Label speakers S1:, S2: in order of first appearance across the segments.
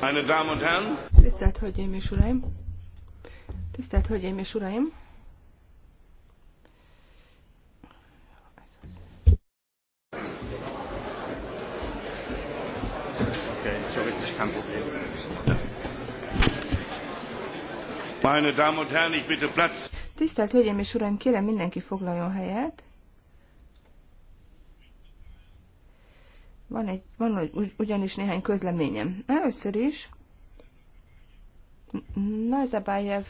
S1: Meine Damen und Herren!
S2: Tisztelt Hölgyeim és Uraim! Tisztelt Hölgyeim és Uraim!
S1: Meine Damen und Herren, ich
S3: bitte Platz.
S2: Tisztelt Hölgyeim és Uraim, kérem mindenki foglaljon helyet. Van, egy, van ugyanis néhány közleményem. Először is Nazarbájev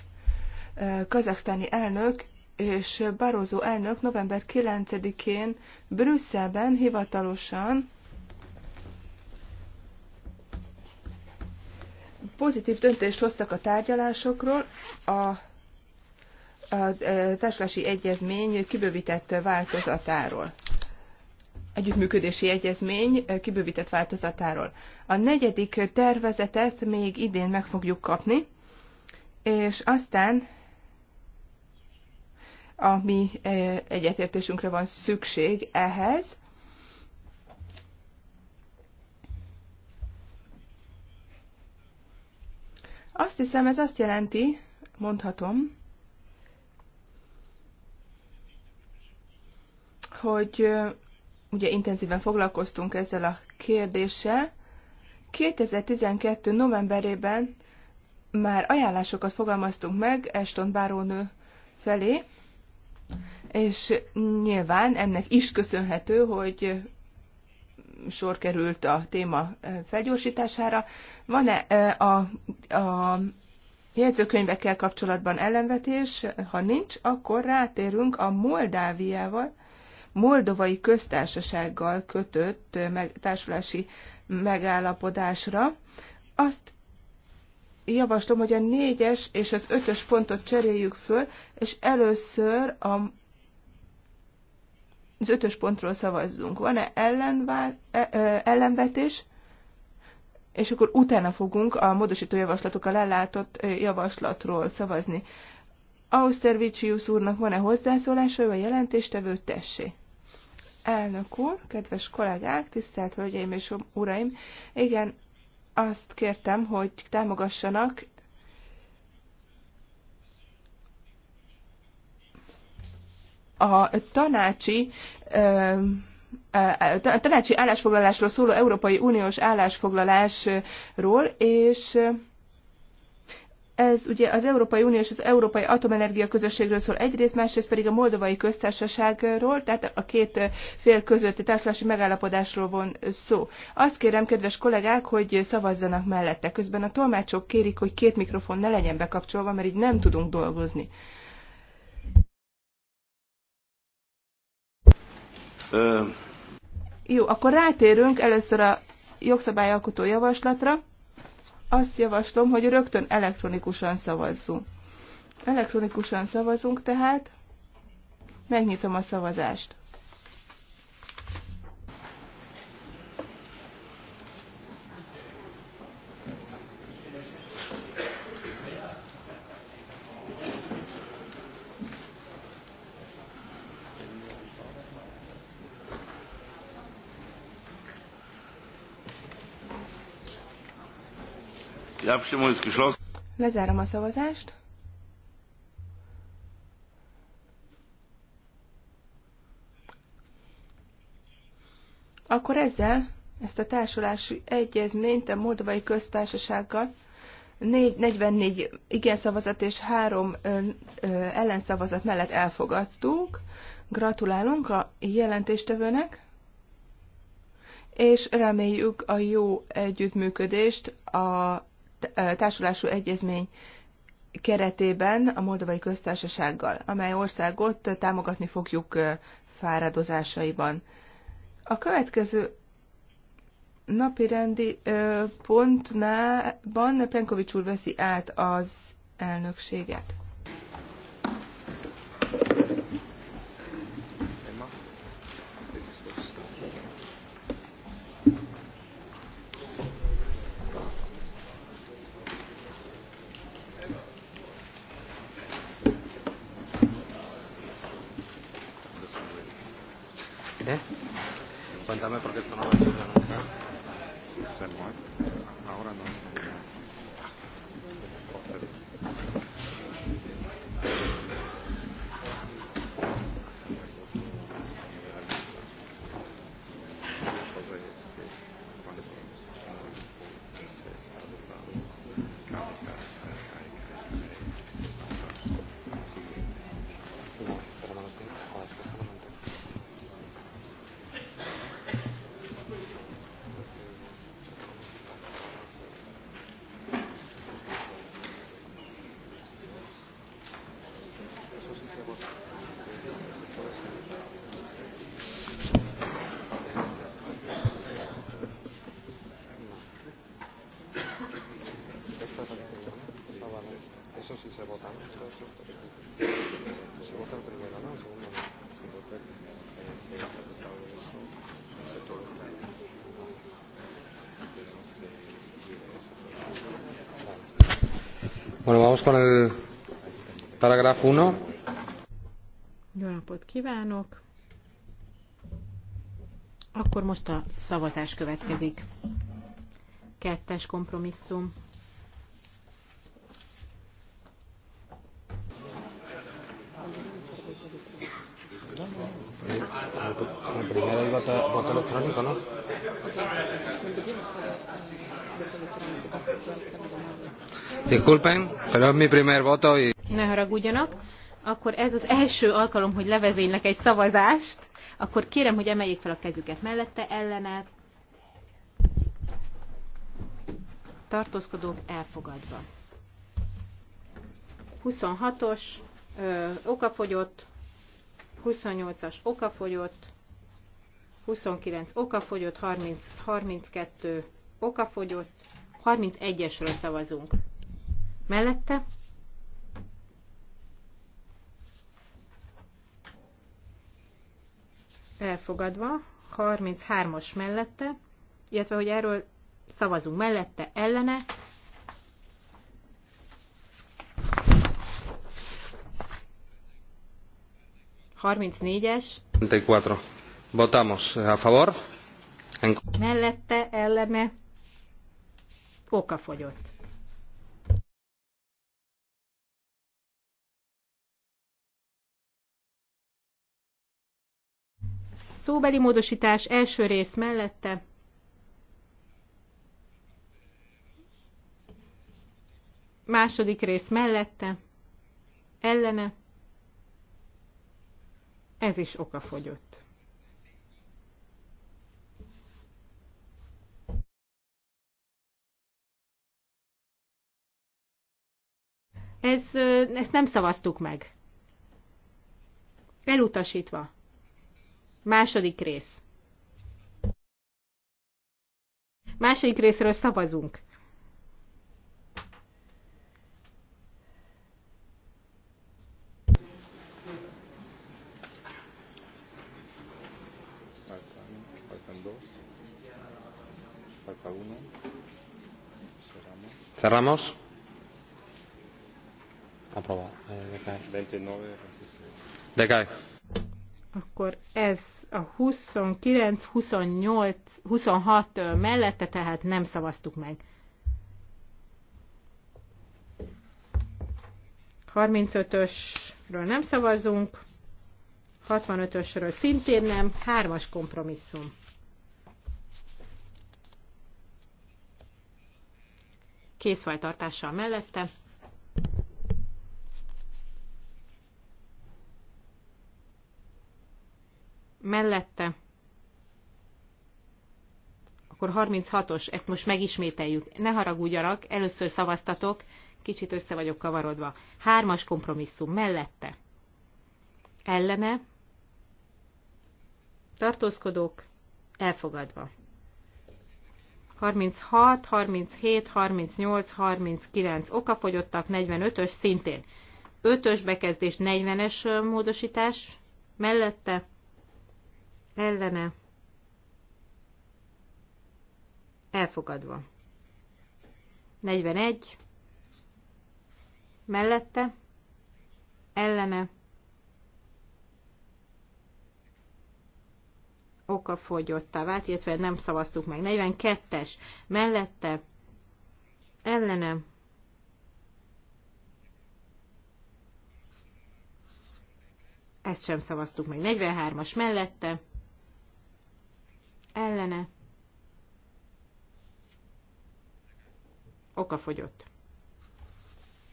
S2: kazaksztáni elnök és Barozó elnök november 9-én Brüsszelben hivatalosan pozitív döntést hoztak a tárgyalásokról, a a társulási egyezmény kibővített változatáról együttműködési egyezmény kibővített változatáról. A negyedik tervezetet még idén meg fogjuk kapni, és aztán a mi egyetértésünkre van szükség ehhez. Azt hiszem, ez azt jelenti, mondhatom, hogy ugye intenzíven foglalkoztunk ezzel a kérdéssel. 2012. novemberében már ajánlásokat fogalmaztunk meg Eston Bárónő felé, és nyilván ennek is köszönhető, hogy sor került a téma eh, felgyorsítására. Van-e eh, a, a jegyzőkönyvekkel kapcsolatban ellenvetés? Ha nincs, akkor rátérünk a Moldáviával Moldovai Köztársasággal kötött meg, társulási megállapodásra. Azt javaslom, hogy a négyes és az ötös pontot cseréljük föl, és először a az ötös pontról szavazzunk. Van-e e, e, ellenvetés? És akkor utána fogunk a módosító javaslatokkal ellátott e, javaslatról szavazni. Austervicius úrnak van-e hozzászólása, vagy jelentéstevő tessé? Elnök úr, kedves kollégák, tisztelt hölgyeim és uraim, igen, azt kértem, hogy támogassanak a tanácsi a tanácsi állásfoglalásról szóló Európai Uniós állásfoglalásról, és ez ugye az Európai Unió és az Európai Atomenergia Közösségről szól egyrészt, másrészt pedig a Moldovai Köztársaságról, tehát a két fél közötti társulási megállapodásról van szó. Azt kérem, kedves kollégák, hogy szavazzanak mellette. Közben a tolmácsok kérik, hogy két mikrofon ne legyen bekapcsolva, mert így nem tudunk dolgozni. Ö... Jó, akkor rátérünk először a jogszabályalkotó javaslatra azt javaslom, hogy rögtön elektronikusan szavazzunk. Elektronikusan szavazunk tehát, megnyitom a szavazást. Lezárom a szavazást. Akkor ezzel ezt a társulási egyezményt a Moldovai Köztársasággal 44 igen szavazat és 3 ellenszavazat mellett elfogadtuk. Gratulálunk a jelentéstevőnek, és reméljük a jó együttműködést a társulású egyezmény keretében a Moldovai Köztársasággal, amely országot támogatni fogjuk fáradozásaiban. A következő napi rendi pontnában Plenkovics úr veszi át az elnökséget.
S4: Vamos con el paragraf 1.
S5: Jó napot kívánok! Akkor most a szavazás következik. Kettes kompromisszum.
S4: Disculpen, pero mi primer voto y...
S5: Ne haragudjanak. Akkor ez az első alkalom, hogy levezénylek egy szavazást. Akkor kérem, hogy emeljék fel a kezüket mellette, ellene. Tartózkodók elfogadva. 26-os okafogyott, 28-as okafogyott, 29 okafogyott, 30, 32 okafogyott, 31-esről szavazunk mellette. Elfogadva, 33-as mellette, illetve hogy erről szavazunk mellette, ellene. Harmincnégyes.
S4: Votamos a favor.
S5: Mellette, ellene. Okafogyott. Szóbeli módosítás első rész mellette. Második rész mellette. Ellene. Ez is okafogyott. Ez, ezt nem szavaztuk meg. Elutasítva. Második rész. Második részről szavazunk.
S4: Cerramos. Aprobado. Decae. Decae.
S5: Akkor ez a 29, 28, 26 mellette, tehát nem szavaztuk meg. 35-ösről nem szavazunk, 65-ösről szintén nem, 3-as kompromisszum. Készfajtartással mellette, mellette, akkor 36-os, ezt most megismételjük. Ne haragudjanak, először szavaztatok, kicsit össze vagyok kavarodva. Hármas kompromisszum, mellette. Ellene, tartózkodók, elfogadva. 36, 37, 38, 39 okafogyottak, 45-ös szintén. 5-ös bekezdés, 40-es módosítás mellette ellene elfogadva. 41 mellette ellene fogyottá vált, illetve nem szavaztuk meg. 42-es mellette ellene ezt sem szavaztuk meg. 43-as mellette ellene oka fogyott.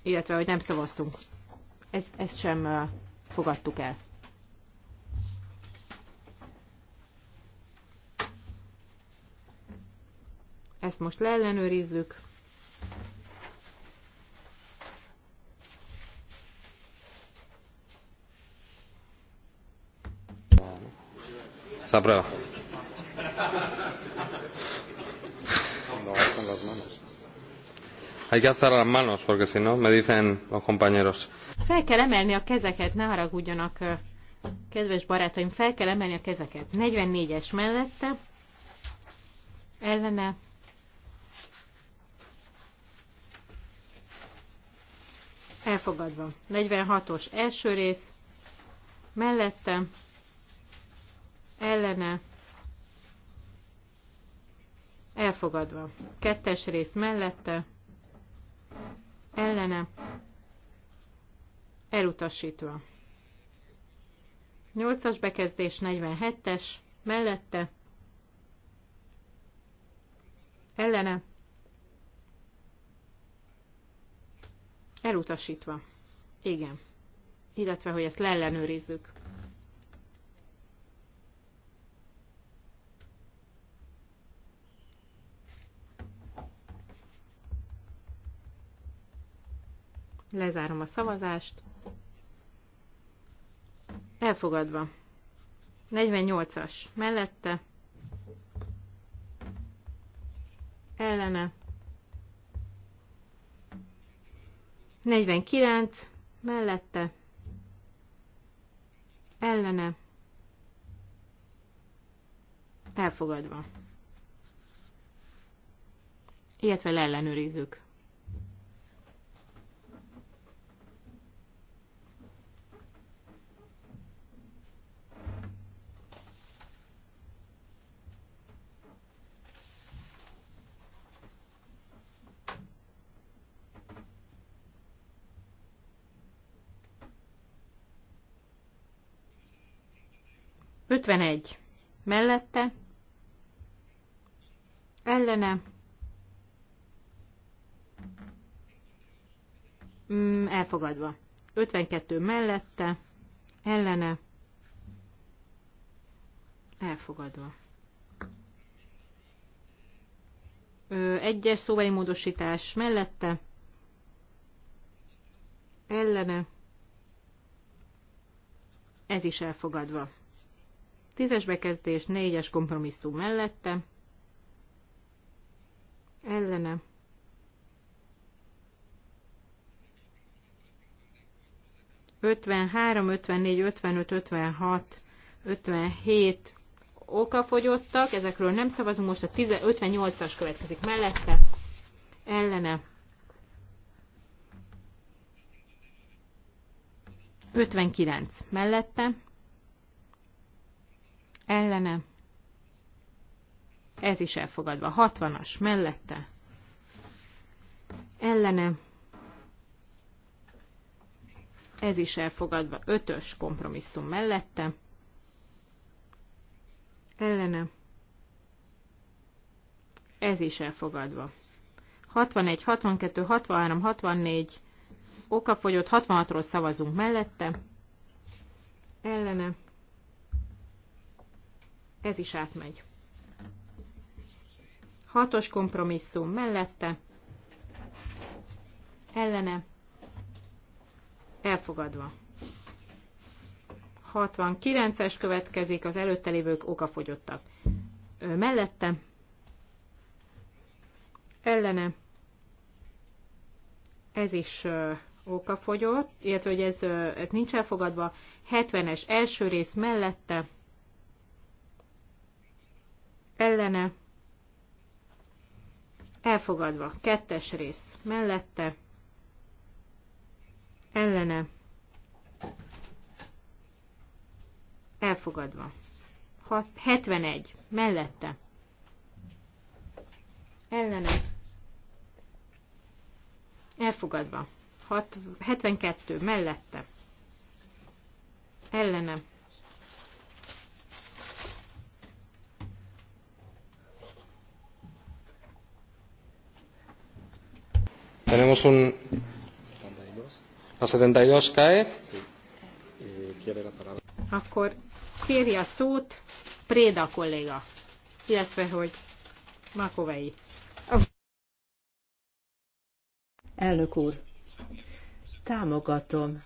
S5: Illetve, hogy nem szavaztunk. Ez, ezt sem fogadtuk el. Ezt most leellenőrizzük.
S4: Szabra. Hay que alzar las manos, porque si no, me dicen los compañeros.
S5: Fel kell emelni a kezeket, ne haragudjanak, kedves barátaim, fel kell emelni a kezeket. 44-es mellette, ellene, elfogadva. 46-os első rész, mellette, ellene, Elfogadva. Kettes rész mellette. Ellene. Elutasítva. Nyolcas bekezdés 47-es mellette. Ellene. Elutasítva. Igen. Illetve, hogy ezt leellenőrizzük. Lezárom a szavazást. Elfogadva. 48-as mellette. Ellene. 49 mellette. Ellene. Elfogadva. Illetve leellenőrizzük. 51 mellette, ellene, mm, elfogadva. 52 mellette, ellene, elfogadva. Ö, egyes szóbeli módosítás mellette, ellene, ez is elfogadva. Tízes bekezdés, négyes kompromisszum mellette, ellene, ötven, hat, ötven, hét, oka fogyottak. ezekről nem szavazunk, most a 58-as következik mellette, ellene, 59 mellette, ellene, ez is elfogadva. 60-as mellette, ellene, ez is elfogadva. 5-ös kompromisszum mellette, ellene, ez is elfogadva. 61, 62, 63, 64, okafogyott 66-ról szavazunk mellette, ellene, ez is átmegy. Hatos kompromisszum mellette, ellene, elfogadva. 69-es következik, az előtte lévők okafogyottak. Ö, mellette, ellene, ez is okafogyott, illetve hogy ez, ez nincs elfogadva, 70-es első rész mellette, ellene, elfogadva, kettes rész mellette, ellene, elfogadva, 71 mellette, ellene, elfogadva, 72 mellette, ellene,
S4: Tenemos un... A 72 cae.
S5: Akkor kéri a szót Préda kolléga, illetve hogy Makovei.
S6: Elnök úr, támogatom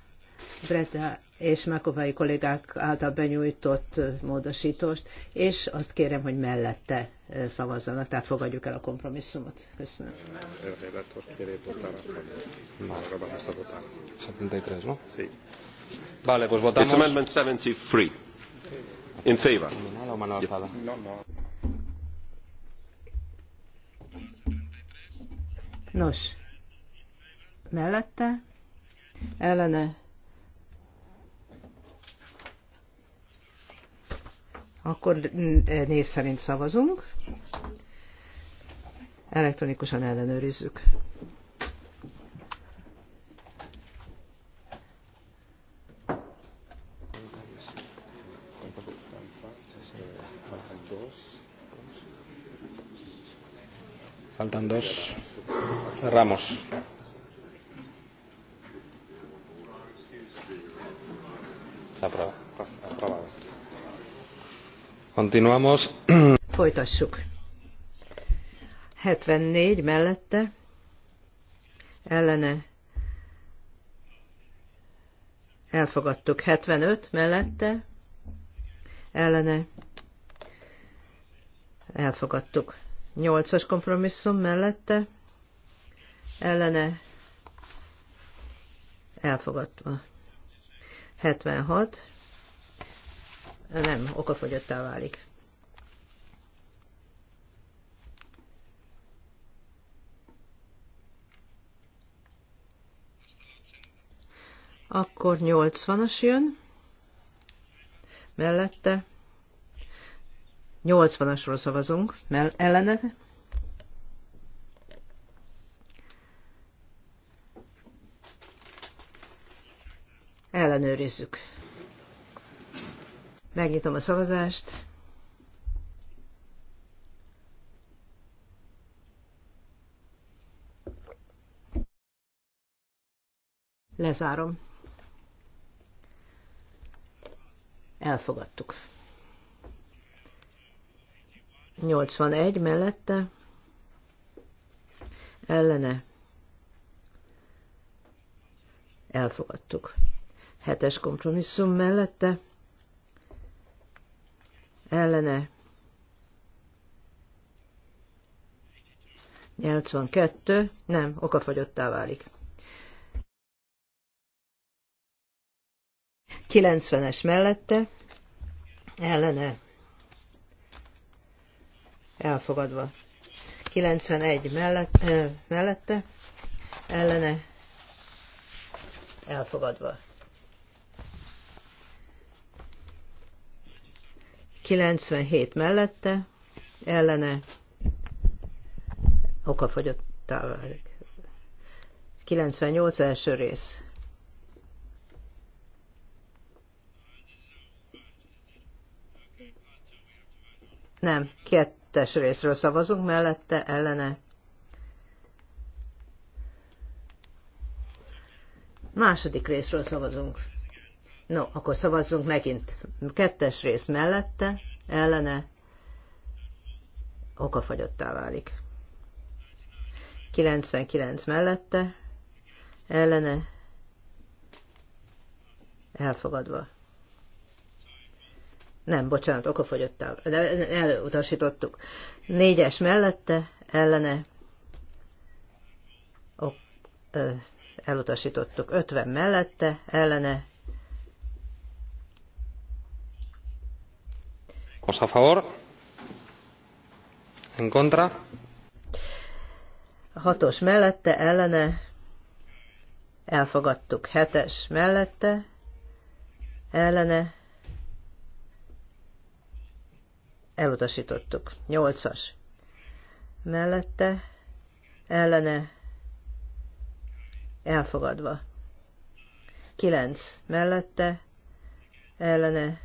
S6: Breda és Makovai kollégák által benyújtott módosítást, és azt kérem, hogy mellette szavazzanak, tehát fogadjuk el a kompromisszumot. Köszönöm.
S4: Vale, pues votamos. It's amendment 73. In favor.
S6: Nos, mellette, ellene, akkor mm, név szerint szavazunk. Elektronikusan ellenőrizzük.
S4: Faltan dos. Cerramos. Se aprueba. Continuamos.
S6: Folytassuk. 74 mellette ellene elfogadtuk. 75 mellette ellene elfogadtuk. 8-as kompromisszum mellette ellene elfogadva. 76 nem okafogyottá válik. Akkor 80-as jön, mellette 80-asról szavazunk, mell ellene. Ellenőrizzük. Megnyitom a szavazást. Lezárom. Elfogadtuk. 81 mellette ellene elfogadtuk. Hetes kompromisszum mellette ellene 82, nem, okafagyottá válik. 90-es mellette, ellene elfogadva. 91 mellett, eh, mellette, ellene elfogadva. 97 mellette, ellene okafogyottá válik. 98 első rész Nem, kettes részről szavazunk, mellette ellene. Második részről szavazunk. No, akkor szavazzunk megint. Kettes rész mellette, ellene, okafagyottá válik. 99 mellette, ellene, elfogadva. Nem, bocsánat, okafogyottá. De elutasítottuk. Négyes mellette, ellene. Ok, ö, elutasítottuk. Ötven mellette, ellene.
S4: Most favor. En contra.
S6: Hatos mellette, ellene. Elfogadtuk. Hetes mellette, ellene elutasítottuk. Nyolcas. mellette, ellene, elfogadva. Kilenc. mellette, ellene,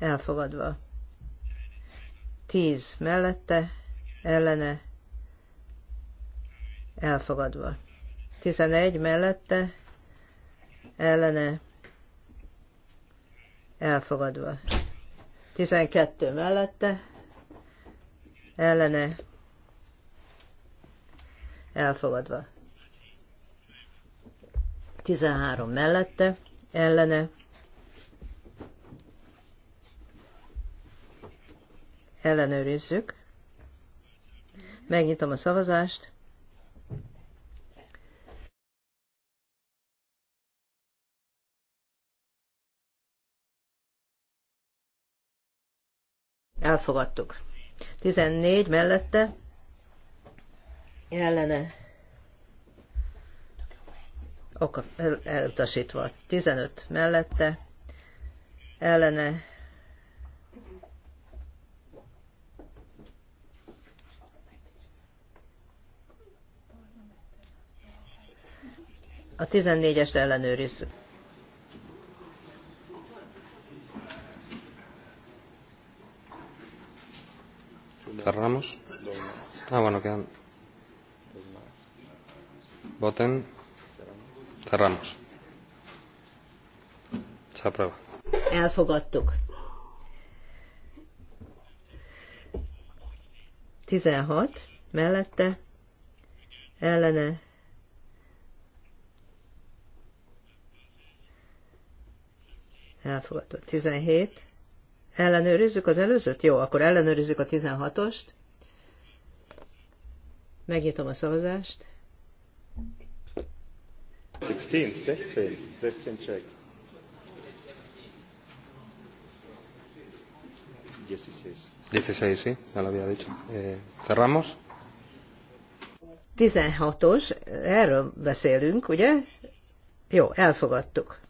S6: elfogadva. Tíz. mellette, ellene, elfogadva. Tizenegy. mellette, ellene, elfogadva. 12 mellette ellene elfogadva. 13 mellette ellene ellenőrizzük. Megnyitom a szavazást. Elfogadtuk. 14 mellette ellene oka, el, elutasítva. 15 mellette ellene a 14-est ellenőrizzük.
S1: Ah, one
S4: again. Voten. Cerramos. Se aprueba.
S6: Elfogadtuk. 16 mellette ellene elfogadott 17 ellenőrizzük az előzőt? Jó, akkor ellenőrizzük a 16-ost Megnyitom a szavazást.
S1: 16, 16, 16 check. Dieciséis.
S4: 16, sí, ya lo eh, cerramos.
S6: 16-os, erről beszélünk, ugye? Jó, elfogadtuk.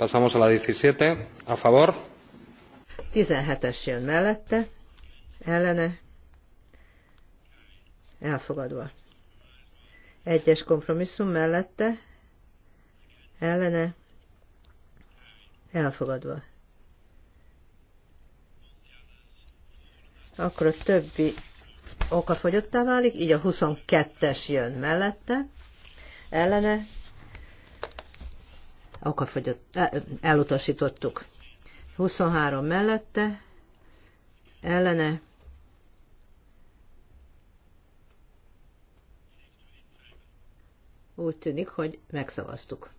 S4: Pasamos a la 17. A favor.
S6: 17-es jön mellette. Ellene. Elfogadva. Egyes kompromisszum mellette. Ellene. Elfogadva. Akkor a többi okafogyottá válik, így a 22-es jön mellette. Ellene okafogyott, elutasítottuk. 23 mellette, ellene, úgy tűnik, hogy megszavaztuk.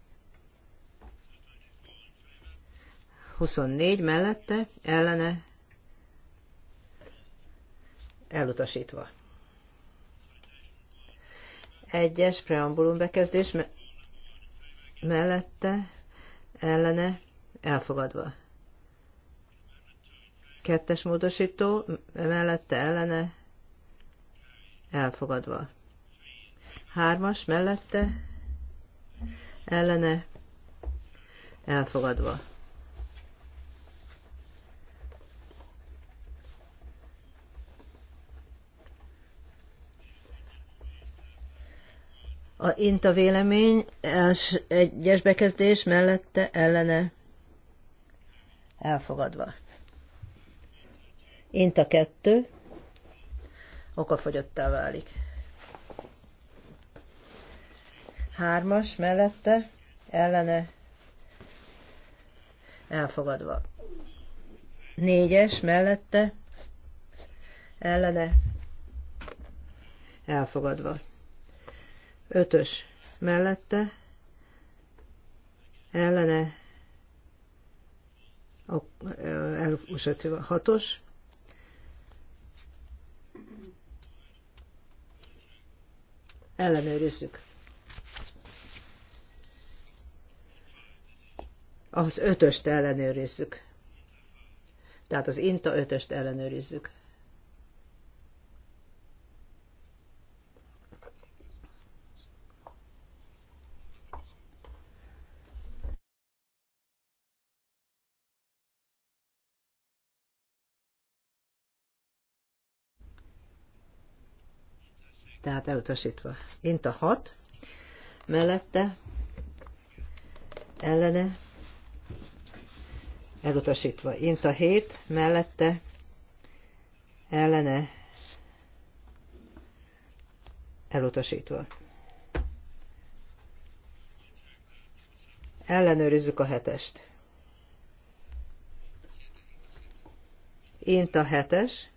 S6: 24 mellette, ellene, elutasítva. Egyes preambulum bekezdés mellette, ellene, elfogadva. Kettes módosító, mellette, ellene, elfogadva. Hármas mellette, ellene, elfogadva. A INTA vélemény, els, egyes bekezdés mellette ellene elfogadva. INTA 2 okafogyottá válik. Hármas mellette ellene elfogadva. Négyes mellette ellene elfogadva. Ötös mellette ellene a hatos. Ellenőrizzük. Az ötöst ellenőrizzük. Tehát az inta ötöst ellenőrizzük. tehát elutasítva. a 6, mellette, ellene, elutasítva. a 7, mellette, ellene, elutasítva. Ellenőrizzük a hetest. a hetes.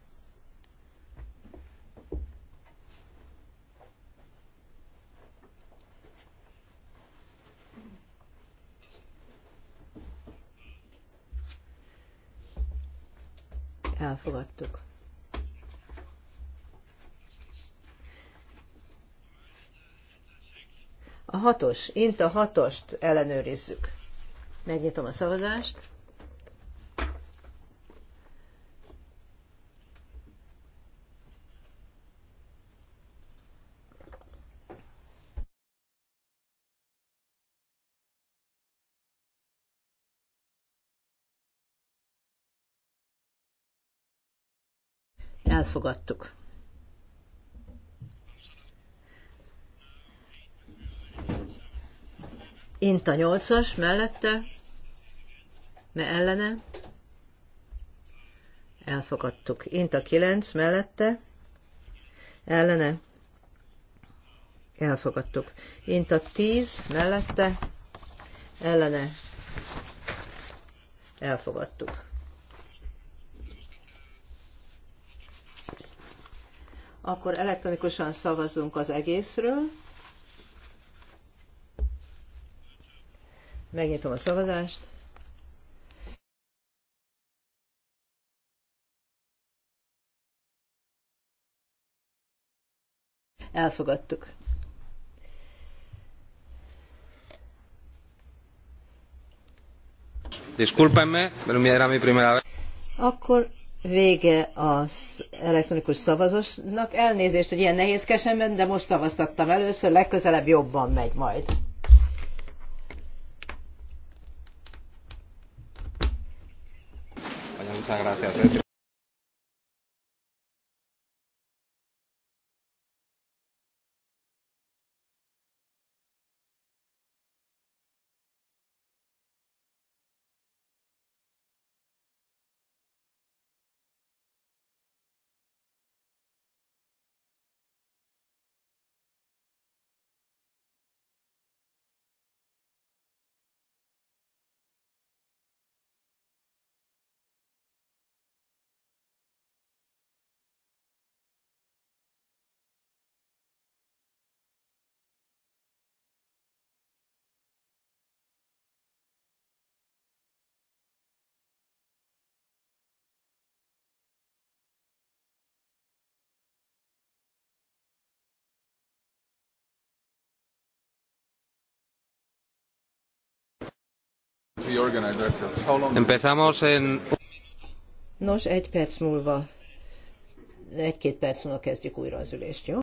S6: elfogadtuk. A hatos, int a hatost ellenőrizzük. Megnyitom a szavazást. elfogadtuk. Inta a nyolcas mellette, me ellene, elfogadtuk. Inta kilenc mellette, ellene, elfogadtuk. Inta tíz mellette, ellene, elfogadtuk. Akkor elektronikusan szavazzunk az egészről. Megnyitom a szavazást.
S3: Elfogadtuk.
S4: Disculpenme, pero mi era mi primera vez.
S6: Akkor vége az elektronikus szavazásnak. Elnézést, hogy ilyen nehézkesen ment, de most szavaztattam először, legközelebb jobban megy majd.
S3: Muchas gracias.
S4: Empezamos en...
S6: Nos, egy perc múlva, egy-két perc múlva kezdjük újra az ülést, jó?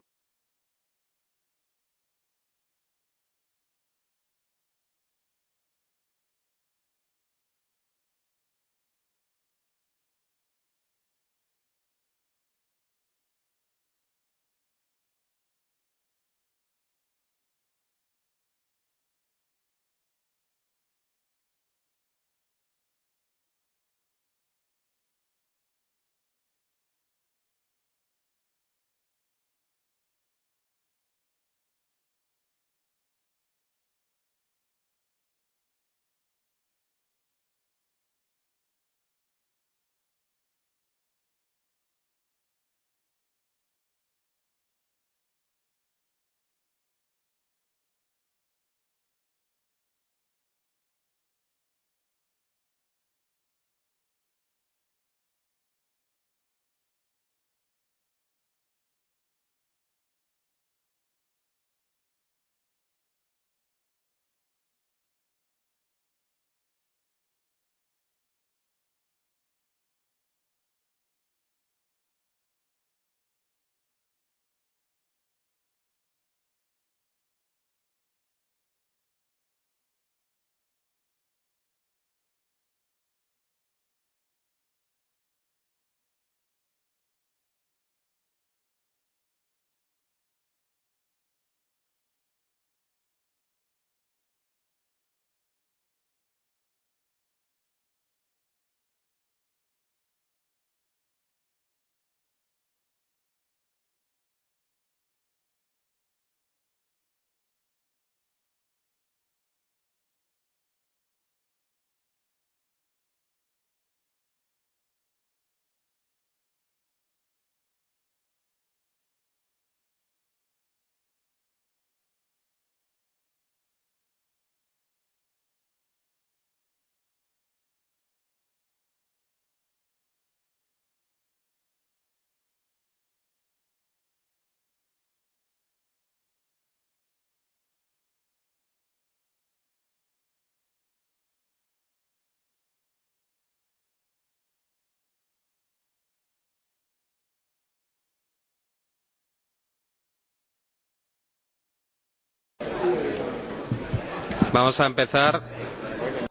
S4: Vamos a empezar.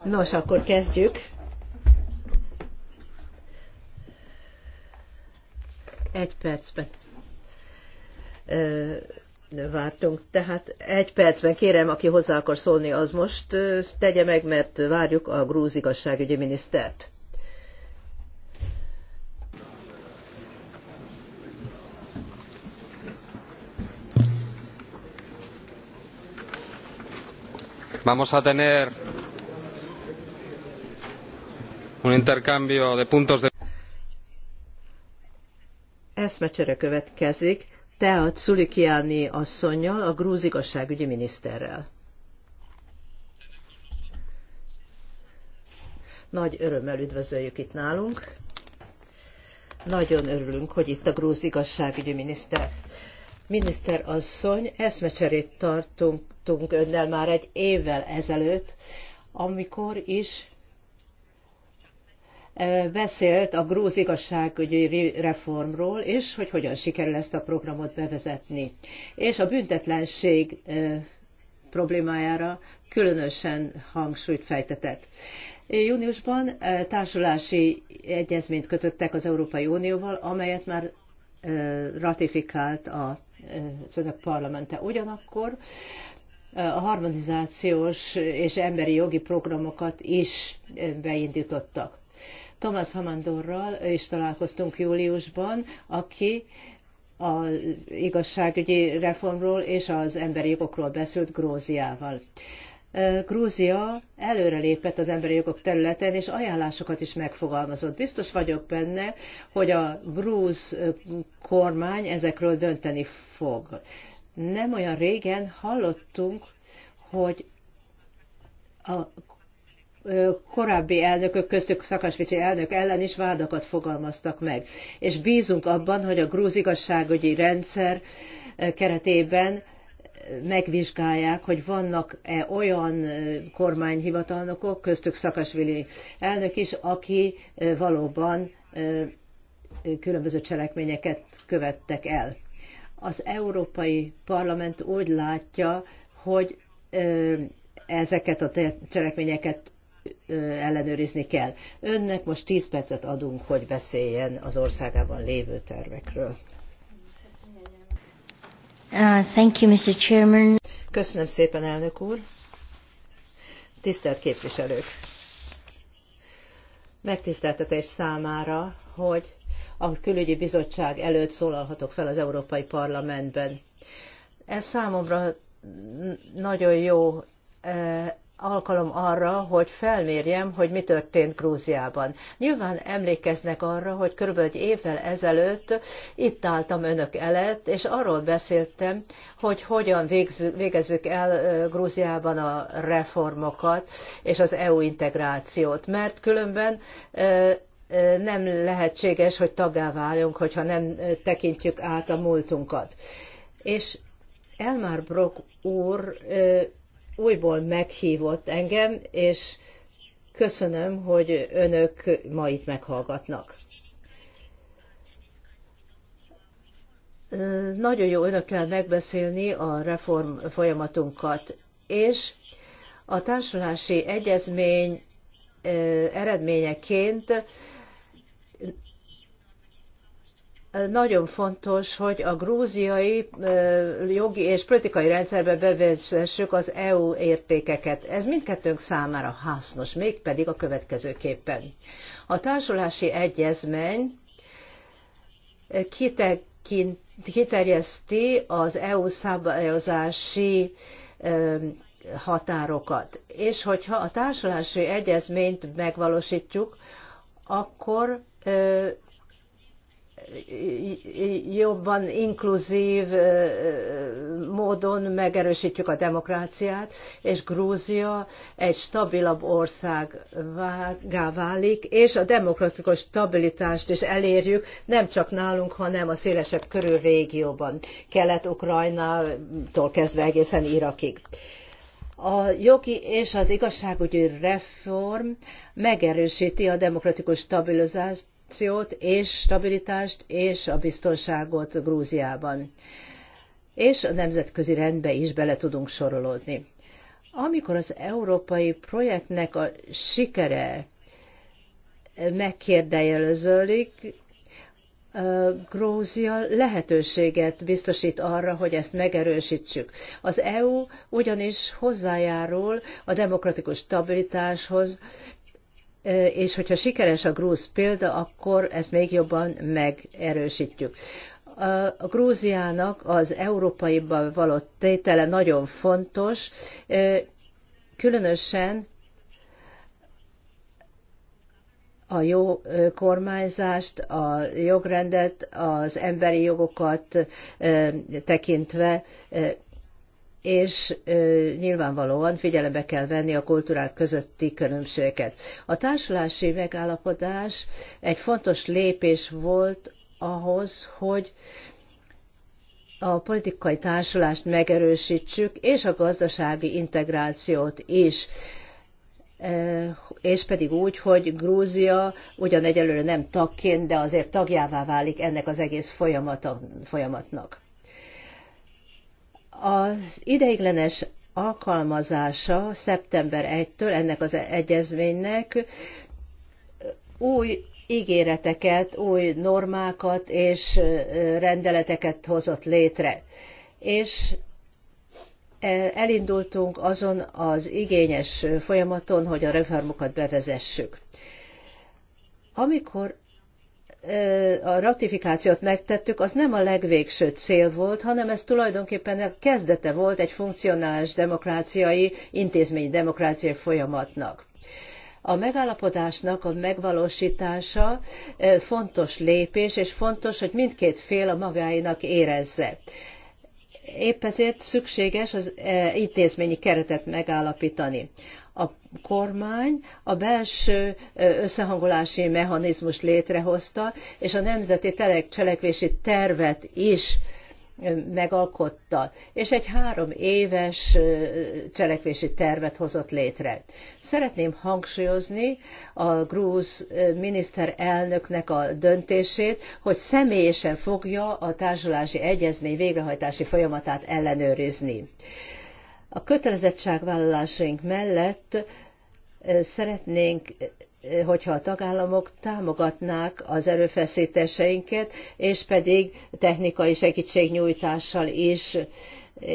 S6: Nos, akkor kezdjük. Egy percben. Ö, vártunk. Tehát egy percben kérem, aki hozzá akar szólni, az most tegye meg, mert várjuk a grúz igazságügyi minisztert.
S4: vamos a tener un intercambio de puntos de
S5: eszmecsere
S6: következik, tehát Szulikiáni asszonynal, a grúz igazságügyi miniszterrel. Nagy örömmel üdvözöljük itt nálunk. Nagyon örülünk, hogy itt a grúz igazságügyi miniszter. Miniszter asszony, eszmecserét tartunk önnel már egy évvel ezelőtt, amikor is e, beszélt a grúz igazságügyi reformról, és hogy hogyan sikerül ezt a programot bevezetni. És a büntetlenség e, problémájára különösen hangsúlyt fejtetett. Júniusban e, társulási egyezményt kötöttek az Európai Unióval, amelyet már ratifikált a az önök parlamente. Ugyanakkor a harmonizációs és emberi jogi programokat is beindítottak. Thomas Hamandorral is találkoztunk júliusban, aki az igazságügyi reformról és az emberi jogokról beszélt Gróziával. Grúzia előrelépett az emberi jogok területen, és ajánlásokat is megfogalmazott. Biztos vagyok benne, hogy a grúz kormány ezekről dönteni fog. Nem olyan régen hallottunk, hogy a korábbi elnökök, köztük Szakasvicsi elnök ellen is vádakat fogalmaztak meg. És bízunk abban, hogy a grúz igazságügyi rendszer keretében megvizsgálják, hogy vannak-e olyan kormányhivatalnokok, köztük Szakasvili elnök is, aki valóban különböző cselekményeket követtek el. Az Európai Parlament úgy látja, hogy ezeket a cselekményeket ellenőrizni kell. Önnek most 10 percet adunk, hogy beszéljen az országában lévő tervekről.
S2: Uh, thank you, Mr. Chairman.
S6: Köszönöm szépen, elnök úr. Tisztelt képviselők! Megtiszteltetés számára, hogy a külügyi bizottság előtt szólalhatok fel az Európai Parlamentben. Ez számomra nagyon jó eh, alkalom arra, hogy felmérjem, hogy mi történt Grúziában. Nyilván emlékeznek arra, hogy körülbelül egy évvel ezelőtt itt álltam önök elett, és arról beszéltem, hogy hogyan végezzük el Grúziában a reformokat és az EU integrációt, mert különben nem lehetséges, hogy tagá váljunk, hogyha nem tekintjük át a múltunkat. És Elmar Brock úr újból meghívott engem, és köszönöm, hogy önök ma itt meghallgatnak. Nagyon jó önökkel megbeszélni a reform folyamatunkat, és a társulási egyezmény eredményeként nagyon fontos, hogy a grúziai jogi és politikai rendszerbe bevezessük az EU értékeket. Ez mindkettőnk számára hasznos, mégpedig a következőképpen. A társulási egyezmény kiterjeszti az EU szabályozási határokat. És hogyha a társulási egyezményt megvalósítjuk, akkor jobban inkluzív módon megerősítjük a demokráciát, és Grúzia egy stabilabb országgá válik, és a demokratikus stabilitást is elérjük, nem csak nálunk, hanem a szélesebb körül régióban, Kelet-Ukrajnától kezdve egészen Irakig. A jogi és az igazságügyi reform megerősíti a demokratikus stabilizást, stabilizációt és stabilitást és a biztonságot Grúziában. És a nemzetközi rendbe is bele tudunk sorolódni. Amikor az európai projektnek a sikere megkérdejelözölik, Grózia lehetőséget biztosít arra, hogy ezt megerősítsük. Az EU ugyanis hozzájárul a demokratikus stabilitáshoz, és hogyha sikeres a grúz példa, akkor ezt még jobban megerősítjük. A Grúziának az európaiban való tétele nagyon fontos, különösen a jó kormányzást, a jogrendet, az emberi jogokat tekintve és nyilvánvalóan figyelembe kell venni a kultúrák közötti különbségeket. A társulási megállapodás egy fontos lépés volt ahhoz, hogy a politikai társulást megerősítsük, és a gazdasági integrációt is és pedig úgy, hogy Grúzia ugyan egyelőre nem tagként, de azért tagjává válik ennek az egész folyamatnak. Az ideiglenes alkalmazása szeptember 1-től ennek az egyezménynek új ígéreteket, új normákat és rendeleteket hozott létre. És elindultunk azon az igényes folyamaton, hogy a reformokat bevezessük. Amikor a ratifikációt megtettük, az nem a legvégső cél volt, hanem ez tulajdonképpen a kezdete volt egy funkcionális demokráciai, intézmény demokráciai folyamatnak. A megállapodásnak a megvalósítása fontos lépés, és fontos, hogy mindkét fél a magáinak érezze. Épp ezért szükséges az intézményi keretet megállapítani a kormány a belső összehangolási mechanizmust létrehozta, és a nemzeti cselekvési tervet is megalkotta, és egy három éves cselekvési tervet hozott létre. Szeretném hangsúlyozni a grúz miniszterelnöknek a döntését, hogy személyesen fogja a társulási egyezmény végrehajtási folyamatát ellenőrizni a kötelezettségvállalásaink mellett szeretnénk hogyha a tagállamok támogatnák az erőfeszítéseinket, és pedig technikai segítségnyújtással is,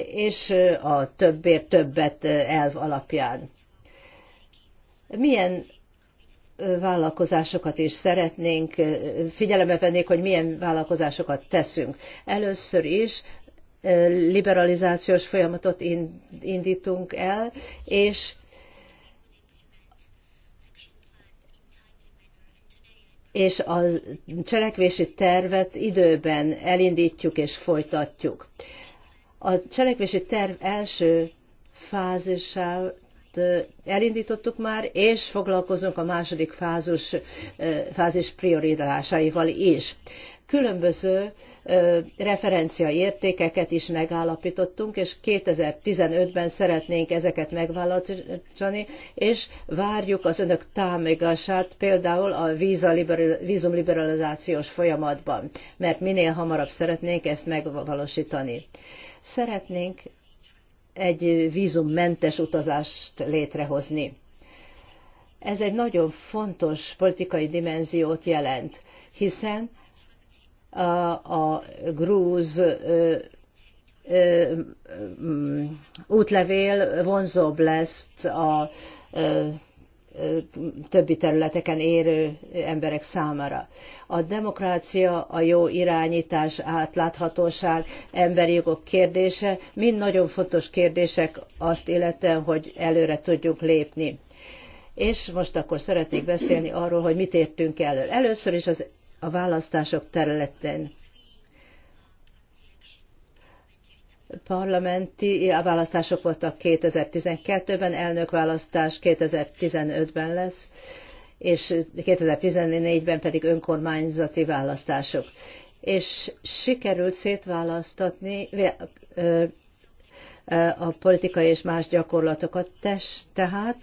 S6: és a többért többet elv alapján. Milyen vállalkozásokat is szeretnénk, figyelembe vennék, hogy milyen vállalkozásokat teszünk. Először is liberalizációs folyamatot indítunk el, és és a cselekvési tervet időben elindítjuk és folytatjuk. A cselekvési terv első fázisát elindítottuk már, és foglalkozunk a második fázus, fázis prioritásaival is különböző referencia értékeket is megállapítottunk, és 2015-ben szeretnénk ezeket megválasztani, és várjuk az önök támogatását például a vízumliberalizációs folyamatban, mert minél hamarabb szeretnénk ezt megvalósítani. Szeretnénk egy vízummentes utazást létrehozni. Ez egy nagyon fontos politikai dimenziót jelent, hiszen a, a grúz útlevél vonzóbb lesz a többi területeken érő emberek számára. A demokrácia, a jó irányítás, átláthatóság, emberi jogok kérdése mind nagyon fontos kérdések azt illetően, hogy előre tudjuk lépni. És most akkor szeretnék beszélni arról, hogy mit értünk elő. Először is az a választások területén. Parlamenti a választások voltak 2012-ben, elnökválasztás 2015-ben lesz, és 2014-ben pedig önkormányzati választások. És sikerült szétválasztatni a politikai és más gyakorlatokat tehát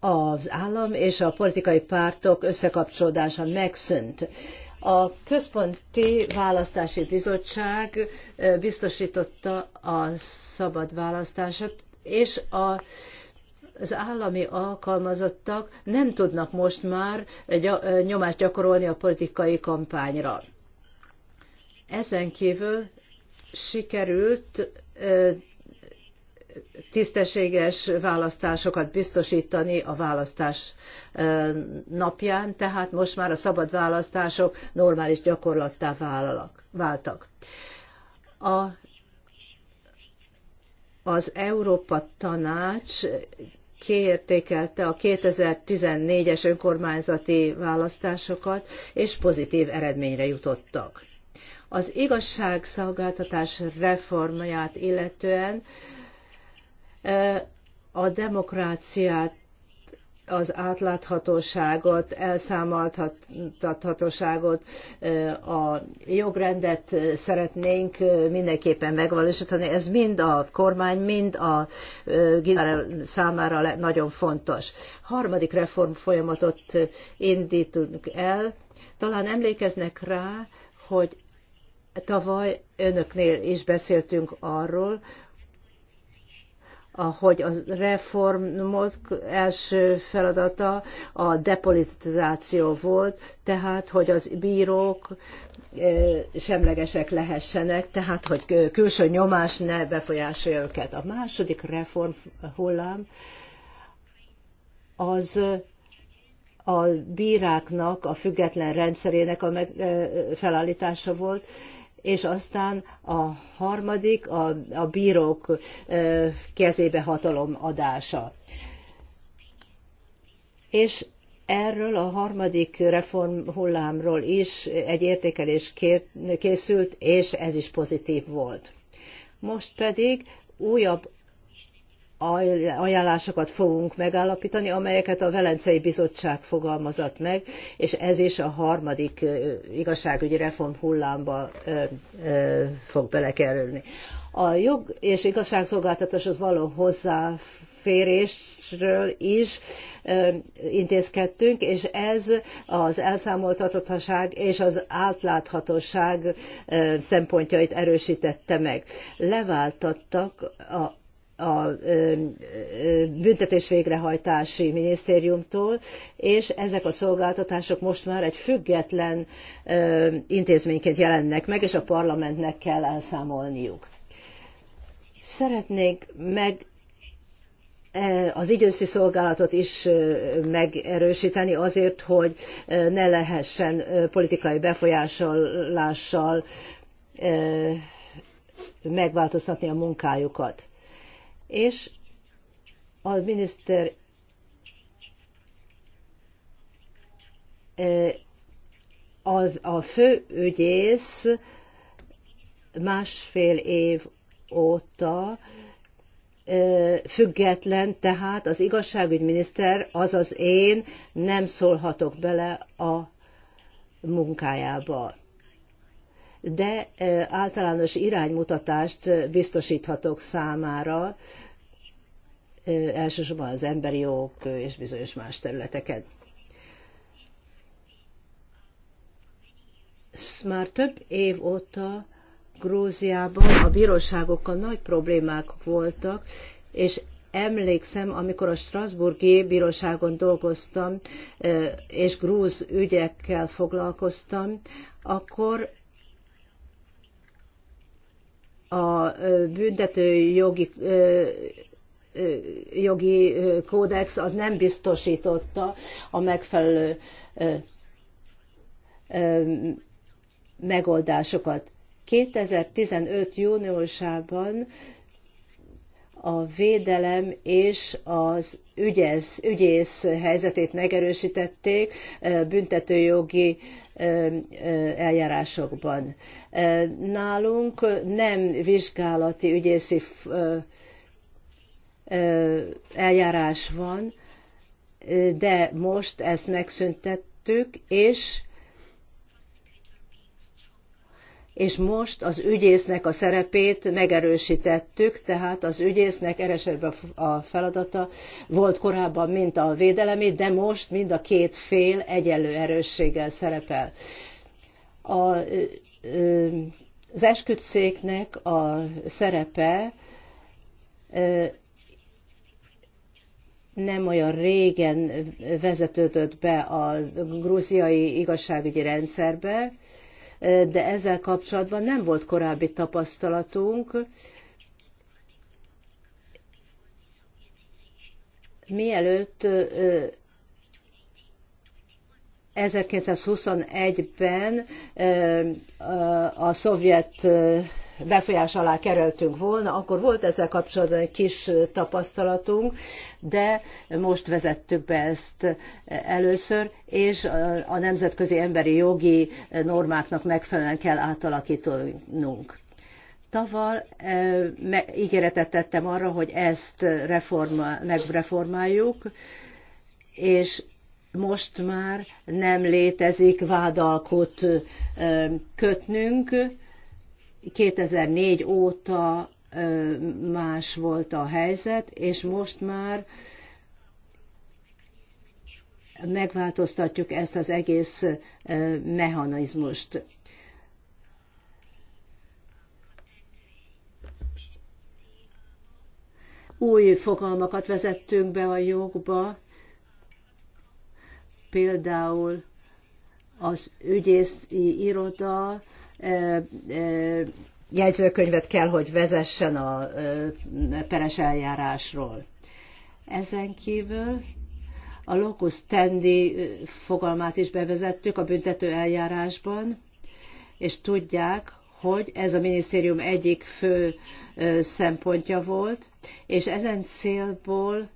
S6: az állam és a politikai pártok összekapcsolódása megszűnt. A Központi Választási Bizottság biztosította a szabad választását, és a, az állami alkalmazottak nem tudnak most már nyomást gyakorolni a politikai kampányra. Ezen kívül sikerült tisztességes választásokat biztosítani a választás napján, tehát most már a szabad választások normális gyakorlattá váltak. A, az Európa Tanács kiértékelte a 2014-es önkormányzati választásokat, és pozitív eredményre jutottak. Az igazságszolgáltatás reformját illetően a demokráciát az átláthatóságot, elszámoltathatóságot, a jogrendet szeretnénk mindenképpen megvalósítani. Ez mind a kormány, mind a gizára számára nagyon fontos. Harmadik reform folyamatot indítunk el. Talán emlékeznek rá, hogy tavaly önöknél is beszéltünk arról, hogy a reformok első feladata a depolitizáció volt, tehát hogy az bírók e, semlegesek lehessenek, tehát hogy külső nyomás ne befolyásolja őket. A második reform hullám az a bíráknak a független rendszerének a e, felállítása volt, és aztán a harmadik a, a bírók kezébe hatalom adása. És erről a harmadik reform hullámról is egy értékelés készült, és ez is pozitív volt. Most pedig újabb ajánlásokat fogunk megállapítani, amelyeket a Velencei Bizottság fogalmazott meg, és ez is a harmadik igazságügyi reform hullámba fog belekerülni. A jog és az való hozzáférésről is intézkedtünk, és ez az elszámoltatottság és az átláthatóság szempontjait erősítette meg. Leváltattak a a büntetés végrehajtási minisztériumtól, és ezek a szolgáltatások most már egy független intézményként jelennek meg, és a parlamentnek kell elszámolniuk. Szeretnék meg az időszi szolgálatot is megerősíteni azért, hogy ne lehessen politikai befolyásolással megváltoztatni a munkájukat és a miniszter a, a főügyész másfél év óta független, tehát az igazságügyminiszter, azaz én nem szólhatok bele a munkájába de általános iránymutatást biztosíthatok számára, elsősorban az emberi jogok és bizonyos más területeken. Már több év óta Grúziában a bíróságokkal nagy problémák voltak, és emlékszem, amikor a Strasburgi bíróságon dolgoztam, és grúz ügyekkel foglalkoztam, akkor a büntető jogi, jogi kódex az nem biztosította a megfelelő megoldásokat. 2015. júniusában a védelem és az ügyész, ügyész helyzetét megerősítették büntetőjogi eljárásokban. Nálunk nem vizsgálati ügyészi eljárás van, de most ezt megszüntettük, és és most az ügyésznek a szerepét megerősítettük, tehát az ügyésznek eresetben a feladata volt korábban, mint a védelemi, de most mind a két fél egyenlő erősséggel szerepel. A, az esküdszéknek a szerepe nem olyan régen vezetődött be a grúziai igazságügyi rendszerbe, de ezzel kapcsolatban nem volt korábbi tapasztalatunk. Mielőtt 1921-ben a szovjet befolyás alá kerültünk volna, akkor volt ezzel kapcsolatban egy kis tapasztalatunk, de most vezettük be ezt először, és a nemzetközi emberi jogi normáknak megfelelően kell átalakítanunk. Taval e, ígéretet tettem arra, hogy ezt reforma, megreformáljuk, és most már nem létezik vádalkot e, kötnünk, 2004 óta más volt a helyzet, és most már megváltoztatjuk ezt az egész mechanizmust. Új fogalmakat vezettünk be a jogba, például az ügyészi iroda, jegyzőkönyvet kell, hogy vezessen a peres eljárásról. Ezen kívül a locus tendi fogalmát is bevezettük a büntető eljárásban, és tudják, hogy ez a minisztérium egyik fő szempontja volt, és ezen célból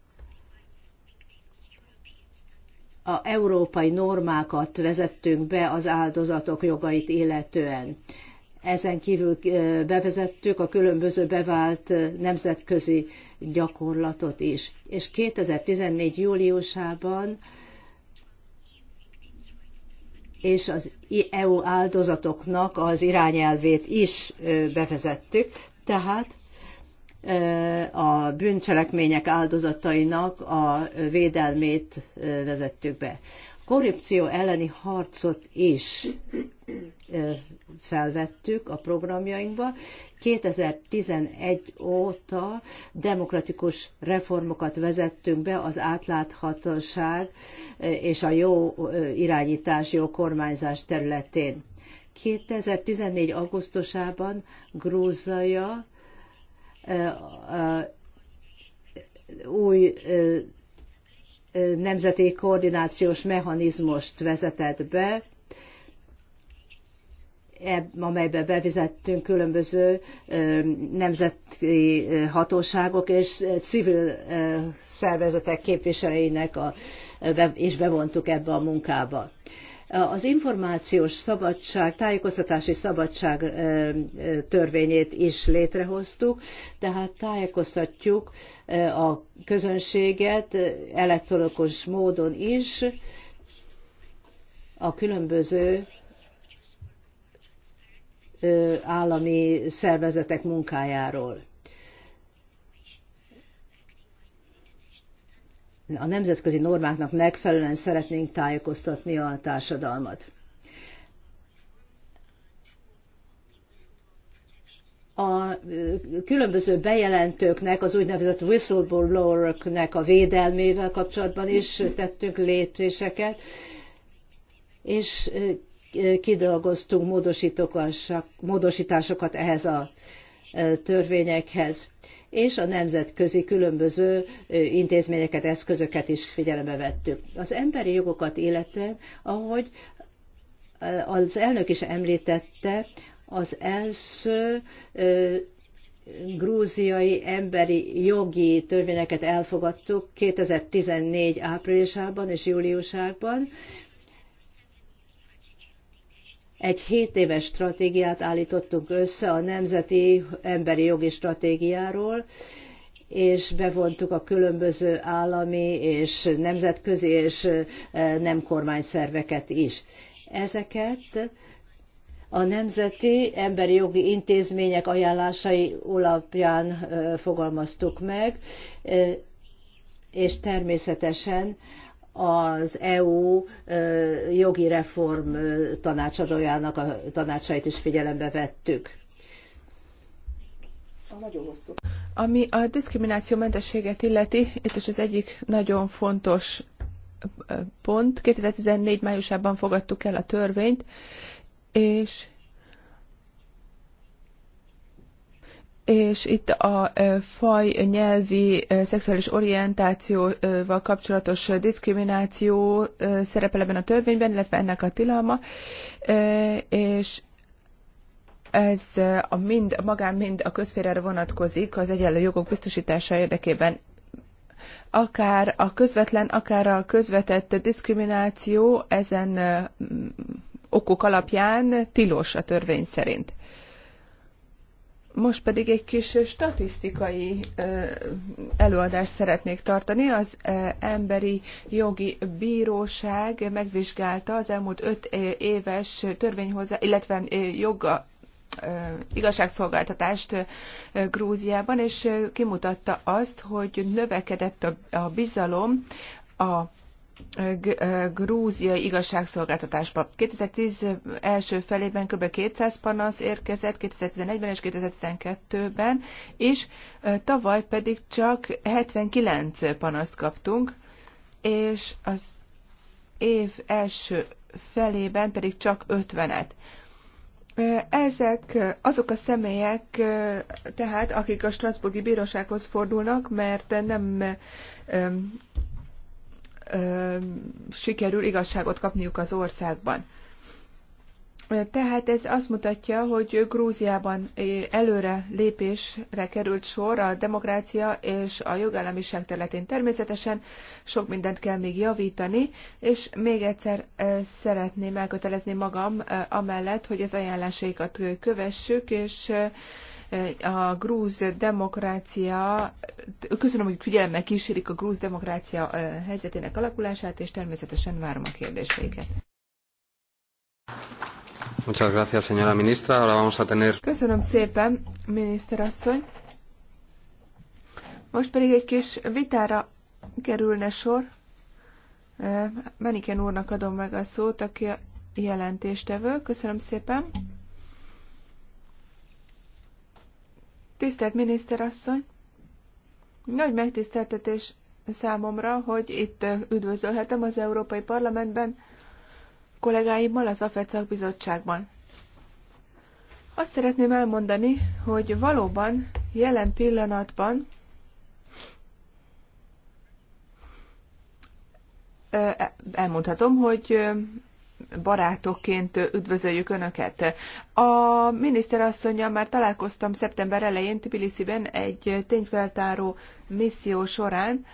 S6: a európai normákat vezettünk be az áldozatok jogait illetően. Ezen kívül bevezettük a különböző bevált nemzetközi gyakorlatot is. És 2014. júliusában és az EU áldozatoknak az irányelvét is bevezettük, tehát a bűncselekmények áldozatainak a védelmét vezettük be. A korrupció elleni harcot is felvettük a programjainkba. 2011 óta demokratikus reformokat vezettünk be az átláthatóság és a jó irányítás, jó kormányzás területén. 2014. augusztusában Grúzaja új nemzeti koordinációs mechanizmust vezetett be, amelybe bevezettünk különböző nemzeti hatóságok és civil szervezetek képviselőinek a, és bevontuk ebbe a munkába az információs szabadság, tájékoztatási szabadság törvényét is létrehoztuk, tehát tájékoztatjuk a közönséget elektronikus módon is a különböző állami szervezetek munkájáról. a nemzetközi normáknak megfelelően szeretnénk tájékoztatni a társadalmat. a különböző bejelentőknek, az úgynevezett whistlebloweröknek a védelmével kapcsolatban is tettünk lépéseket, és kidolgoztunk módosításokat ehhez a törvényekhez és a nemzetközi különböző intézményeket, eszközöket is figyelembe vettük. Az emberi jogokat illetően, ahogy az elnök is említette, az első grúziai emberi jogi törvényeket elfogadtuk 2014 áprilisában és júliusában, egy 7 éves stratégiát állítottunk össze a Nemzeti Emberi Jogi Stratégiáról, és bevontuk a különböző állami és nemzetközi és nem kormányszerveket is. Ezeket a nemzeti emberi jogi intézmények ajánlásai alapján fogalmaztuk meg, és természetesen az EU jogi reform tanácsadójának a tanácsait is figyelembe vettük.
S2: Ami a mentességet illeti, itt is az egyik nagyon fontos pont. 2014 májusában fogadtuk el a törvényt, és és itt a faj, nyelvi, szexuális orientációval kapcsolatos diszkrimináció szerepel ebben a törvényben, illetve ennek a tilalma, és ez a mind, a magán, mind a közférára vonatkozik az egyenlő jogok biztosítása érdekében. Akár a közvetlen, akár a közvetett diszkrimináció ezen okok alapján tilos a törvény szerint. Most pedig egy kis statisztikai előadást szeretnék tartani. Az Emberi Jogi Bíróság megvizsgálta az elmúlt öt éves törvényhozzá, illetve joga igazságszolgáltatást Grúziában, és kimutatta azt, hogy növekedett a bizalom a grúziai igazságszolgáltatásba. 2010 első felében kb. 200 panasz érkezett, 2011-ben és 2012-ben, és tavaly pedig csak 79 panaszt kaptunk, és az év első felében pedig csak 50-et. Ezek azok a személyek, tehát akik a Strasburgi Bírósághoz fordulnak, mert nem sikerül igazságot kapniuk az országban. Tehát ez azt mutatja, hogy Grúziában előre lépésre került sor a demokrácia és a jogállamiság területén. Természetesen sok mindent kell még javítani, és még egyszer szeretném elkötelezni magam amellett, hogy az ajánlásaikat kövessük, és a grúz demokrácia, köszönöm, hogy figyelemmel kísérik a grúz demokrácia helyzetének alakulását, és természetesen várom a kérdéseiket.
S4: Muchas gracias, señora ministra. Ahora vamos a tener...
S2: Köszönöm szépen, miniszterasszony. Most pedig egy kis vitára kerülne sor. Meniken úrnak adom meg a szót, aki a jelentéstevő. Köszönöm szépen. Tisztelt miniszterasszony! Nagy megtiszteltetés számomra, hogy itt üdvözölhetem az Európai Parlamentben kollégáimmal az AFECAK bizottságban. Azt szeretném elmondani, hogy valóban jelen pillanatban elmondhatom, hogy barátokként üdvözöljük Önöket. A miniszterasszonyjal már találkoztam szeptember elején Tbilisiben egy tényfeltáró misszió során,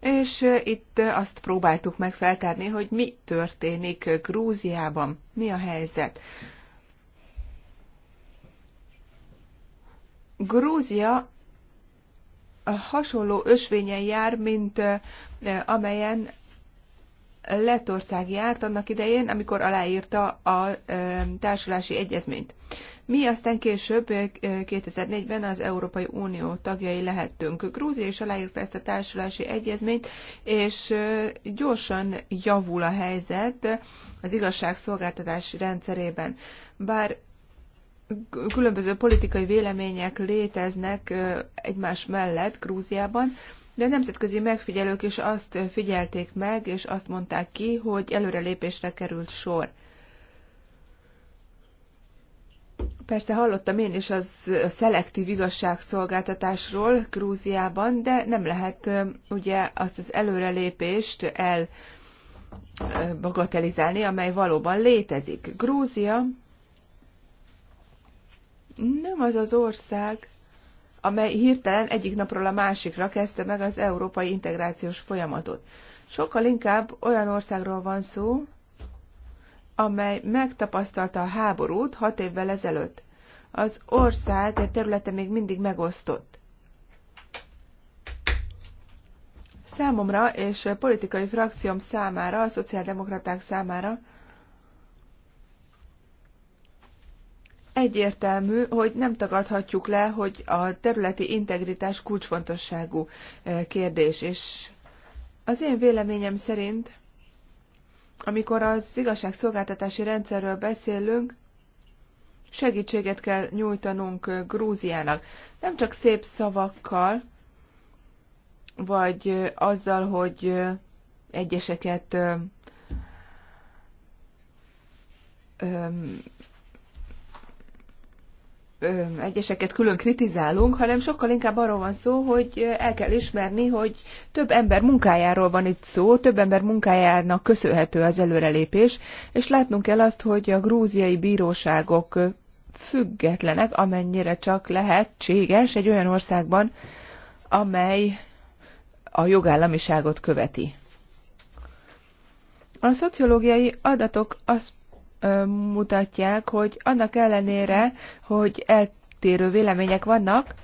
S2: és itt azt próbáltuk meg feltárni, hogy mi történik Grúziában, mi a helyzet. Grúzia hasonló ösvényen jár, mint eh, amelyen Lettország járt annak idején, amikor aláírta a társulási egyezményt. Mi aztán később, 2004-ben az Európai Unió tagjai lehettünk. Grúzia is aláírta ezt a társulási egyezményt, és gyorsan javul a helyzet az igazságszolgáltatási rendszerében. Bár különböző politikai vélemények léteznek egymás mellett Grúziában, de a nemzetközi megfigyelők is azt figyelték meg, és azt mondták ki, hogy előrelépésre került sor. Persze hallottam én is az a szelektív igazságszolgáltatásról Grúziában, de nem lehet ugye azt az előrelépést elbagatelizálni, amely valóban létezik. Grúzia nem az az ország, amely hirtelen egyik napról a másikra kezdte meg az európai integrációs folyamatot. Sokkal inkább olyan országról van szó, amely megtapasztalta a háborút hat évvel ezelőtt. Az ország egy területe még mindig megosztott. Számomra és politikai frakcióm számára, a szociáldemokraták számára egyértelmű, hogy nem tagadhatjuk le, hogy a területi integritás kulcsfontosságú eh, kérdés, és az én véleményem szerint, amikor az igazságszolgáltatási rendszerről beszélünk, segítséget kell nyújtanunk eh, Grúziának. Nem csak szép szavakkal, vagy eh, azzal, hogy egyeseket egyeseket külön kritizálunk, hanem sokkal inkább arról van szó, hogy el kell ismerni, hogy több ember munkájáról van itt szó, több ember munkájának köszönhető az előrelépés, és látnunk kell azt, hogy a grúziai bíróságok függetlenek, amennyire csak lehetséges egy olyan országban, amely a jogállamiságot követi. A szociológiai adatok azt mutatják, hogy annak ellenére, hogy eltérő vélemények vannak,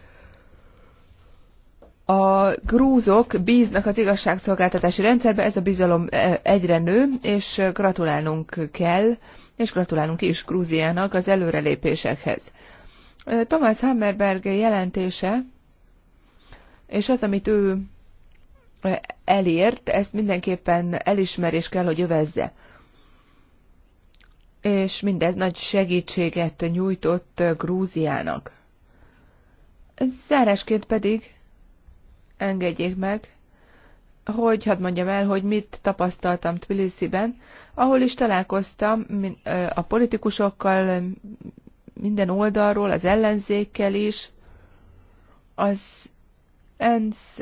S2: a grúzok bíznak az igazságszolgáltatási rendszerbe, ez a bizalom egyre nő, és gratulálnunk kell, és gratulálunk is Grúziának az előrelépésekhez. Thomas Hammerberg jelentése, és az, amit ő elért, ezt mindenképpen elismerés kell, hogy övezze és mindez nagy segítséget nyújtott Grúziának. Zárásként pedig engedjék meg, hogy hadd mondjam el, hogy mit tapasztaltam Tbilisi-ben, ahol is találkoztam a politikusokkal minden oldalról, az ellenzékkel is, az ENSZ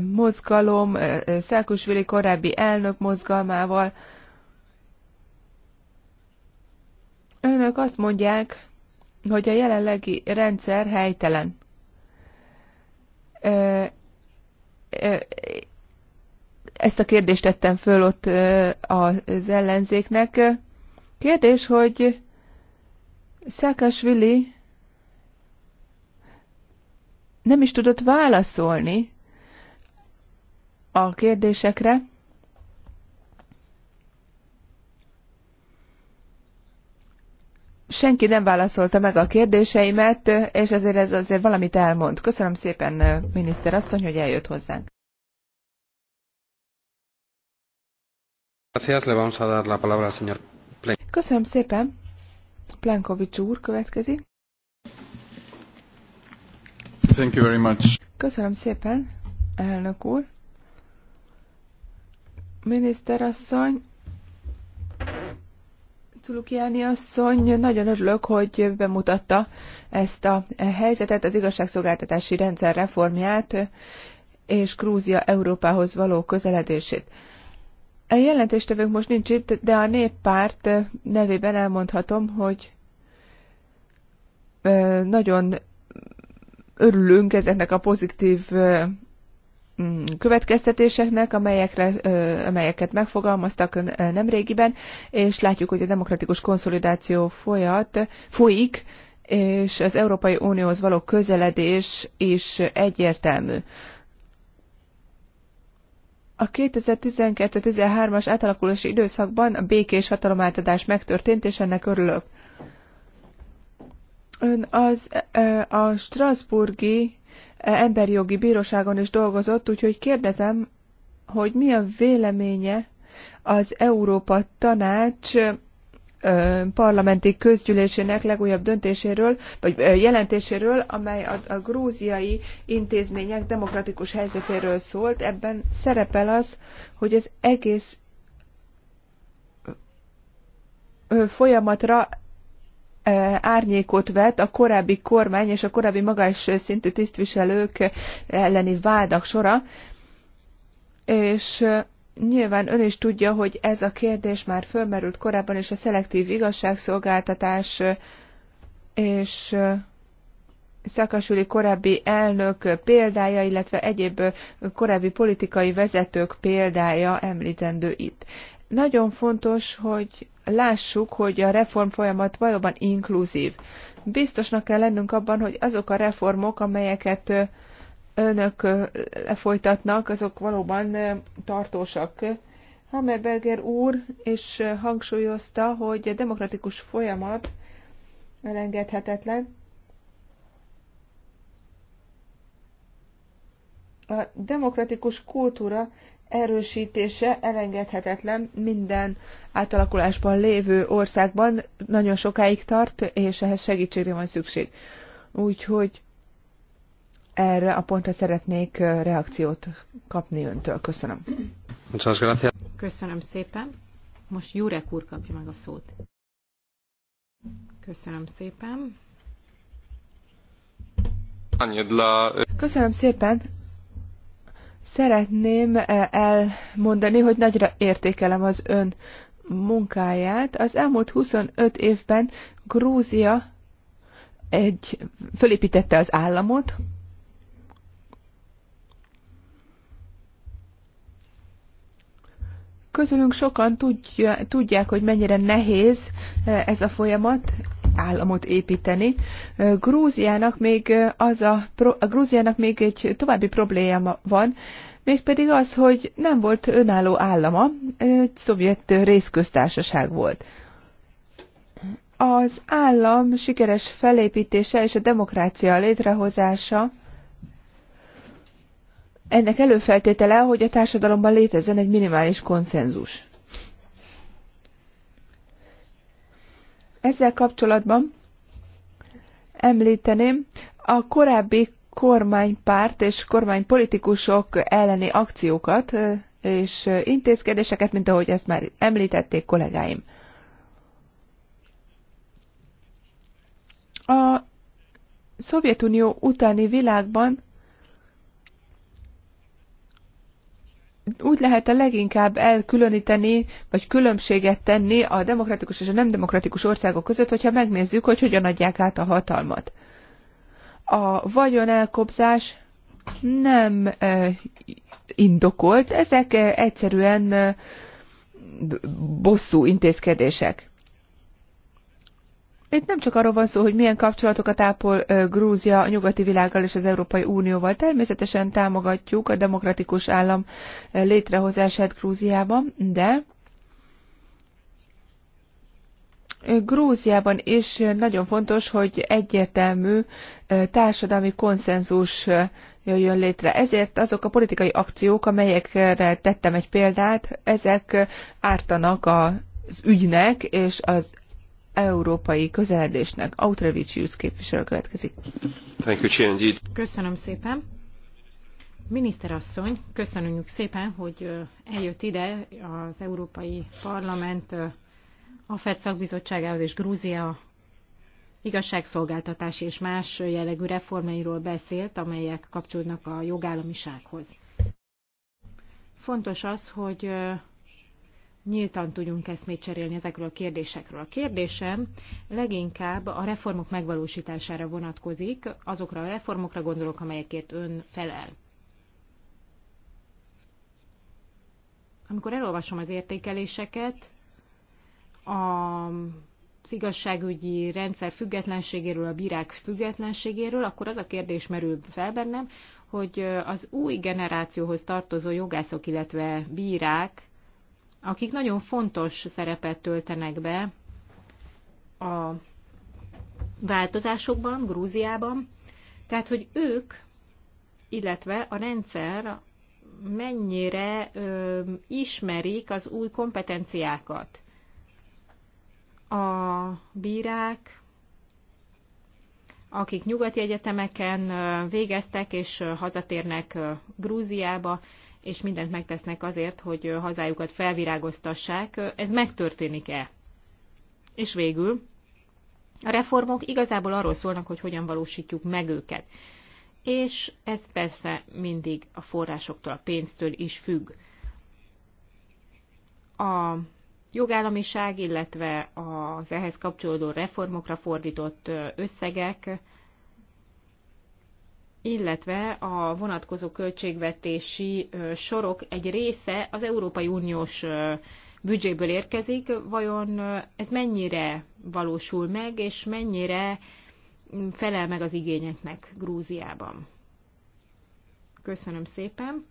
S2: mozgalom, Szákusvili korábbi elnök mozgalmával, Önök azt mondják, hogy a jelenlegi rendszer helytelen. Ezt a kérdést tettem föl ott az ellenzéknek. Kérdés, hogy Szákásvili nem is tudott válaszolni a kérdésekre, senki nem válaszolta meg a kérdéseimet, és ezért ez azért valamit elmond. Köszönöm szépen, miniszter asszony, hogy eljött hozzánk. Köszönöm szépen. Plenkovics úr következik.
S1: Thank you very much.
S2: Köszönöm szépen, elnök úr. Miniszterasszony, Culukiáni asszony, nagyon örülök, hogy bemutatta ezt a helyzetet, az igazságszolgáltatási rendszer reformját és Grúzia Európához való közeledését. A jelentéstevők most nincs itt, de a néppárt nevében elmondhatom, hogy nagyon örülünk ezeknek a pozitív Mm, következtetéseknek, amelyekre, amelyeket megfogalmaztak nemrégiben, és látjuk, hogy a demokratikus konszolidáció folyat, folyik, és az Európai Unióhoz való közeledés is egyértelmű. A 2012-13-as átalakulási időszakban a békés hatalomátadás megtörtént, és ennek örülök. Ön az a Strasburgi emberjogi bíróságon is dolgozott, úgyhogy kérdezem, hogy mi a véleménye az Európa Tanács parlamenti közgyűlésének legújabb döntéséről, vagy jelentéséről, amely a, a grúziai intézmények demokratikus helyzetéről szólt. Ebben szerepel az, hogy az egész folyamatra árnyékot vet a korábbi kormány és a korábbi magas szintű tisztviselők elleni vádak sora, és nyilván ön is tudja, hogy ez a kérdés már fölmerült korábban, és a szelektív igazságszolgáltatás és Szakasüli korábbi elnök példája, illetve egyéb korábbi politikai vezetők példája említendő itt. Nagyon fontos, hogy lássuk, hogy a reform folyamat valóban inkluzív. Biztosnak kell lennünk abban, hogy azok a reformok, amelyeket önök lefolytatnak, azok valóban tartósak. Hammerberger úr is hangsúlyozta, hogy a demokratikus folyamat elengedhetetlen. A demokratikus kultúra erősítése elengedhetetlen minden átalakulásban lévő országban. Nagyon sokáig tart, és ehhez segítségre van szükség. Úgyhogy erre a pontra szeretnék reakciót kapni öntől. Köszönöm.
S5: Köszönöm szépen. Most Jurek úr kapja meg a szót. Köszönöm szépen.
S2: Köszönöm szépen. Szeretném eh, elmondani, hogy nagyra értékelem az ön munkáját. Az elmúlt 25 évben Grúzia egy, fölépítette az államot, Közülünk sokan tudja, tudják, hogy mennyire nehéz eh, ez a folyamat, államot építeni. Grúziának még, az a, a Grúziának még egy további probléma van, mégpedig az, hogy nem volt önálló állama, egy szovjet részköztársaság volt. Az állam sikeres felépítése és a demokrácia létrehozása ennek előfeltétele, hogy a társadalomban létezzen egy minimális konszenzus. Ezzel kapcsolatban említeném a korábbi kormánypárt és kormánypolitikusok elleni akciókat és intézkedéseket, mint ahogy ezt már említették kollégáim. A Szovjetunió utáni világban úgy lehet a leginkább elkülöníteni, vagy különbséget tenni a demokratikus és a nem demokratikus országok között, hogyha megnézzük, hogy hogyan adják át a hatalmat. A vagyon elkobzás nem e, indokolt, ezek e, egyszerűen e, bosszú intézkedések. Itt nem csak arról van szó, hogy milyen kapcsolatokat ápol Grúzia a nyugati világgal és az Európai Unióval. Természetesen támogatjuk a demokratikus állam létrehozását Grúziában, de Grúziában is nagyon fontos, hogy egyértelmű társadalmi konszenzus jöjjön létre. Ezért azok a politikai akciók, amelyekre tettem egy példát, ezek ártanak az ügynek és az európai közeledésnek. Autrevicius képviselő következik.
S5: Köszönöm szépen. Miniszterasszony, köszönjük szépen, hogy eljött ide az Európai Parlament a FED szakbizottságához és Grúzia igazságszolgáltatási és más jellegű reformjairól beszélt, amelyek kapcsolódnak a jogállamisághoz. Fontos az, hogy nyíltan tudjunk eszmét cserélni ezekről a kérdésekről. A kérdésem leginkább a reformok megvalósítására vonatkozik, azokra a reformokra gondolok, amelyekért ön felel. Amikor elolvasom az értékeléseket, a az igazságügyi rendszer függetlenségéről, a bírák függetlenségéről, akkor az a kérdés merül fel bennem, hogy az új generációhoz tartozó jogászok, illetve bírák akik nagyon fontos szerepet töltenek be a változásokban, Grúziában. Tehát, hogy ők, illetve a rendszer mennyire ö, ismerik az új kompetenciákat. A bírák, akik nyugati egyetemeken végeztek és hazatérnek Grúziába, és mindent megtesznek azért, hogy hazájukat felvirágoztassák. Ez megtörténik-e? És végül, a reformok igazából arról szólnak, hogy hogyan valósítjuk meg őket. És ez persze mindig a forrásoktól, a pénztől is függ. A jogállamiság, illetve az ehhez kapcsolódó reformokra fordított összegek illetve a vonatkozó költségvetési sorok egy része az Európai Uniós büdzséből érkezik. Vajon ez mennyire valósul meg, és mennyire felel meg az igényeknek Grúziában? Köszönöm szépen.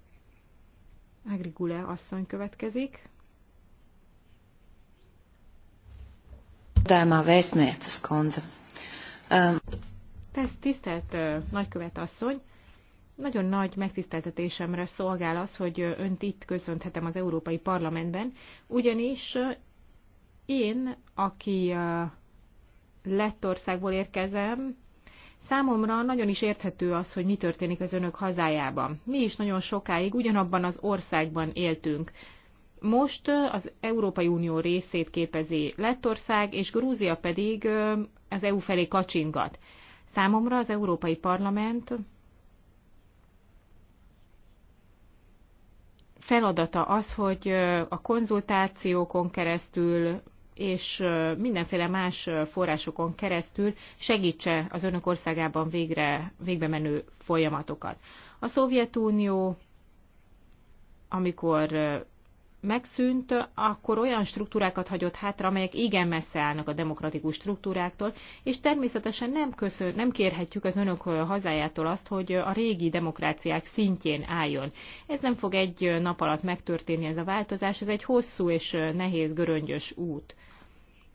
S5: Agrigule asszony következik.
S1: Dáma, vēstnieces Skonza.
S5: Tesz, tisztelt nagykövet asszony, nagyon nagy megtiszteltetésemre szolgál az, hogy önt itt közönthetem az Európai Parlamentben, ugyanis én, aki Lettországból érkezem, Számomra nagyon is érthető az, hogy mi történik az önök hazájában. Mi is nagyon sokáig ugyanabban az országban éltünk. Most az Európai Unió részét képezi Lettország, és Grúzia pedig az EU felé kacsingat. Számomra az Európai Parlament feladata az, hogy a konzultációkon keresztül és mindenféle más forrásokon keresztül segítse az önök országában végre, végbe menő folyamatokat. A Szovjetunió, amikor megszűnt, akkor olyan struktúrákat hagyott hátra, amelyek igen messze állnak a demokratikus struktúráktól, és természetesen nem, köszön, nem kérhetjük az önök hazájától azt, hogy a régi demokráciák szintjén álljon. Ez nem fog egy nap alatt megtörténni ez a változás, ez egy hosszú és nehéz göröngyös út.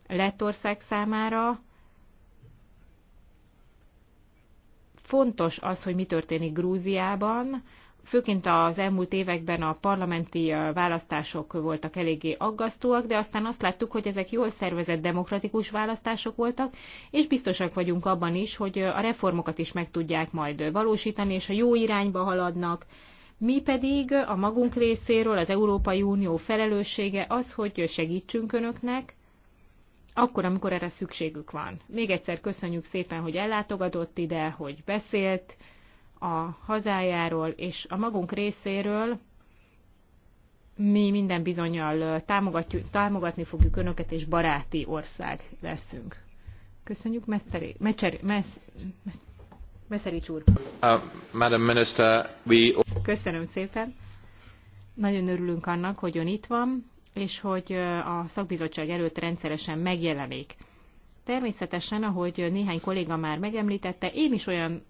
S5: Lettország számára fontos az, hogy mi történik Grúziában, főként az elmúlt években a parlamenti választások voltak eléggé aggasztóak, de aztán azt láttuk, hogy ezek jól szervezett demokratikus választások voltak, és biztosak vagyunk abban is, hogy a reformokat is meg tudják majd valósítani, és a jó irányba haladnak. Mi pedig a magunk részéről az Európai Unió felelőssége az, hogy segítsünk önöknek, akkor, amikor erre szükségük van. Még egyszer köszönjük szépen, hogy ellátogatott ide, hogy beszélt, a hazájáról, és a magunk részéről mi minden bizonyal támogatni fogjuk Önöket, és baráti ország leszünk. Köszönjük, Meszteri, Mecseri, Mesz, Meszerics úr.
S1: Uh, Madam Minister, we...
S5: Köszönöm szépen. Nagyon örülünk annak, hogy Ön itt van, és hogy a szakbizottság előtt rendszeresen megjelenik. Természetesen, ahogy néhány kolléga már megemlítette, én is olyan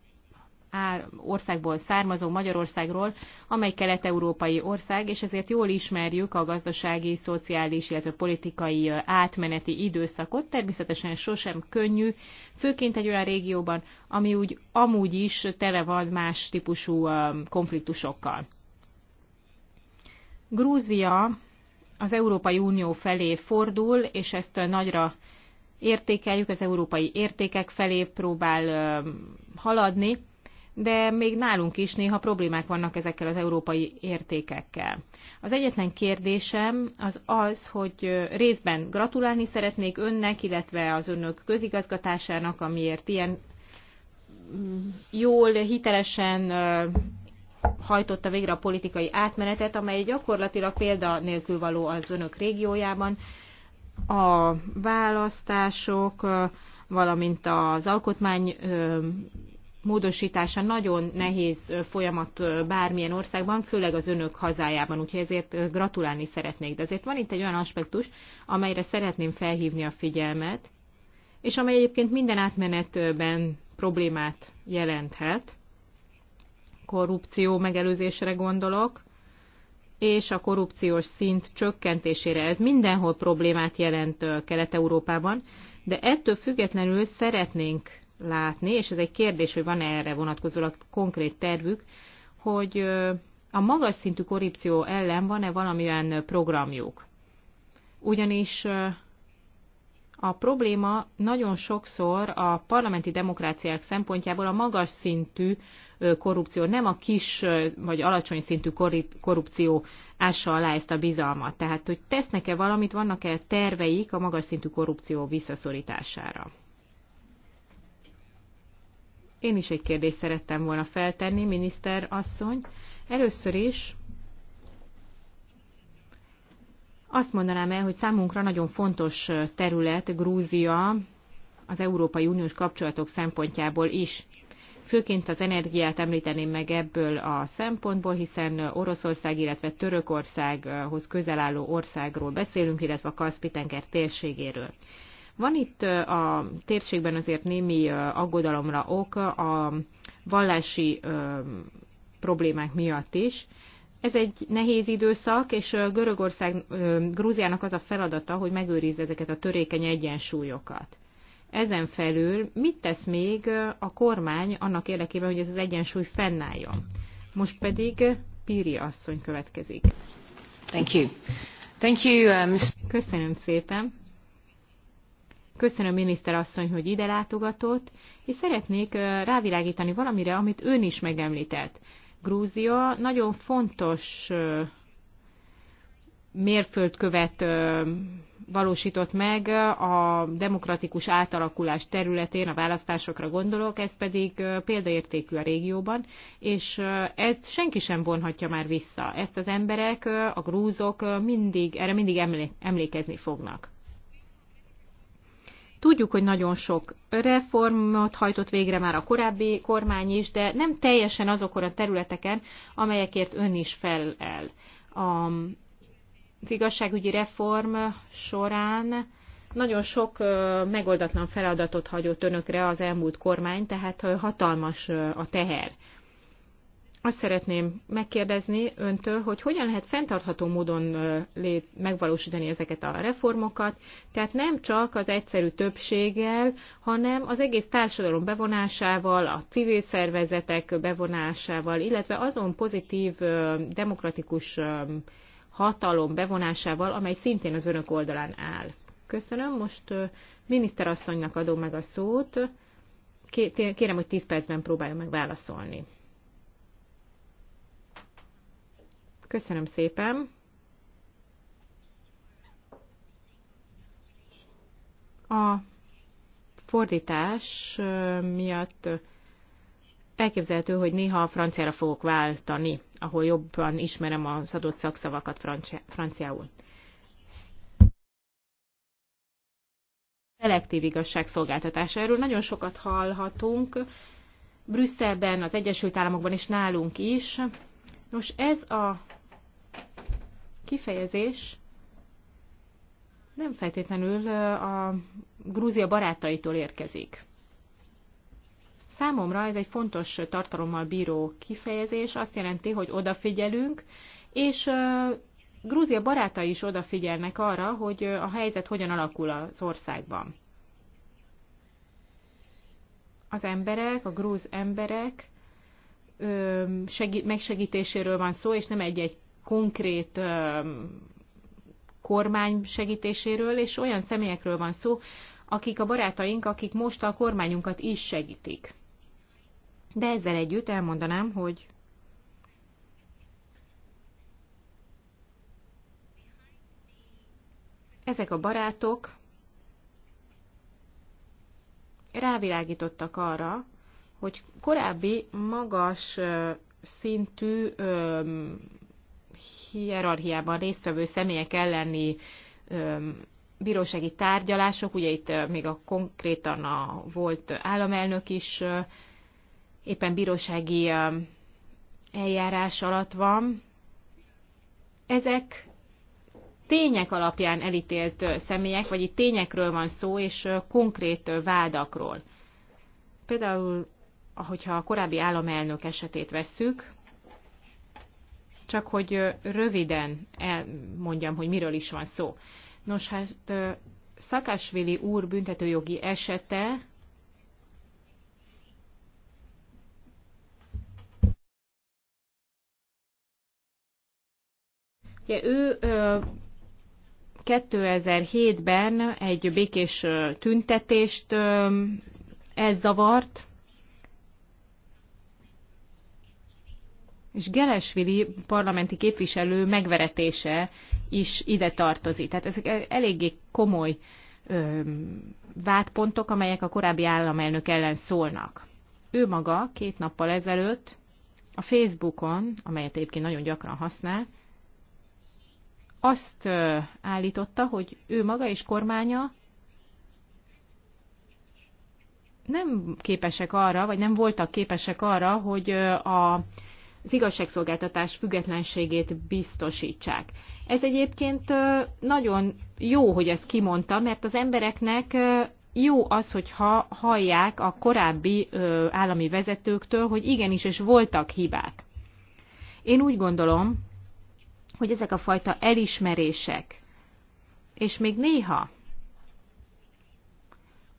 S5: országból származó Magyarországról, amely kelet-európai ország, és ezért jól ismerjük a gazdasági, szociális, illetve politikai átmeneti időszakot. Természetesen sosem könnyű, főként egy olyan régióban, ami úgy amúgy is tele van más típusú konfliktusokkal. Grúzia az Európai Unió felé fordul, és ezt nagyra értékeljük, az európai értékek felé próbál haladni, de még nálunk is néha problémák vannak ezekkel az európai értékekkel. Az egyetlen kérdésem az az, hogy részben gratulálni szeretnék önnek, illetve az önök közigazgatásának, amiért ilyen mm, jól, hitelesen hajtotta végre a politikai átmenetet, amely gyakorlatilag példa nélkül való az önök régiójában. A választások, valamint az alkotmány módosítása nagyon nehéz folyamat bármilyen országban, főleg az önök hazájában, úgyhogy ezért gratulálni szeretnék. De azért van itt egy olyan aspektus, amelyre szeretném felhívni a figyelmet, és amely egyébként minden átmenetben problémát jelenthet. Korrupció megelőzésre gondolok, és a korrupciós szint csökkentésére. Ez mindenhol problémát jelent Kelet-Európában, de ettől függetlenül szeretnénk látni, és ez egy kérdés, hogy van-e erre vonatkozólag konkrét tervük, hogy a magas szintű korrupció ellen van-e valamilyen programjuk. Ugyanis a probléma nagyon sokszor a parlamenti demokráciák szempontjából a magas szintű korrupció, nem a kis vagy alacsony szintű korrupció ássa alá ezt a bizalmat. Tehát, hogy tesznek-e valamit, vannak-e terveik a magas szintű korrupció visszaszorítására? Én is egy kérdést szerettem volna feltenni, miniszter asszony. Először is azt mondanám el, hogy számunkra nagyon fontos terület Grúzia az Európai Uniós kapcsolatok szempontjából is. Főként az energiát említeném meg ebből a szempontból, hiszen Oroszország, illetve Törökországhoz közel álló országról beszélünk, illetve a Kaszpitenger térségéről. Van itt a térségben azért némi aggodalomra ok a vallási problémák miatt is. Ez egy nehéz időszak, és Görögország, Grúziának az a feladata, hogy megőrizze ezeket a törékeny egyensúlyokat. Ezen felül mit tesz még a kormány annak érdekében, hogy ez az egyensúly fennálljon? Most pedig Píri asszony következik. Thank you. Thank you, um... Köszönöm szépen. Köszönöm miniszter asszony, hogy ide látogatott, és szeretnék rávilágítani valamire, amit ön is megemlített. Grúzia nagyon fontos mérföldkövet valósított meg a demokratikus átalakulás területén, a választásokra gondolok, ez pedig példaértékű a régióban, és ezt senki sem vonhatja már vissza. Ezt az emberek, a grúzok mindig, erre mindig emlékezni fognak. Tudjuk, hogy nagyon sok reformot hajtott végre már a korábbi kormány is, de nem teljesen azokon a területeken, amelyekért ön is felel. A, igazságügyi reform során nagyon sok megoldatlan feladatot hagyott önökre az elmúlt kormány, tehát hatalmas a teher azt szeretném megkérdezni öntől, hogy hogyan lehet fenntartható módon lét, megvalósítani ezeket a reformokat, tehát nem csak az egyszerű többséggel, hanem az egész társadalom bevonásával, a civil szervezetek bevonásával, illetve azon pozitív demokratikus hatalom bevonásával, amely szintén az önök oldalán áll. Köszönöm, most miniszterasszonynak adom meg a szót. Kérem, hogy 10 percben próbáljon meg válaszolni. Köszönöm szépen. A fordítás miatt elképzelhető, hogy néha franciára fogok váltani, ahol jobban ismerem az adott szakszavakat francia, franciául. Elektív igazságszolgáltatás. Erről nagyon sokat hallhatunk Brüsszelben, az Egyesült Államokban és nálunk is. Nos, ez a kifejezés nem feltétlenül a Grúzia barátaitól érkezik. Számomra ez egy fontos tartalommal bíró kifejezés, azt jelenti, hogy odafigyelünk, és Grúzia barátai is odafigyelnek arra, hogy a helyzet hogyan alakul az országban. Az emberek, a grúz emberek megsegítéséről van szó, és nem egy-egy konkrét kormány segítéséről, és olyan személyekről van szó, akik a barátaink, akik most a kormányunkat is segítik. De ezzel együtt elmondanám, hogy ezek a barátok rávilágítottak arra, hogy korábbi magas szintű hierarchiában résztvevő személyek elleni bírósági tárgyalások, ugye itt még a konkrétan a volt államelnök is éppen bírósági eljárás alatt van. Ezek tények alapján elítélt személyek, vagy itt tényekről van szó, és konkrét vádakról. Például, ahogyha a korábbi államelnök esetét vesszük, csak hogy röviden elmondjam, hogy miről is van szó. Nos, hát Szakásvili úr büntetőjogi esete Ugye ő 2007-ben egy békés tüntetést ez zavart, és Gelesvili parlamenti képviselő megveretése is ide tartozik. Tehát ezek e- eléggé komoly ö, vádpontok, amelyek a korábbi államelnök ellen szólnak. Ő maga két nappal ezelőtt a Facebookon, amelyet egyébként nagyon gyakran használ, azt állította, hogy ő maga és kormánya nem képesek arra, vagy nem voltak képesek arra, hogy a az igazságszolgáltatás függetlenségét biztosítsák. Ez egyébként nagyon jó, hogy ezt kimondta, mert az embereknek jó az, hogyha hallják a korábbi állami vezetőktől, hogy igenis, és voltak hibák. Én úgy gondolom, hogy ezek a fajta elismerések, és még néha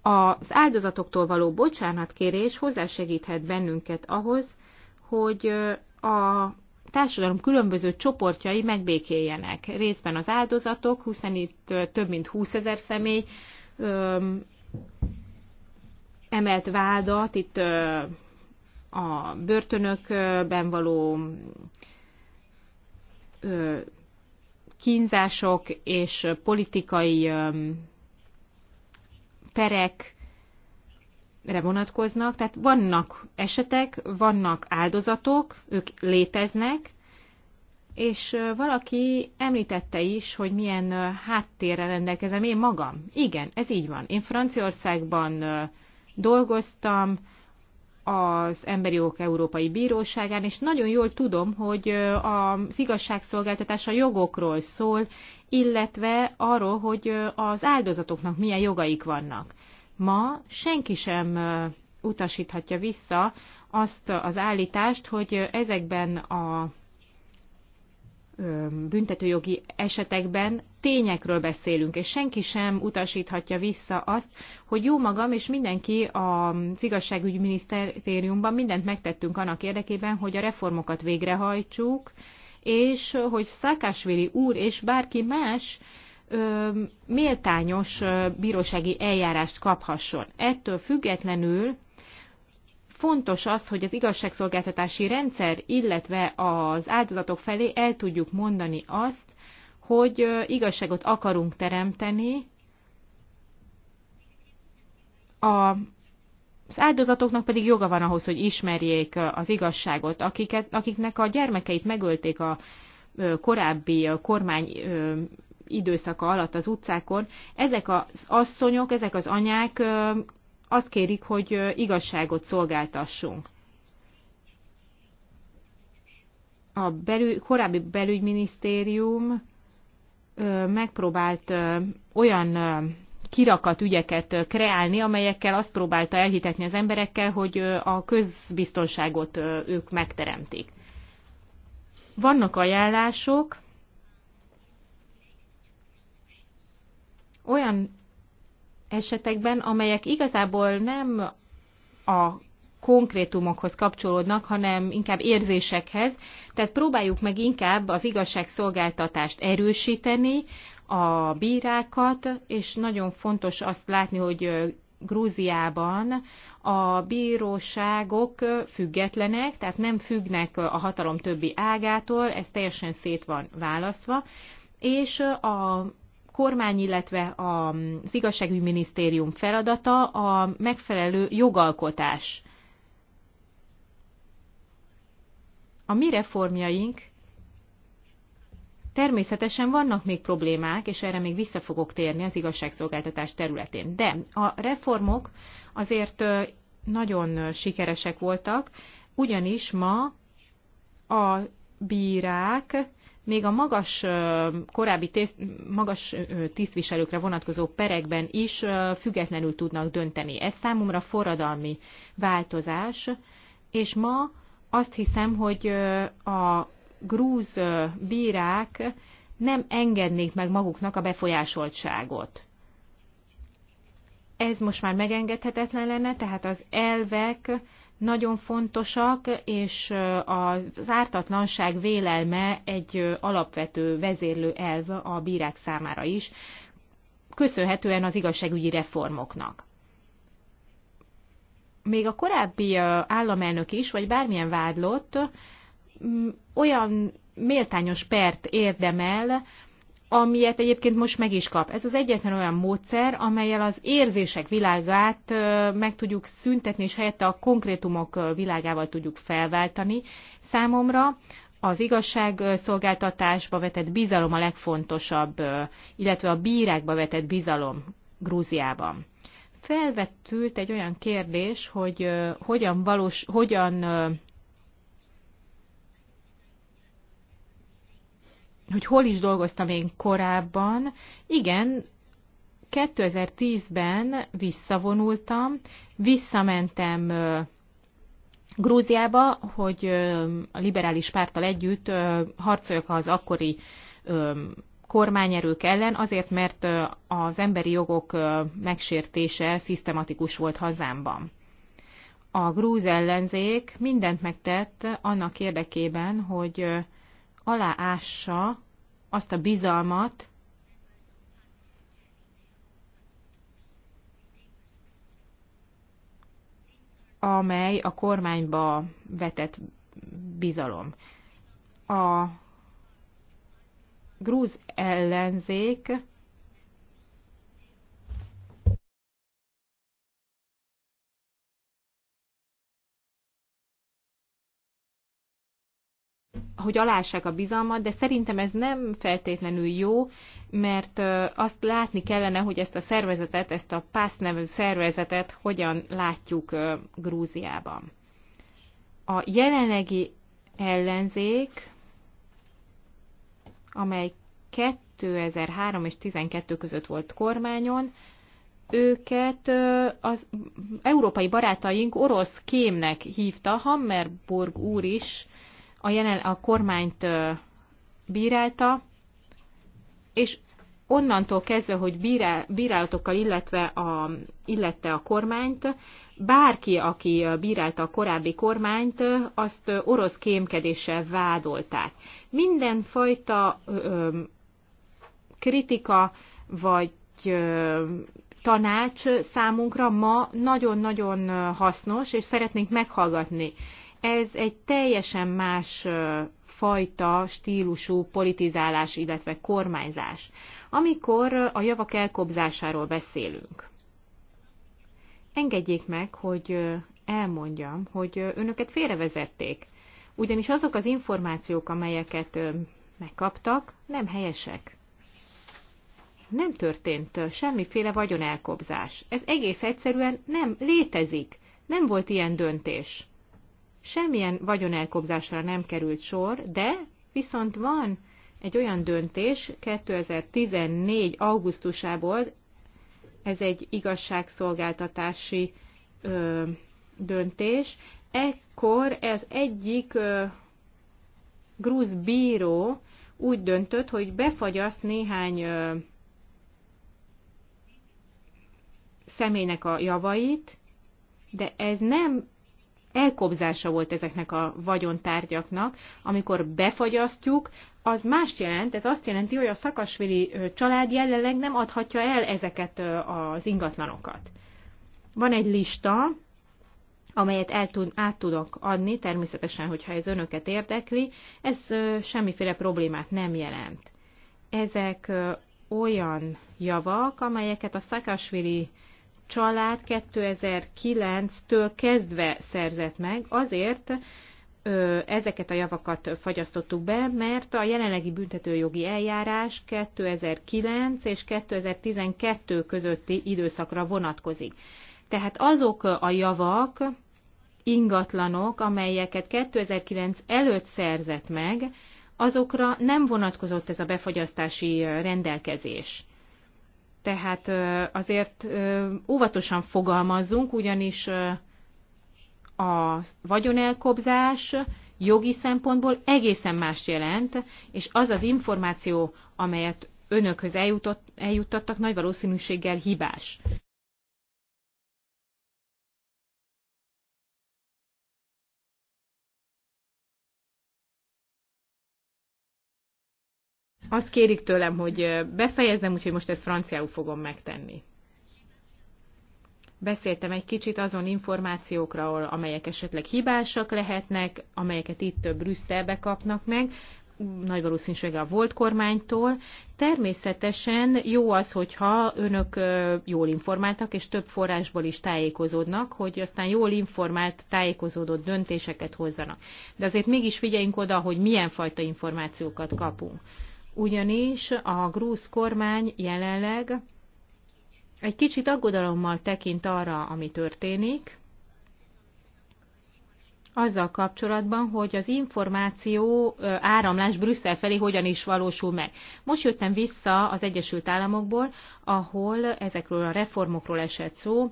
S5: az áldozatoktól való bocsánatkérés hozzásegíthet bennünket ahhoz, hogy a társadalom különböző csoportjai megbékéljenek. Részben az áldozatok, hiszen itt több mint 20 ezer személy öm, emelt vádat, itt ö, a börtönökben való ö, kínzások és politikai ö, perek, re vonatkoznak, tehát vannak esetek, vannak áldozatok, ők léteznek, és valaki említette is, hogy milyen háttérrel rendelkezem én magam. Igen, ez így van. Én Franciaországban dolgoztam, az Emberi Jogok Európai Bíróságán, és nagyon jól tudom, hogy az igazságszolgáltatás a jogokról szól, illetve arról, hogy az áldozatoknak milyen jogaik vannak ma senki sem utasíthatja vissza azt az állítást, hogy ezekben a büntetőjogi esetekben tényekről beszélünk, és senki sem utasíthatja vissza azt, hogy jó magam és mindenki az minisztériumban mindent megtettünk annak érdekében, hogy a reformokat végrehajtsuk, és hogy Szákásvili úr és bárki más méltányos bírósági eljárást kaphasson. Ettől függetlenül fontos az, hogy az igazságszolgáltatási rendszer, illetve az áldozatok felé el tudjuk mondani azt, hogy igazságot akarunk teremteni, a az áldozatoknak pedig joga van ahhoz, hogy ismerjék az igazságot, akiket, akiknek a gyermekeit megölték a korábbi kormány időszaka alatt az utcákon, ezek az asszonyok, ezek az anyák azt kérik, hogy igazságot szolgáltassunk. A belü- korábbi belügyminisztérium megpróbált olyan kirakat ügyeket kreálni, amelyekkel azt próbálta elhitetni az emberekkel, hogy a közbiztonságot ők megteremtik. Vannak ajánlások, olyan esetekben, amelyek igazából nem a konkrétumokhoz kapcsolódnak, hanem inkább érzésekhez. Tehát próbáljuk meg inkább az igazságszolgáltatást erősíteni, a bírákat, és nagyon fontos azt látni, hogy Grúziában a bíróságok függetlenek, tehát nem függnek a hatalom többi ágától, ez teljesen szét van választva, és a kormány, illetve igazságügyi minisztérium feladata a megfelelő jogalkotás. A mi reformjaink Természetesen vannak még problémák, és erre még vissza fogok térni az igazságszolgáltatás területén. De a reformok azért nagyon sikeresek voltak, ugyanis ma a bírák még a magas, korábbi tészt, magas tisztviselőkre vonatkozó perekben is függetlenül tudnak dönteni. Ez számomra forradalmi változás, és ma azt hiszem, hogy a grúz bírák nem engednék meg maguknak a befolyásoltságot. Ez most már megengedhetetlen lenne, tehát az elvek nagyon fontosak, és az ártatlanság vélelme egy alapvető vezérlő elv a bírák számára is, köszönhetően az igazságügyi reformoknak. Még a korábbi államelnök is, vagy bármilyen vádlott, olyan méltányos pert érdemel, amilyet egyébként most meg is kap. Ez az egyetlen olyan módszer, amelyel az érzések világát meg tudjuk szüntetni, és helyette a konkrétumok világával tudjuk felváltani. Számomra az igazságszolgáltatásba vetett bizalom a legfontosabb, illetve a bírákba vetett bizalom Grúziában. Felvetült egy olyan kérdés, hogy hogyan, valós, hogyan hogy hol is dolgoztam én korábban. Igen, 2010-ben visszavonultam, visszamentem Grúziába, hogy a liberális párttal együtt harcoljak az akkori kormányerők ellen, azért mert az emberi jogok megsértése szisztematikus volt hazámban. A grúz ellenzék mindent megtett annak érdekében, hogy aláássa azt a bizalmat, amely a kormányba vetett bizalom. A grúz ellenzék hogy alássák a bizalmat, de szerintem ez nem feltétlenül jó, mert azt látni kellene, hogy ezt a szervezetet, ezt a PASZ nevű szervezetet hogyan látjuk Grúziában. A jelenlegi ellenzék, amely 2003 és 12 között volt kormányon, őket az európai barátaink orosz kémnek hívta, Hammerburg úr is a, jelen, a kormányt bírálta, és onnantól kezdve, hogy bírál, bírálatokkal illetve a, illette a kormányt, bárki, aki bírálta a korábbi kormányt, azt orosz kémkedéssel vádolták. Mindenfajta ö, kritika vagy ö, tanács számunkra ma nagyon-nagyon hasznos, és szeretnénk meghallgatni ez egy teljesen más fajta stílusú politizálás, illetve kormányzás, amikor a javak elkobzásáról beszélünk. Engedjék meg, hogy elmondjam, hogy önöket félrevezették, ugyanis azok az információk, amelyeket megkaptak, nem helyesek. Nem történt semmiféle vagyonelkobzás. Ez egész egyszerűen nem létezik. Nem volt ilyen döntés semmilyen vagyonelkobzásra nem került sor, de viszont van egy olyan döntés 2014. augusztusából, ez egy igazságszolgáltatási ö, döntés, ekkor ez egyik ö, grúz bíró úgy döntött, hogy befagyaszt néhány ö, személynek a javait, de ez nem elkobzása volt ezeknek a vagyontárgyaknak, amikor befagyasztjuk, az mást jelent, ez azt jelenti, hogy a szakasvili család jelenleg nem adhatja el ezeket az ingatlanokat. Van egy lista, amelyet el tud, át tudok adni, természetesen, hogyha ez önöket érdekli, ez semmiféle problémát nem jelent. Ezek olyan javak, amelyeket a szakasvili család 2009-től kezdve szerzett meg, azért ezeket a javakat fagyasztottuk be, mert a jelenlegi büntetőjogi eljárás 2009 és 2012 közötti időszakra vonatkozik. Tehát azok a javak, ingatlanok, amelyeket 2009 előtt szerzett meg, azokra nem vonatkozott ez a befagyasztási rendelkezés. Tehát azért óvatosan fogalmazzunk, ugyanis a vagyonelkobzás jogi szempontból egészen más jelent, és az az információ, amelyet önökhöz eljutott, eljuttattak, nagy valószínűséggel hibás. Azt kérik tőlem, hogy befejezzem, úgyhogy most ezt franciául fogom megtenni. Beszéltem egy kicsit azon információkra, amelyek esetleg hibásak lehetnek, amelyeket itt Brüsszelbe kapnak meg, nagy valószínűséggel a volt kormánytól. Természetesen jó az, hogyha önök jól informáltak, és több forrásból is tájékozódnak, hogy aztán jól informált, tájékozódott döntéseket hozzanak. De azért mégis figyeljünk oda, hogy milyen fajta információkat kapunk ugyanis a grúz kormány jelenleg egy kicsit aggodalommal tekint arra, ami történik, azzal kapcsolatban, hogy az információ áramlás Brüsszel felé hogyan is valósul meg. Most jöttem vissza az Egyesült Államokból, ahol ezekről a reformokról esett szó,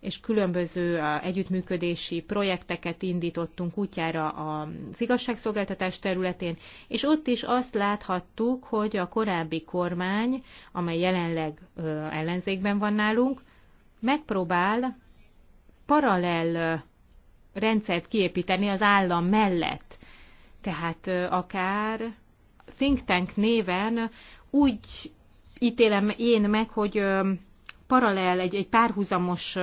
S5: és különböző együttműködési projekteket indítottunk útjára az igazságszolgáltatás területén, és ott is azt láthattuk, hogy a korábbi kormány, amely jelenleg ellenzékben van nálunk, megpróbál paralel rendszert kiépíteni az állam mellett. Tehát akár think tank néven úgy ítélem én meg, hogy paralel, egy, egy párhuzamos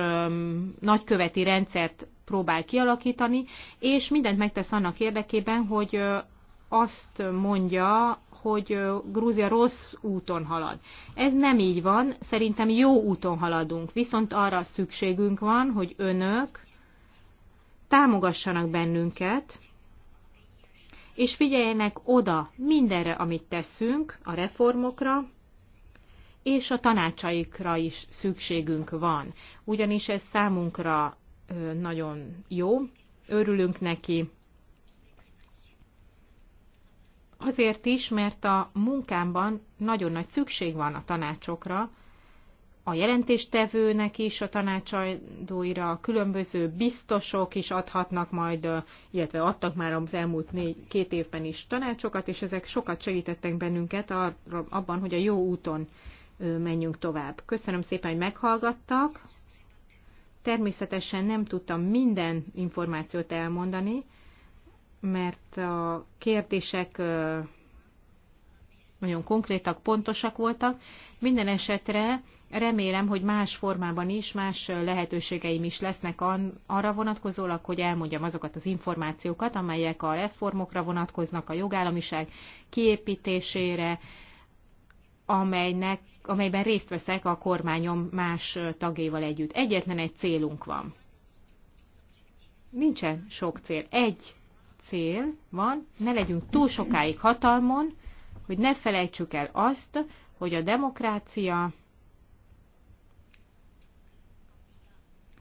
S5: nagyköveti rendszert próbál kialakítani, és mindent megtesz annak érdekében, hogy azt mondja, hogy Grúzia rossz úton halad. Ez nem így van, szerintem jó úton haladunk, viszont arra szükségünk van, hogy önök támogassanak bennünket, és figyeljenek oda mindenre, amit teszünk, a reformokra, és a tanácsaikra is szükségünk van, ugyanis ez számunkra nagyon jó, örülünk neki. Azért is, mert a munkámban nagyon nagy szükség van a tanácsokra, a jelentéstevőnek is, a tanácsadóira, a különböző biztosok is adhatnak majd, illetve adtak már az elmúlt négy, két évben is tanácsokat, és ezek sokat segítettek bennünket abban, hogy a jó úton menjünk tovább. Köszönöm szépen, hogy meghallgattak. Természetesen nem tudtam minden információt elmondani, mert a kérdések nagyon konkrétak, pontosak voltak. Minden esetre remélem, hogy más formában is, más lehetőségeim is lesznek arra vonatkozólag, hogy elmondjam azokat az információkat, amelyek a reformokra vonatkoznak, a jogállamiság kiépítésére, amelynek, amelyben részt veszek a kormányom más tagjaival együtt. Egyetlen egy célunk van. Nincsen sok cél. Egy cél van, ne legyünk túl sokáig hatalmon, hogy ne felejtsük el azt, hogy a demokrácia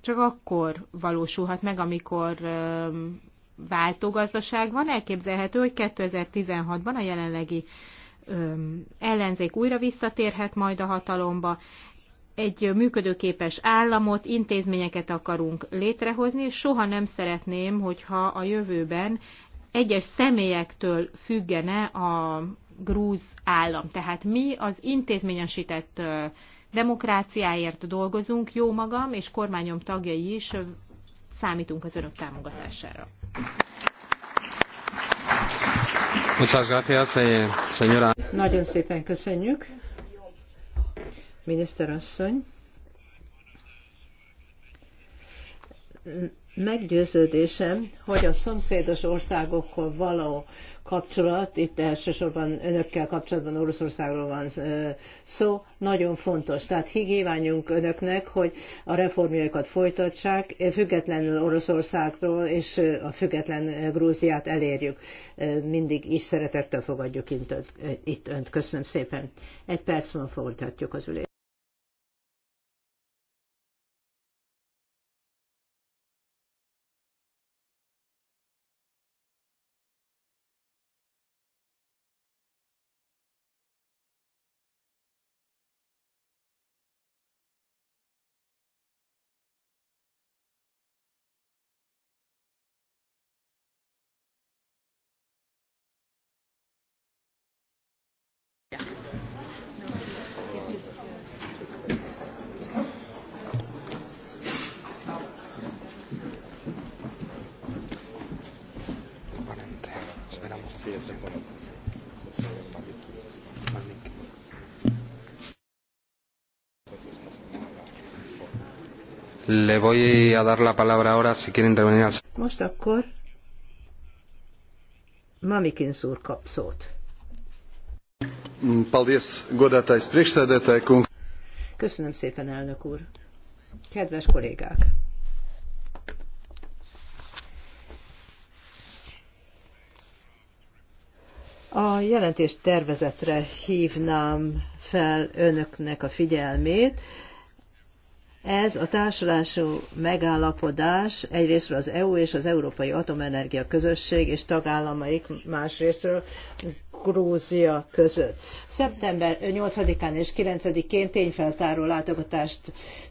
S5: csak akkor valósulhat meg, amikor váltó gazdaság van. Elképzelhető, hogy 2016-ban a jelenlegi ellenzék újra visszatérhet majd a hatalomba, egy működőképes államot, intézményeket akarunk létrehozni, és soha nem szeretném, hogyha a jövőben egyes személyektől függene a grúz állam. Tehát mi az intézményesített demokráciáért dolgozunk, jó magam és kormányom tagjai is számítunk az önök támogatására.
S4: Muchas gracias, eh, señora. Nagyon
S6: szépen köszönjük. Miniszter asszony meggyőződésem, hogy a szomszédos országokkal való kapcsolat, itt elsősorban önökkel kapcsolatban Oroszországról van szó, nagyon fontos. Tehát kívánjunk önöknek, hogy a reformjaikat folytatsák, függetlenül Oroszországról és a független Grúziát elérjük. Mindig is szeretettel fogadjuk itt önt. Köszönöm szépen. Egy perc múlva folytatjuk az ülést.
S4: Le voy a dar la palabra ahora si quiere intervenir.
S6: Most akkor Mamikins úr kap szót.
S1: Paldies, godatais priekšsēdētāj,
S6: Köszönöm szépen, elnök úr. Kedves kollégák! A jelentés tervezetre hívnám fel önöknek a figyelmét, ez a társulású megállapodás egyrésztről az EU és az Európai Atomenergia Közösség és tagállamaik másrésztről Grúzia között. Szeptember 8-án és 9-én tényfeltáró látogatást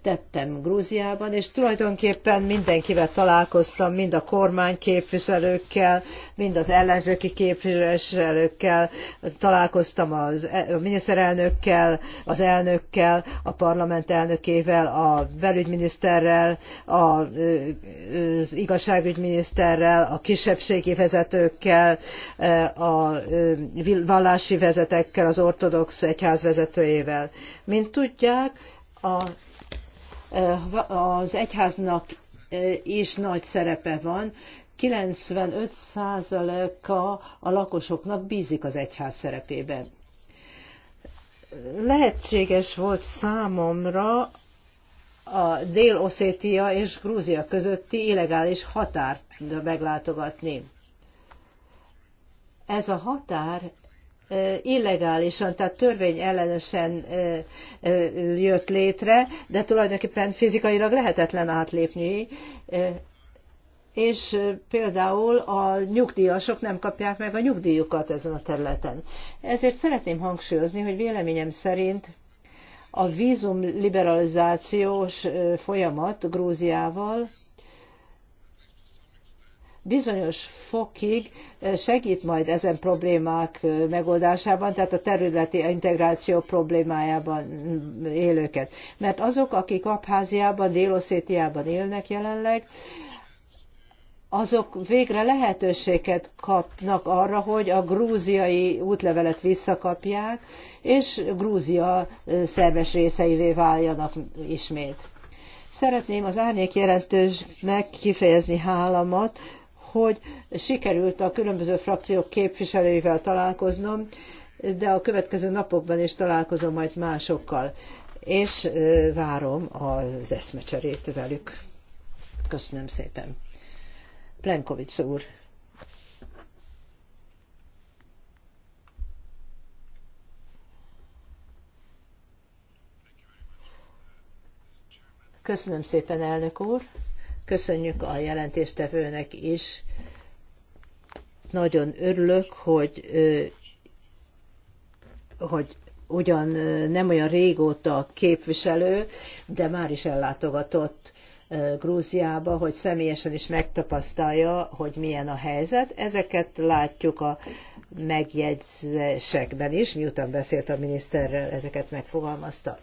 S6: tettem Grúziában, és tulajdonképpen mindenkivel találkoztam, mind a kormány képviselőkkel, mind az ellenzőki képviselőkkel, találkoztam az, e- a miniszterelnökkel, az elnökkel, a parlament elnökével, a belügyminiszterrel, az igazságügyminiszterrel, a kisebbségi vezetőkkel, a vallási vezetekkel, az ortodox egyház vezetőjével. Mint tudják, a, e, az egyháznak e, is nagy szerepe van. 95%-a a lakosoknak bízik az egyház szerepében. Lehetséges volt számomra a Dél-Oszétia és Grúzia közötti illegális határt meglátogatni ez a határ illegálisan, tehát törvényellenesen jött létre, de tulajdonképpen fizikailag lehetetlen átlépni, és például a nyugdíjasok nem kapják meg a nyugdíjukat ezen a területen. Ezért szeretném hangsúlyozni, hogy véleményem szerint a vízum liberalizációs folyamat Grúziával bizonyos fokig eh, segít majd ezen problémák eh, megoldásában, tehát a területi integráció problémájában mm, élőket. Mert azok, akik Abháziában, Délosszétiában élnek jelenleg, azok végre lehetőséget kapnak arra, hogy a grúziai útlevelet visszakapják, és Grúzia eh, szerves részeivé váljanak ismét. Szeretném az árnyék jelentősnek kifejezni hálamat hogy sikerült a különböző frakciók képviselőivel találkoznom, de a következő napokban is találkozom majd másokkal, és várom az eszmecserét velük. Köszönöm szépen. Plenkovics úr. Köszönöm szépen, elnök úr. Köszönjük a jelentéstevőnek is. Nagyon örülök, hogy, hogy ugyan nem olyan régóta képviselő, de már is ellátogatott Grúziába, hogy személyesen is megtapasztalja, hogy milyen a helyzet. Ezeket látjuk a megjegyzésekben is, miután beszélt a miniszterrel, ezeket megfogalmazta.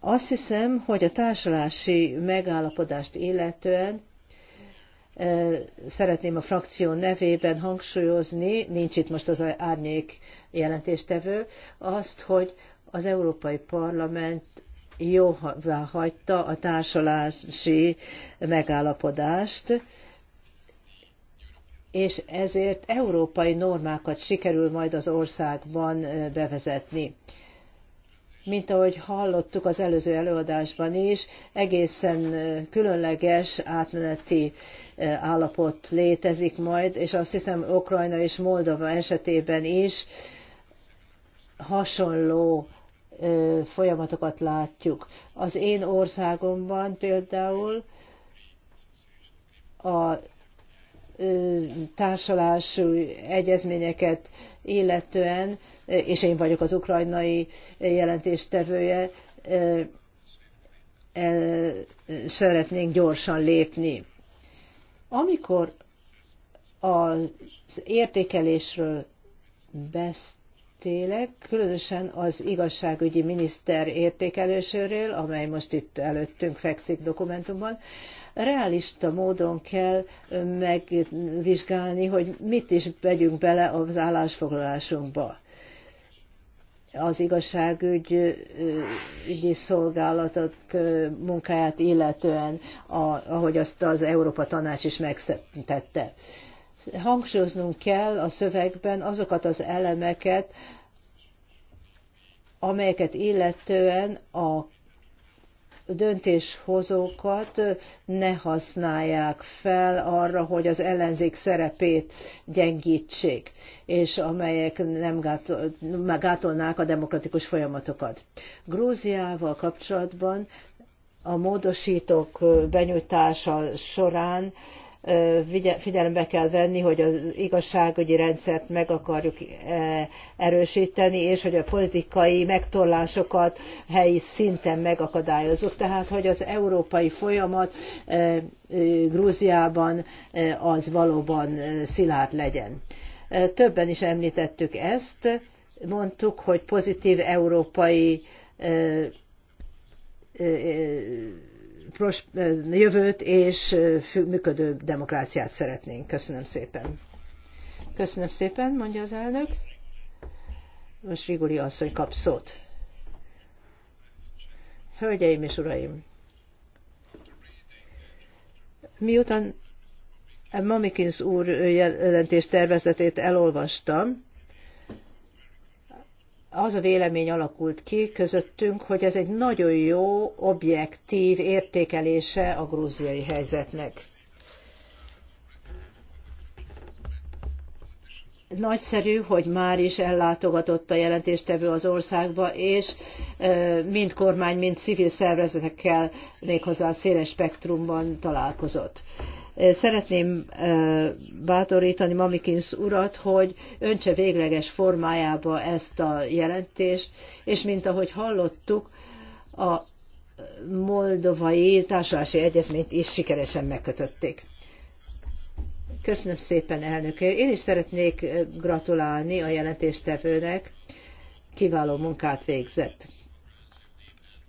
S6: Azt hiszem, hogy a társulási megállapodást illetően e, szeretném a frakció nevében hangsúlyozni, nincs itt most az árnyék jelentéstevő, azt, hogy az Európai Parlament jóvá hagyta a társulási megállapodást, és ezért európai normákat sikerül majd az országban e, bevezetni. Mint ahogy hallottuk az előző előadásban is, egészen különleges átmeneti állapot létezik majd, és azt hiszem Ukrajna és Moldova esetében is hasonló folyamatokat látjuk. Az én országomban például a társulású egyezményeket illetően, és én vagyok az ukrajnai jelentéstevője, szeretnénk gyorsan lépni. Amikor az értékelésről beszélek, különösen az igazságügyi miniszter értékeléséről, amely most itt előttünk fekszik dokumentumban, realista módon kell megvizsgálni, hogy mit is vegyünk bele az állásfoglalásunkba. Az igazságügyi szolgálatok munkáját illetően, ahogy azt az Európa Tanács is megszentette. Hangsúlyoznunk kell a szövegben azokat az elemeket, amelyeket illetően a döntéshozókat ne használják fel arra, hogy az ellenzék szerepét gyengítsék, és amelyek nem gátol, gátolnák a demokratikus folyamatokat. Grúziával kapcsolatban a módosítók benyújtása során figyelembe kell venni, hogy az igazságügyi rendszert meg akarjuk erősíteni, és hogy a politikai megtorlásokat helyi szinten megakadályozzuk. Tehát, hogy az európai folyamat Grúziában az valóban szilárd legyen. Többen is említettük ezt, mondtuk, hogy pozitív európai jövőt és működő demokráciát szeretnénk. Köszönöm szépen. Köszönöm szépen, mondja az elnök. Most Riguli asszony kap szót. Hölgyeim és uraim! Miután Mamikins úr jelentés tervezetét elolvastam, az a vélemény alakult ki közöttünk, hogy ez egy nagyon jó, objektív értékelése a grúziai helyzetnek. Nagyszerű, hogy már is ellátogatott a jelentéstevő az országba, és mind kormány, mind civil szervezetekkel méghozzá széles spektrumban találkozott. Szeretném bátorítani Mamikins urat, hogy öntse végleges formájába ezt a jelentést, és mint ahogy hallottuk, a moldovai társulási egyezményt is sikeresen megkötötték. Köszönöm szépen, elnök. Én is szeretnék gratulálni a jelentéstevőnek. Kiváló munkát végzett.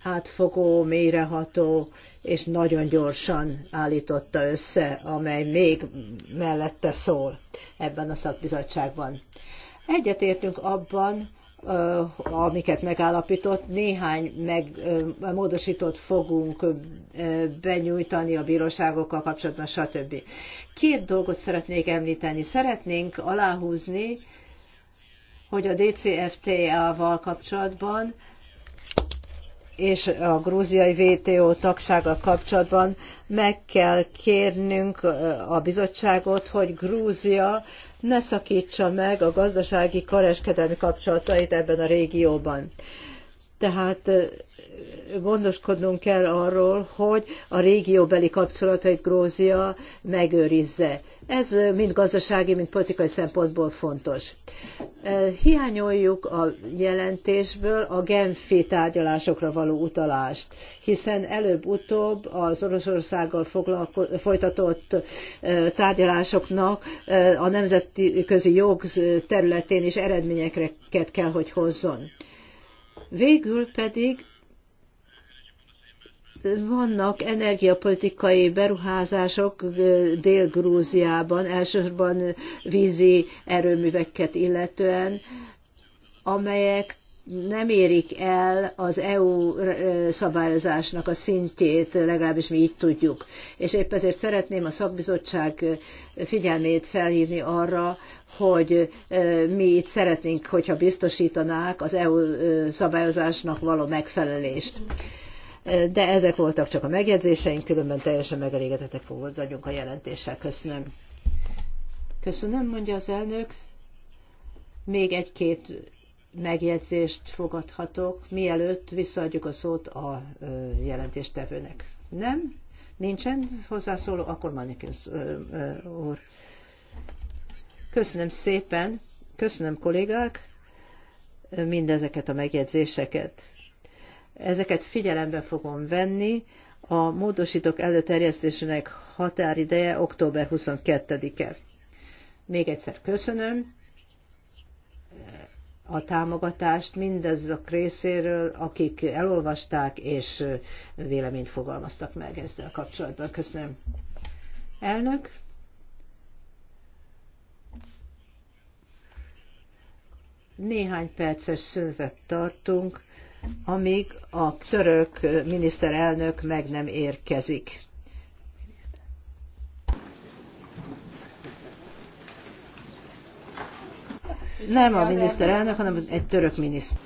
S6: Átfogó, mélyreható és nagyon gyorsan állította össze, amely még mellette szól ebben a szakbizottságban. Egyetértünk abban, amiket megállapított, néhány meg, módosítót fogunk benyújtani a bíróságokkal kapcsolatban, stb. Két dolgot szeretnék említeni. Szeretnénk aláhúzni, hogy a DCFTA-val kapcsolatban és a grúziai VTO tagsággal kapcsolatban meg kell kérnünk a bizottságot, hogy Grúzia ne szakítsa meg a gazdasági kereskedelmi kapcsolatait ebben a régióban. Tehát gondoskodnunk kell arról, hogy a régióbeli kapcsolatait Grózia megőrizze. Ez mind gazdasági, mind politikai szempontból fontos. E, hiányoljuk a jelentésből a Genfi tárgyalásokra való utalást, hiszen előbb-utóbb az Oroszországgal folytatott e, tárgyalásoknak e, a nemzetközi jog területén is eredményeket kell, hogy hozzon. Végül pedig vannak energiapolitikai beruházások Dél-Grúziában, elsősorban vízi erőműveket illetően, amelyek nem érik el az EU szabályozásnak a szintjét, legalábbis mi így tudjuk. És épp ezért szeretném a szakbizottság figyelmét felhívni arra, hogy mi itt szeretnénk, hogyha biztosítanák az EU szabályozásnak való megfelelést de ezek voltak csak a megjegyzéseink, különben teljesen megelégedettek vagyunk a jelentéssel. Köszönöm. Köszönöm, mondja az elnök. Még egy-két megjegyzést fogadhatok, mielőtt visszaadjuk a szót a jelentéstevőnek. Nem? Nincsen hozzászóló? Akkor manikus. úr. Köszönöm szépen, köszönöm kollégák mindezeket a megjegyzéseket. Ezeket figyelembe fogom venni. A módosítók előterjesztésének határideje október 22-e. Még egyszer köszönöm a támogatást mindazok részéről, akik elolvasták és véleményt fogalmaztak meg ezzel kapcsolatban. Köszönöm. Elnök. Néhány perces szünetet tartunk amíg a török miniszterelnök meg nem érkezik.
S3: Nem a miniszterelnök,
S6: hanem egy török miniszter.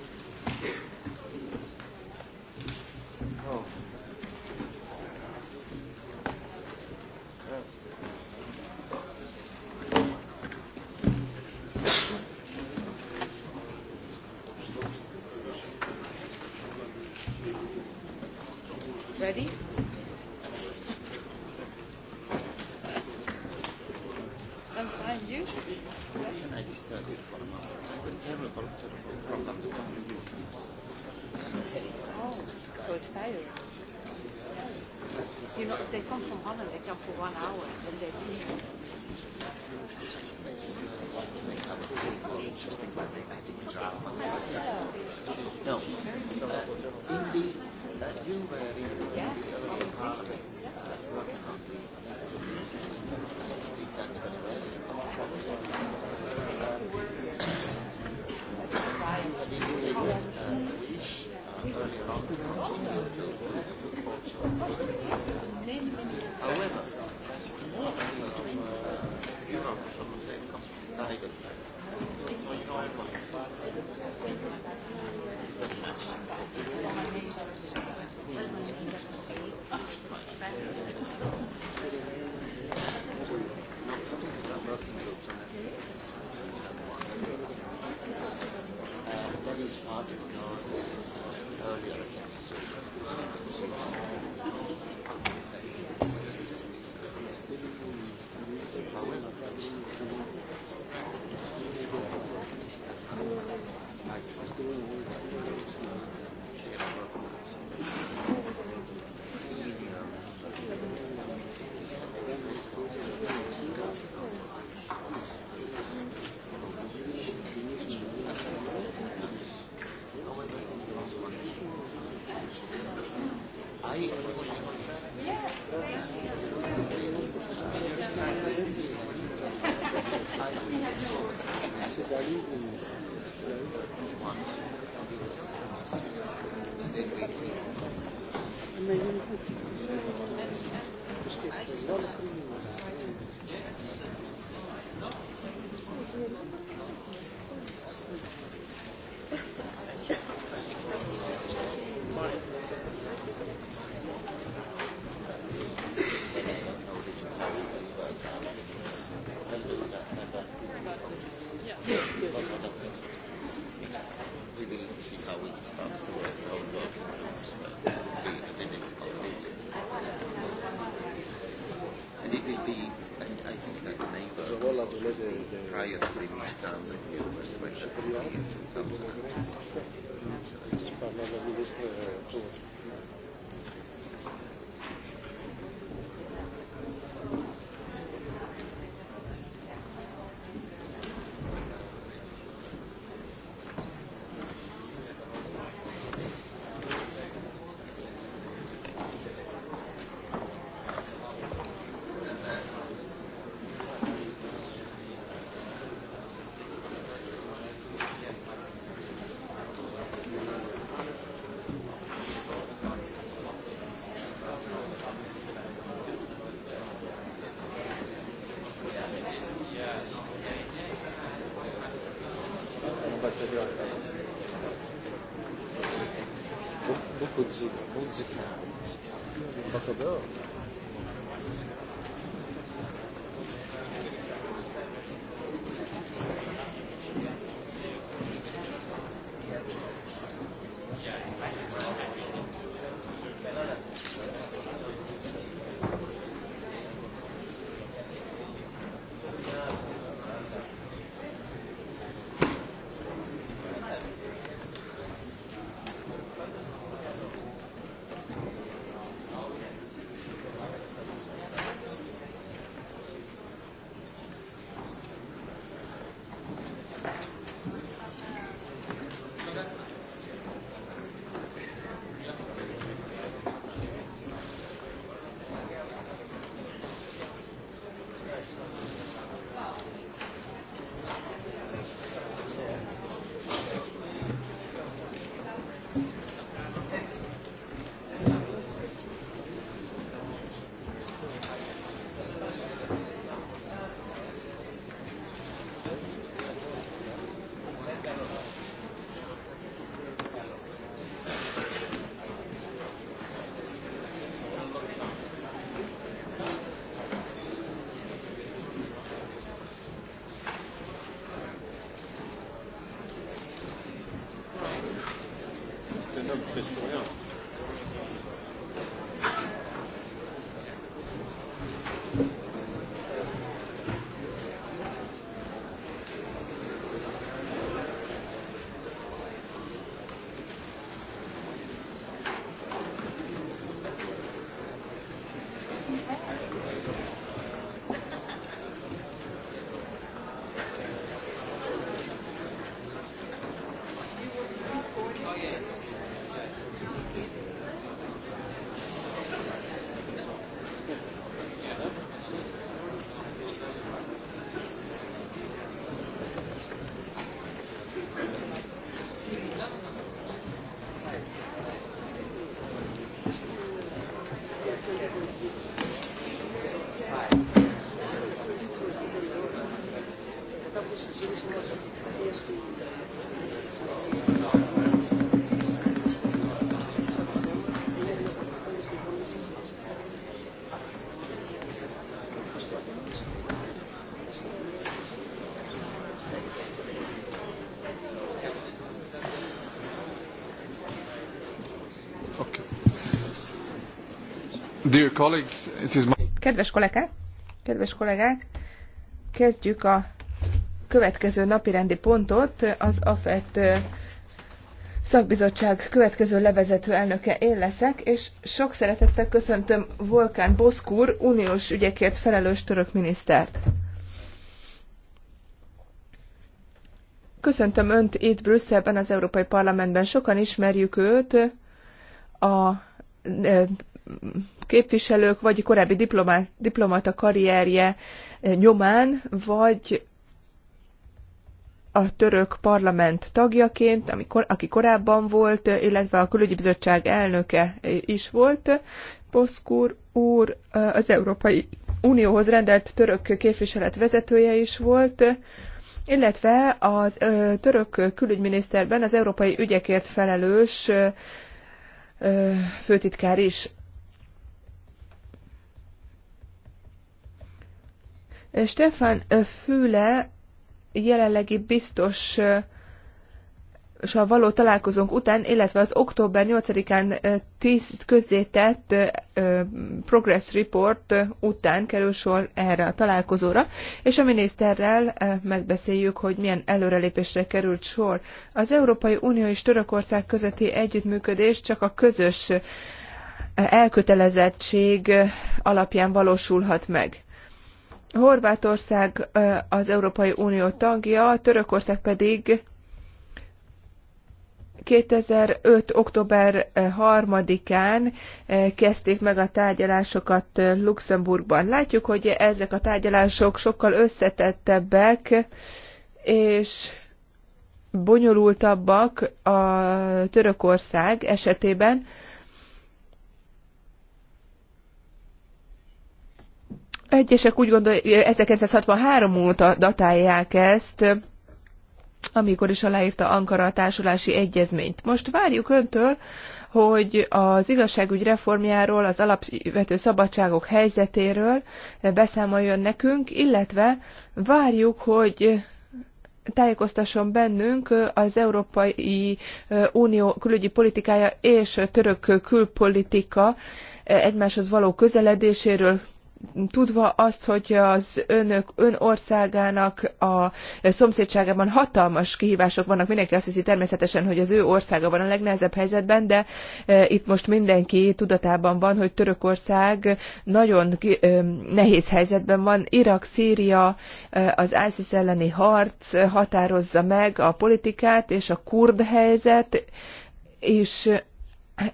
S2: Kedves kollégák, kedves kollégák, kezdjük a következő napirendi pontot az AFET szakbizottság következő levezető elnöke én leszek, és sok szeretettel köszöntöm Volkán Boszkur, uniós ügyekért felelős török minisztert. Köszöntöm Önt itt Brüsszelben, az Európai Parlamentben. Sokan ismerjük őt, a képviselők, vagy korábbi diplomát, diplomata karrierje nyomán, vagy a török parlament tagjaként, amikor, aki korábban volt, illetve a külügyi bizottság elnöke is volt, Poszkur úr az Európai Unióhoz rendelt török képviselet vezetője is volt, illetve az török külügyminiszterben az európai ügyekért felelős főtitkár is. Stefan Füle jelenlegi biztos és a való találkozónk után, illetve az október 8-án 10 közzétett Progress Report után kerül sor erre a találkozóra, és a miniszterrel megbeszéljük, hogy milyen előrelépésre került sor. Az Európai Unió és Törökország közötti együttműködés csak a közös elkötelezettség alapján valósulhat meg. Horvátország az Európai Unió tagja, Törökország pedig 2005. október 3-án kezdték meg a tárgyalásokat Luxemburgban. Látjuk, hogy ezek a tárgyalások sokkal összetettebbek, és bonyolultabbak a Törökország esetében, Egyesek úgy gondolják, 1963 óta datálják ezt, amikor is aláírta Ankara a társulási egyezményt. Most várjuk öntől, hogy az igazságügy reformjáról, az alapvető szabadságok helyzetéről beszámoljon nekünk, illetve várjuk, hogy tájékoztasson bennünk az Európai Unió külügyi politikája és török külpolitika egymáshoz való közeledéséről, tudva azt, hogy az önök, ön országának a szomszédságában hatalmas kihívások vannak. Mindenki azt hiszi természetesen, hogy az ő országa van a legnehezebb helyzetben, de e, itt most mindenki tudatában van, hogy Törökország nagyon e, nehéz helyzetben van. Irak, Szíria, e, az ISIS elleni harc határozza meg a politikát és a kurd helyzet, és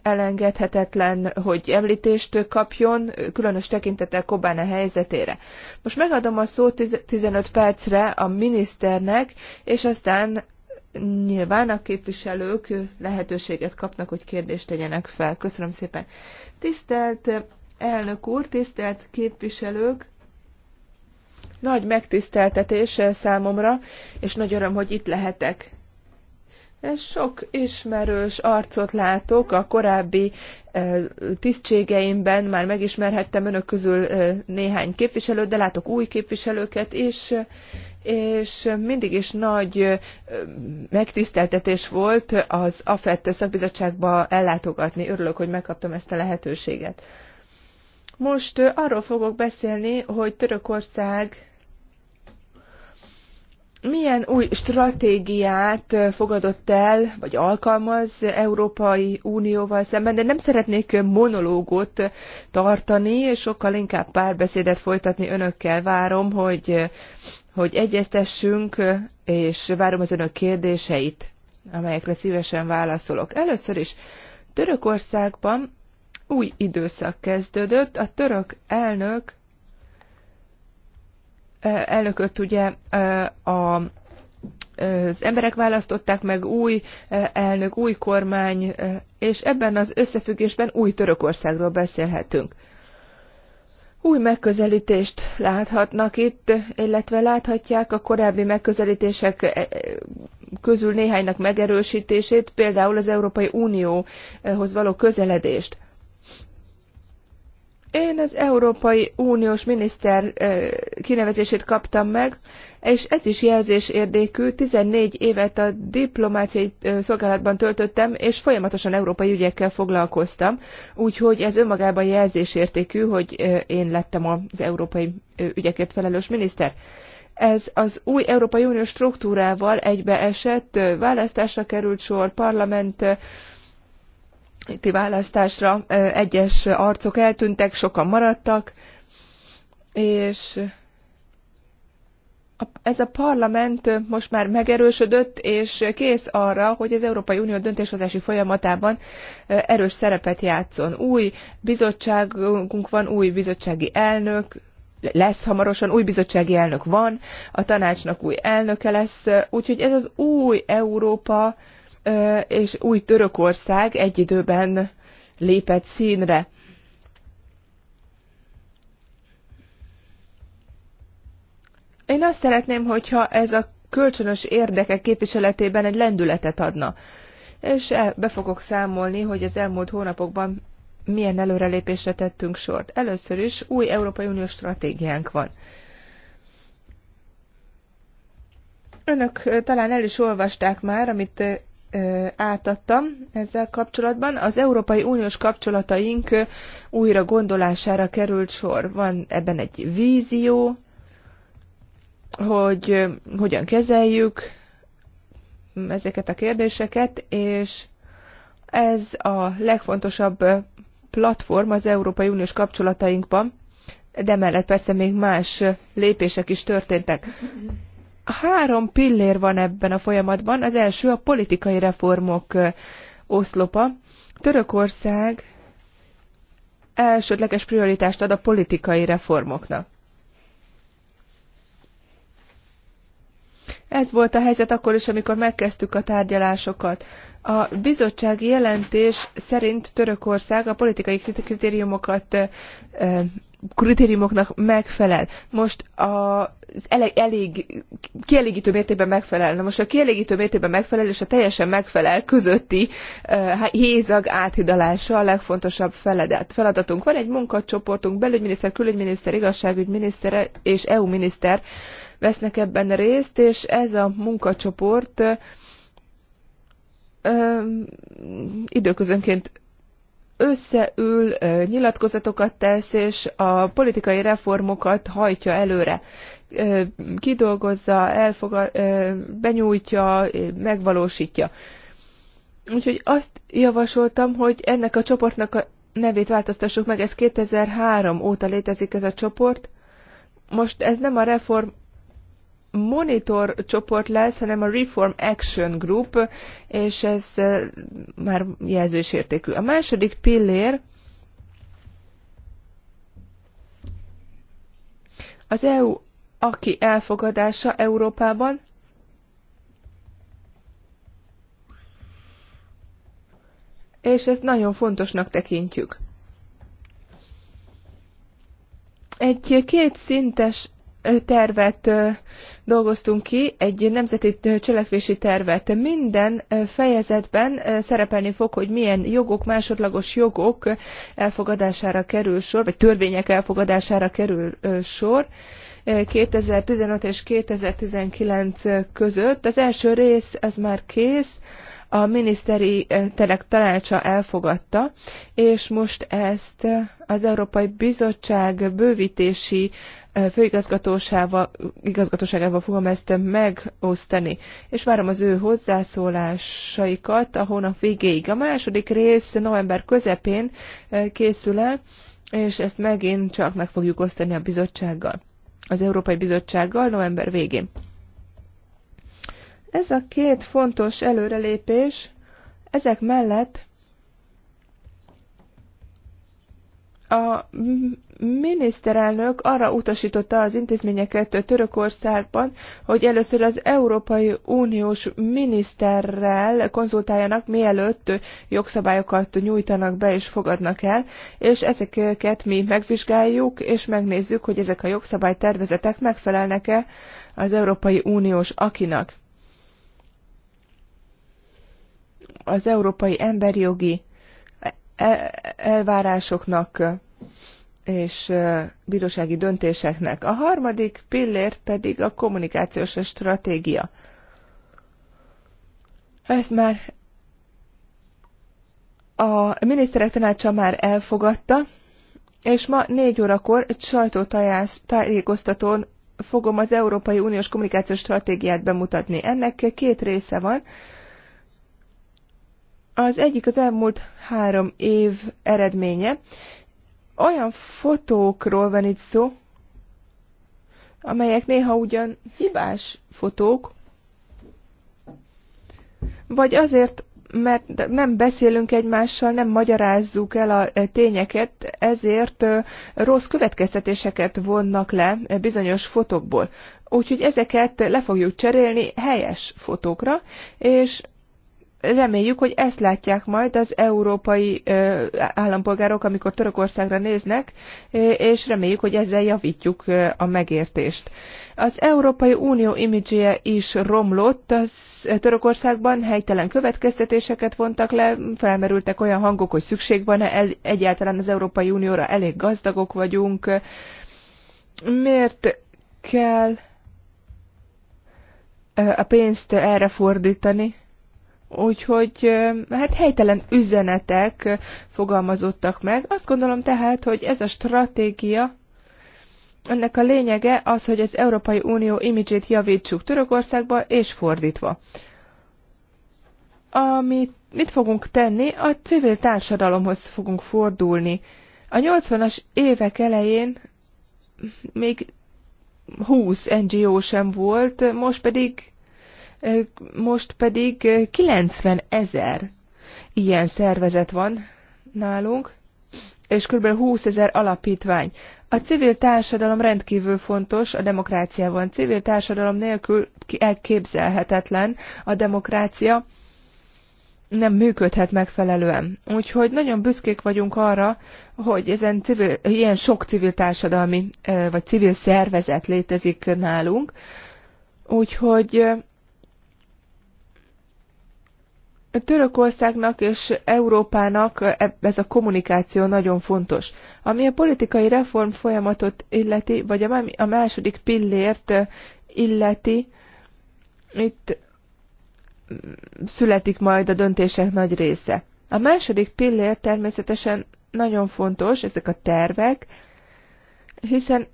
S2: elengedhetetlen, hogy említést kapjon, különös tekintettel Kobána helyzetére. Most megadom a szót 15 percre a miniszternek, és aztán nyilván a képviselők lehetőséget kapnak, hogy kérdést tegyenek fel. Köszönöm szépen. Tisztelt elnök úr, tisztelt képviselők, nagy megtiszteltetés számomra, és nagy öröm, hogy itt lehetek. Sok ismerős arcot látok a korábbi tisztségeimben, már megismerhettem önök közül néhány képviselőt, de látok új képviselőket is, és mindig is nagy megtiszteltetés volt az AFET szakbizottságba ellátogatni. Örülök, hogy megkaptam ezt a lehetőséget. Most arról fogok beszélni, hogy Törökország milyen új stratégiát fogadott el, vagy alkalmaz Európai Unióval szemben, de nem szeretnék monológot tartani, sokkal inkább párbeszédet folytatni önökkel. Várom, hogy, hogy egyeztessünk, és várom az önök kérdéseit, amelyekre szívesen válaszolok. Először is Törökországban új időszak kezdődött, a török elnök elnököt ugye a az emberek választották meg új elnök, új kormány, és ebben az összefüggésben új Törökországról beszélhetünk. Új megközelítést láthatnak itt, illetve láthatják a korábbi megközelítések közül néhánynak megerősítését, például az Európai Unióhoz való közeledést. Én az Európai Uniós miniszter kinevezését kaptam meg, és ez is jelzés érdékű. 14 évet a diplomáciai szolgálatban töltöttem, és folyamatosan európai ügyekkel foglalkoztam, úgyhogy ez önmagában jelzés értékű, hogy én lettem az európai ügyekért felelős miniszter. Ez az új Európai Uniós struktúrával egybeesett, választásra került sor, parlament ti választásra egyes arcok eltűntek, sokan maradtak, és ez a parlament most már megerősödött, és kész arra, hogy az Európai Unió döntéshozási folyamatában erős szerepet játszon. Új bizottságunk van, új bizottsági elnök, lesz hamarosan, új bizottsági elnök van, a tanácsnak új elnöke lesz, úgyhogy ez az új Európa, és új Törökország egy időben lépett színre. Én azt szeretném, hogyha ez a kölcsönös érdekek képviseletében egy lendületet adna. És be fogok számolni, hogy az elmúlt hónapokban milyen előrelépésre tettünk sort. Először is új Európai Uniós stratégiánk van. Önök talán el is olvasták már, amit átadtam ezzel kapcsolatban. Az Európai Uniós kapcsolataink újra gondolására került sor. Van ebben egy vízió, hogy hogyan kezeljük ezeket a kérdéseket, és ez a legfontosabb platform az Európai Uniós kapcsolatainkban, de mellett persze még más lépések is történtek. Három pillér van ebben a folyamatban. Az első a politikai reformok oszlopa. Törökország elsődleges prioritást ad a politikai reformoknak. Ez volt a helyzet akkor is, amikor megkezdtük a tárgyalásokat. A bizottsági jelentés szerint Törökország a politikai kritériumokat kritériumoknak megfelel. Most az elég, elég kielégítő mértékben megfelel. Na most a kielégítő mértékben megfelel és a teljesen megfelel közötti uh, hézag áthidalása a legfontosabb feladat. feladatunk. Van egy munkacsoportunk, belügyminiszter, külügyminiszter, igazságügyminiszter és EU miniszter vesznek ebben részt, és ez a munkacsoport uh, időközönként összeül, nyilatkozatokat tesz, és a politikai reformokat hajtja előre. Kidolgozza, elfogad, benyújtja, megvalósítja. Úgyhogy azt javasoltam, hogy ennek a csoportnak a nevét változtassuk meg, ez 2003 óta létezik ez a csoport. Most ez nem a reform monitor csoport lesz, hanem a Reform Action Group, és ez már jelzős értékű. A második pillér az EU aki elfogadása Európában, és ezt nagyon fontosnak tekintjük. Egy két szintes tervet dolgoztunk ki, egy nemzeti cselekvési tervet. Minden fejezetben szerepelni fog, hogy milyen jogok, másodlagos jogok elfogadására kerül sor, vagy törvények elfogadására kerül sor. 2015 és 2019 között. Az első rész, ez már kész, a miniszteri terek tanácsa elfogadta, és most ezt az Európai Bizottság bővítési főigazgatóságával igazgatóságával fogom ezt megosztani, és várom az ő hozzászólásaikat a hónap végéig. A második rész november közepén készül el, és ezt megint csak meg fogjuk osztani a bizottsággal, az Európai Bizottsággal november végén. Ez a két fontos előrelépés, ezek mellett a miniszterelnök arra utasította az intézményeket Törökországban, hogy először az Európai Uniós miniszterrel konzultáljanak, mielőtt jogszabályokat nyújtanak be és fogadnak el, és ezeket mi megvizsgáljuk, és megnézzük, hogy ezek a jogszabálytervezetek megfelelnek-e az Európai Uniós akinak. Az Európai Emberjogi elvárásoknak és bírósági döntéseknek. A harmadik pillér pedig a kommunikációs stratégia. Ezt már a miniszterek tanácsa már elfogadta, és ma négy órakor egy sajtótájékoztatón fogom az Európai Uniós kommunikációs stratégiát bemutatni. Ennek két része van. Az egyik az elmúlt három év eredménye. Olyan fotókról van itt szó, amelyek néha ugyan hibás fotók, vagy azért, mert nem beszélünk egymással, nem magyarázzuk el a tényeket, ezért rossz következtetéseket vonnak le bizonyos fotókból. Úgyhogy ezeket le fogjuk cserélni helyes fotókra, és Reméljük, hogy ezt látják majd az európai állampolgárok, amikor Törökországra néznek, és reméljük, hogy ezzel javítjuk a megértést. Az Európai Unió imidzséje is romlott, az Törökországban helytelen következtetéseket vontak le, felmerültek olyan hangok, hogy szükség van-e egyáltalán az Európai Unióra, elég gazdagok vagyunk. Miért kell a pénzt erre fordítani? Úgyhogy hát helytelen üzenetek fogalmazottak meg. Azt gondolom tehát, hogy ez a stratégia, ennek a lényege az, hogy az Európai Unió imidzsét javítsuk Törökországba, és fordítva. Amit mit fogunk tenni? A civil társadalomhoz fogunk fordulni. A 80-as évek elején még 20 NGO sem volt, most pedig most pedig 90 eh, ezer ilyen szervezet van nálunk, és kb. 20 ezer alapítvány. A civil társadalom rendkívül fontos a demokráciában. Civil társadalom nélkül elképzelhetetlen a demokrácia, nem működhet megfelelően. Úgyhogy nagyon büszkék vagyunk arra, hogy ezen civil, ilyen sok civil társadalmi eh, vagy civil szervezet létezik nálunk. Úgyhogy eh, Törökországnak és Európának e- ez a kommunikáció nagyon fontos. Ami a politikai reform folyamatot illeti, vagy a második pillért illeti, itt születik majd a döntések nagy része. A második pillér természetesen nagyon fontos, ezek a tervek, hiszen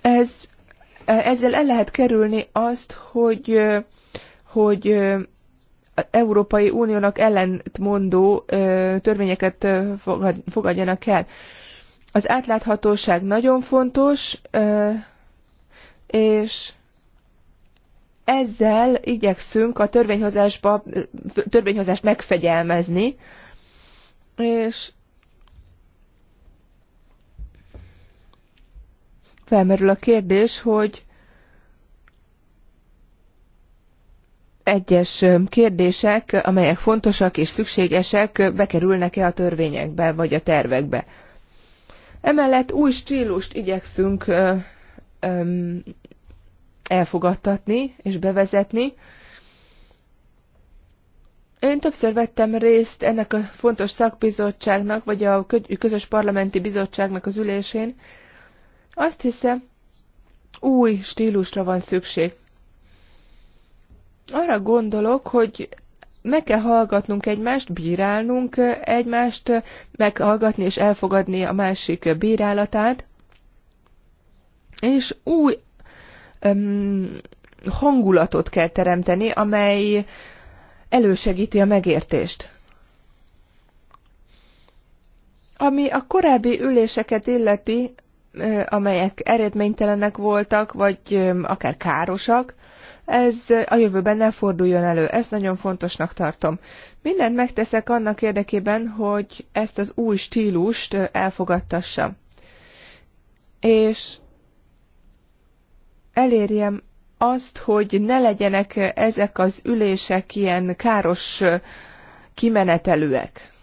S2: ez ezzel el lehet kerülni azt, hogy, hogy Európai Uniónak ellentmondó törvényeket fogadjanak el. Az átláthatóság nagyon fontos, és ezzel igyekszünk a törvényhozásba, törvényhozást megfegyelmezni, és felmerül a kérdés, hogy egyes kérdések, amelyek fontosak és szükségesek, bekerülnek-e a törvényekbe vagy a tervekbe. Emellett új stílust igyekszünk elfogadtatni és bevezetni. Én többször vettem részt ennek a fontos szakbizottságnak, vagy a közös parlamenti bizottságnak az ülésén, azt hiszem, új stílusra van szükség. Arra gondolok, hogy meg kell hallgatnunk egymást, bírálnunk egymást, meghallgatni és elfogadni a másik bírálatát, és új um, hangulatot kell teremteni, amely elősegíti a megértést. Ami a korábbi üléseket illeti, amelyek eredménytelenek voltak, vagy akár károsak, ez a jövőben ne forduljon elő. Ezt nagyon fontosnak tartom. Mindent megteszek annak érdekében, hogy ezt az új stílust elfogadtassam. És elérjem azt, hogy ne legyenek ezek az ülések ilyen káros kimenetelőek.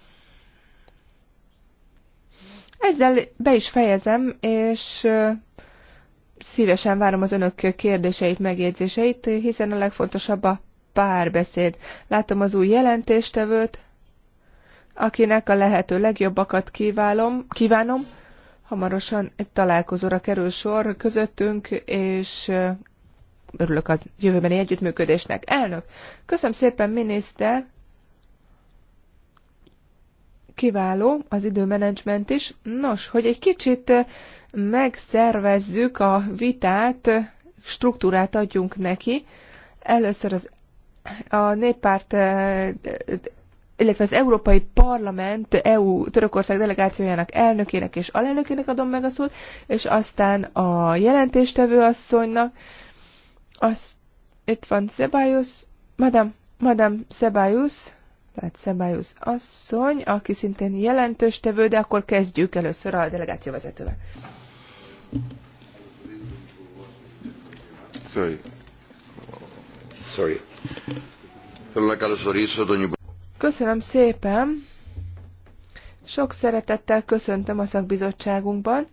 S2: Ezzel be is fejezem, és szívesen várom az önök kérdéseit, megjegyzéseit, hiszen a legfontosabb a párbeszéd. Látom az új jelentéstevőt, akinek a lehető legjobbakat kívánom. kívánom. Hamarosan egy találkozóra kerül sor közöttünk, és örülök az jövőbeni együttműködésnek. Elnök, köszönöm szépen, miniszter! kiváló az időmenedzsment is. Nos, hogy egy kicsit megszervezzük a vitát, struktúrát adjunk neki. Először az, a néppárt, illetve az Európai Parlament EU Törökország delegációjának elnökének és alelnökének adom meg a szót, és aztán a jelentéstevő asszonynak, az, itt van Szebályusz, Madame, Madame Szebályusz, tehát Szebályusz asszony, aki szintén jelentős tevő, de akkor kezdjük először a delegáció vezetővel.
S3: Sorry.
S1: Sorry.
S2: Köszönöm szépen. Sok szeretettel köszöntöm a szakbizottságunkban,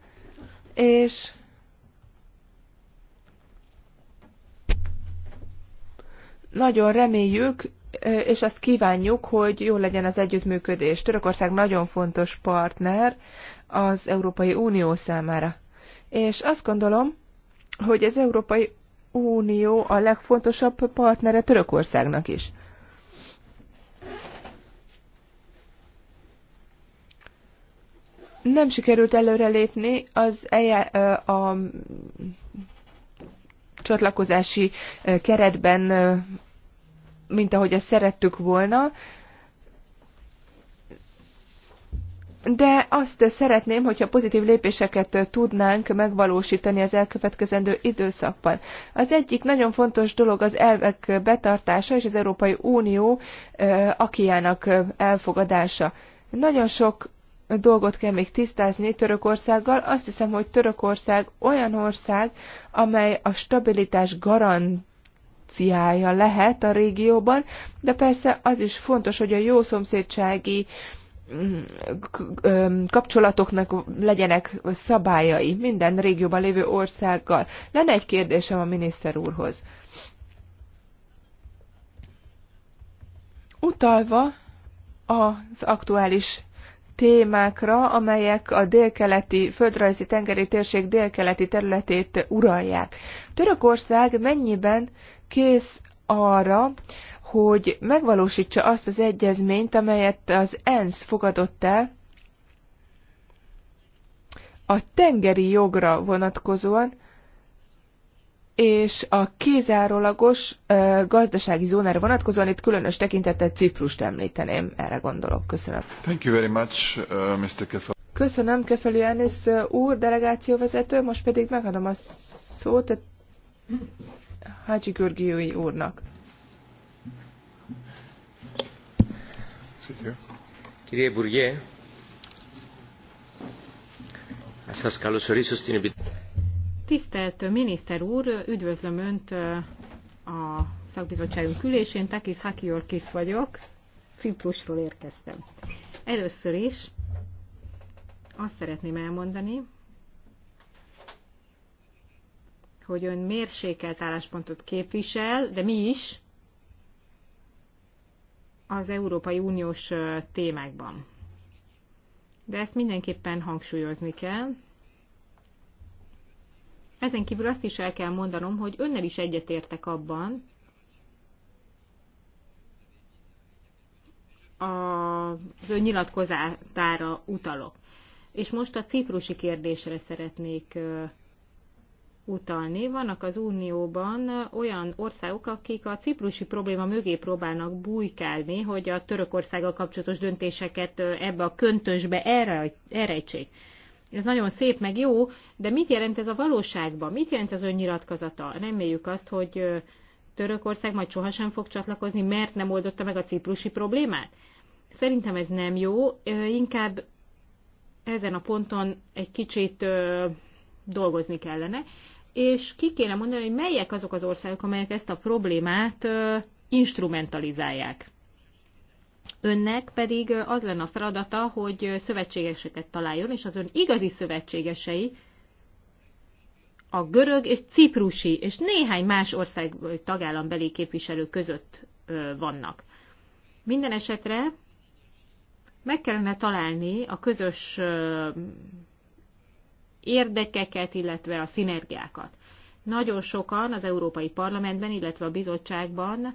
S2: és nagyon reméljük, és azt kívánjuk, hogy jó legyen az együttműködés. Törökország nagyon fontos partner az Európai Unió számára. És azt gondolom, hogy az Európai Unió a legfontosabb partnere Törökországnak is. Nem sikerült előrelépni az eljá, a csatlakozási keretben mint ahogy ezt szerettük volna, de azt szeretném, hogyha pozitív lépéseket tudnánk megvalósítani az elkövetkezendő időszakban. Az egyik nagyon fontos dolog az elvek betartása és az Európai Unió akiának elfogadása. Nagyon sok dolgot kell még tisztázni Törökországgal. Azt hiszem, hogy Törökország olyan ország, amely a stabilitás garant garanciája lehet a régióban, de persze az is fontos, hogy a jó szomszédsági mm, kapcsolatoknak legyenek szabályai minden régióban lévő országgal. Lenne egy kérdésem a miniszter úrhoz. Utalva az aktuális témákra, amelyek a délkeleti, földrajzi tengeri térség délkeleti területét uralják. Törökország mennyiben kész arra, hogy megvalósítsa azt az egyezményt, amelyet az ENSZ fogadott el a tengeri jogra vonatkozóan, és a kizárólagos gazdasági zónára vonatkozóan itt különös tekintettel Ciprust említeném, erre gondolok. Köszönöm.
S1: Thank you very much, uh, Mr. Kefal.
S2: Köszönöm, Kefeli Ennis uh, úr, delegációvezető, most pedig megadom a szót Hácsi Görgiói úrnak.
S1: Κύριε Υπουργέ, σας καλωσορίσω στην
S5: Tisztelt miniszter úr, üdvözlöm Önt a szakbizottságunk ülésén. Takis Hakiorkis vagyok, Ciprusról érkeztem. Először is azt szeretném elmondani, hogy ön mérsékelt álláspontot képvisel, de mi is az Európai Uniós témákban. De ezt mindenképpen hangsúlyozni kell. Ezen kívül azt is el kell mondanom, hogy önnel is egyetértek abban, az ön nyilatkozatára utalok. És most a ciprusi kérdésre szeretnék utalni. Vannak az Unióban olyan országok, akik a ciprusi probléma mögé próbálnak bujkálni, hogy a Törökországgal kapcsolatos döntéseket ebbe a köntösbe elrejtsék. Ez nagyon szép, meg jó, de mit jelent ez a valóságban? Mit jelent az önnyilatkozata? Reméljük azt, hogy Törökország majd sohasem fog csatlakozni, mert nem oldotta meg a ciprusi problémát? Szerintem ez nem jó, inkább ezen a ponton egy kicsit dolgozni kellene és ki kéne mondani, hogy melyek azok az országok, amelyek ezt a problémát instrumentalizálják. Önnek pedig az lenne a feladata, hogy szövetségeseket találjon, és az ön igazi szövetségesei a görög és ciprusi és néhány más ország tagállambeli képviselő között vannak. Minden esetre meg kellene találni a közös érdekeket, illetve a szinergiákat. Nagyon sokan az Európai Parlamentben, illetve a bizottságban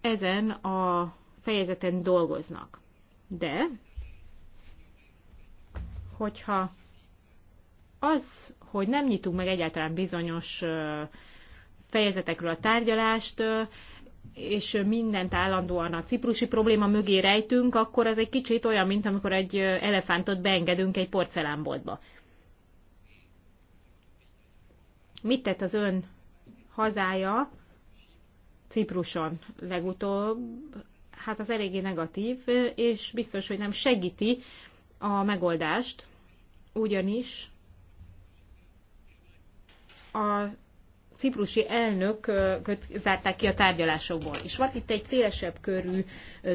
S5: ezen a fejezeten dolgoznak. De, hogyha az, hogy nem nyitunk meg egyáltalán bizonyos fejezetekről a tárgyalást, és mindent állandóan a ciprusi probléma mögé rejtünk, akkor az egy kicsit olyan, mint amikor egy elefántot beengedünk egy porcelánboltba. Mit tett az ön hazája Cipruson legutóbb? Hát az eléggé negatív, és biztos, hogy nem segíti a megoldást, ugyanis a ciprusi elnök zárták ki a tárgyalásokból. És van itt egy szélesebb körű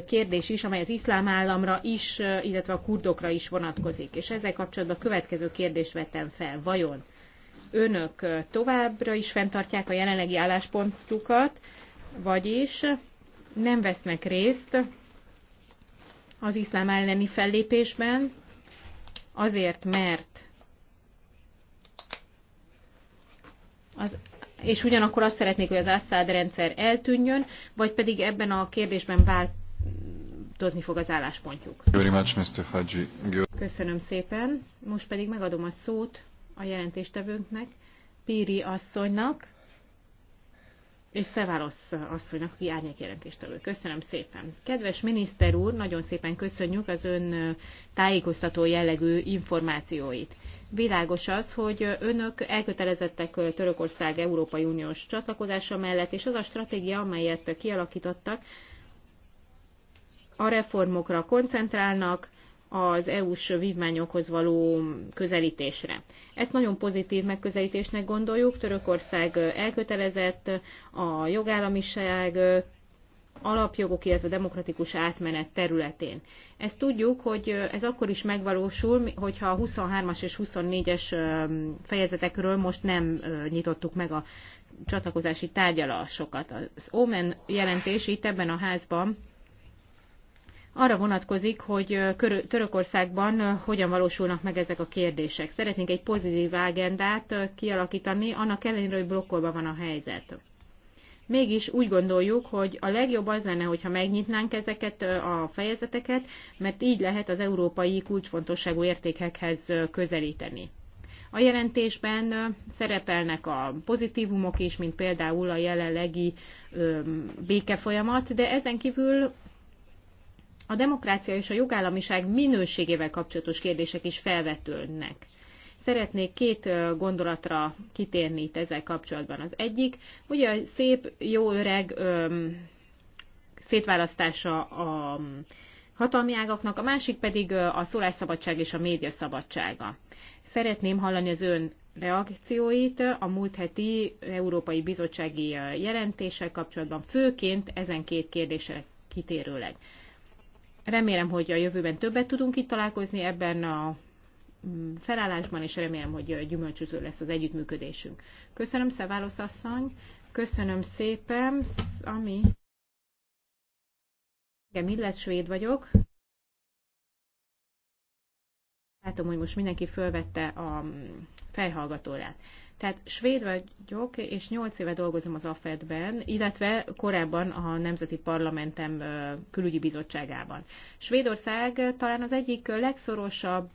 S5: kérdés is, amely az iszlám államra is, illetve a kurdokra is vonatkozik. És ezzel kapcsolatban a következő kérdést vettem fel. Vajon önök továbbra is fenntartják a jelenlegi álláspontjukat, vagyis nem vesznek részt az iszlám elleni fellépésben, azért, mert az, és ugyanakkor azt szeretnék, hogy az Assad rendszer eltűnjön, vagy pedig ebben a kérdésben változni fog az álláspontjuk. Köszönöm szépen. Most pedig megadom a szót a jelentéstevőnknek, Píri asszonynak, és Szeválosz asszonynak, aki jelentéstevő. Köszönöm szépen. Kedves miniszter úr, nagyon szépen köszönjük az ön tájékoztató jellegű információit. Világos az, hogy önök elkötelezettek Törökország Európai Uniós csatlakozása mellett, és az a stratégia, amelyet kialakítottak, a reformokra koncentrálnak, az EU-s vívmányokhoz való közelítésre. Ezt nagyon pozitív megközelítésnek gondoljuk. Törökország elkötelezett a jogállamiság alapjogok, illetve demokratikus átmenet területén. Ezt tudjuk, hogy ez akkor is megvalósul, hogyha a 23-as és 24-es fejezetekről most nem nyitottuk meg a csatlakozási tárgyalásokat. Az Omen jelentés itt ebben a házban arra vonatkozik, hogy Törökországban hogyan valósulnak meg ezek a kérdések. Szeretnénk egy pozitív agendát kialakítani, annak ellenére, hogy blokkolva van a helyzet. Mégis úgy gondoljuk, hogy a legjobb az lenne, hogyha megnyitnánk ezeket a fejezeteket, mert így lehet az európai kulcsfontosságú értékekhez közelíteni. A jelentésben szerepelnek a pozitívumok is, mint például a jelenlegi békefolyamat, de ezen kívül a demokrácia és a jogállamiság minőségével kapcsolatos kérdések is felvetődnek. Szeretnék két gondolatra kitérni itt ezzel kapcsolatban. Az egyik, ugye a szép, jó öreg öm, szétválasztása a hatalmi ágaknak, a másik pedig a szólásszabadság és a média szabadsága. Szeretném hallani az ön reakcióit a múlt heti Európai Bizottsági jelentéssel kapcsolatban, főként ezen két kérdésre kitérőleg. Remélem, hogy a jövőben többet tudunk itt találkozni ebben a mm, felállásban, és remélem, hogy gyümölcsöző lesz az együttműködésünk. Köszönöm, Szeválosz asszony, köszönöm szépen, ami... Igen, Millet svéd vagyok. Látom, hogy most mindenki fölvette a mm, fejhallgatóját. Tehát svéd vagyok, és nyolc éve dolgozom az AFED-ben, illetve korábban a Nemzeti Parlamentem külügyi bizottságában. Svédország talán az egyik legszorosabb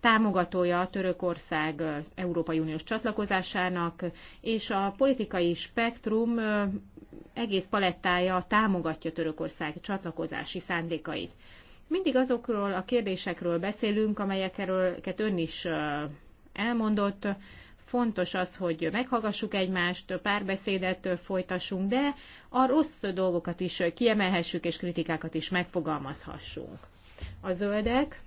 S5: támogatója a Törökország Európai Uniós csatlakozásának, és a politikai spektrum egész palettája támogatja Törökország csatlakozási szándékait. Mindig azokról a kérdésekről beszélünk, amelyekről ön is elmondott, fontos az, hogy meghallgassuk egymást, párbeszédet folytassunk, de a rossz dolgokat is kiemelhessük, és kritikákat is megfogalmazhassunk. A zöldek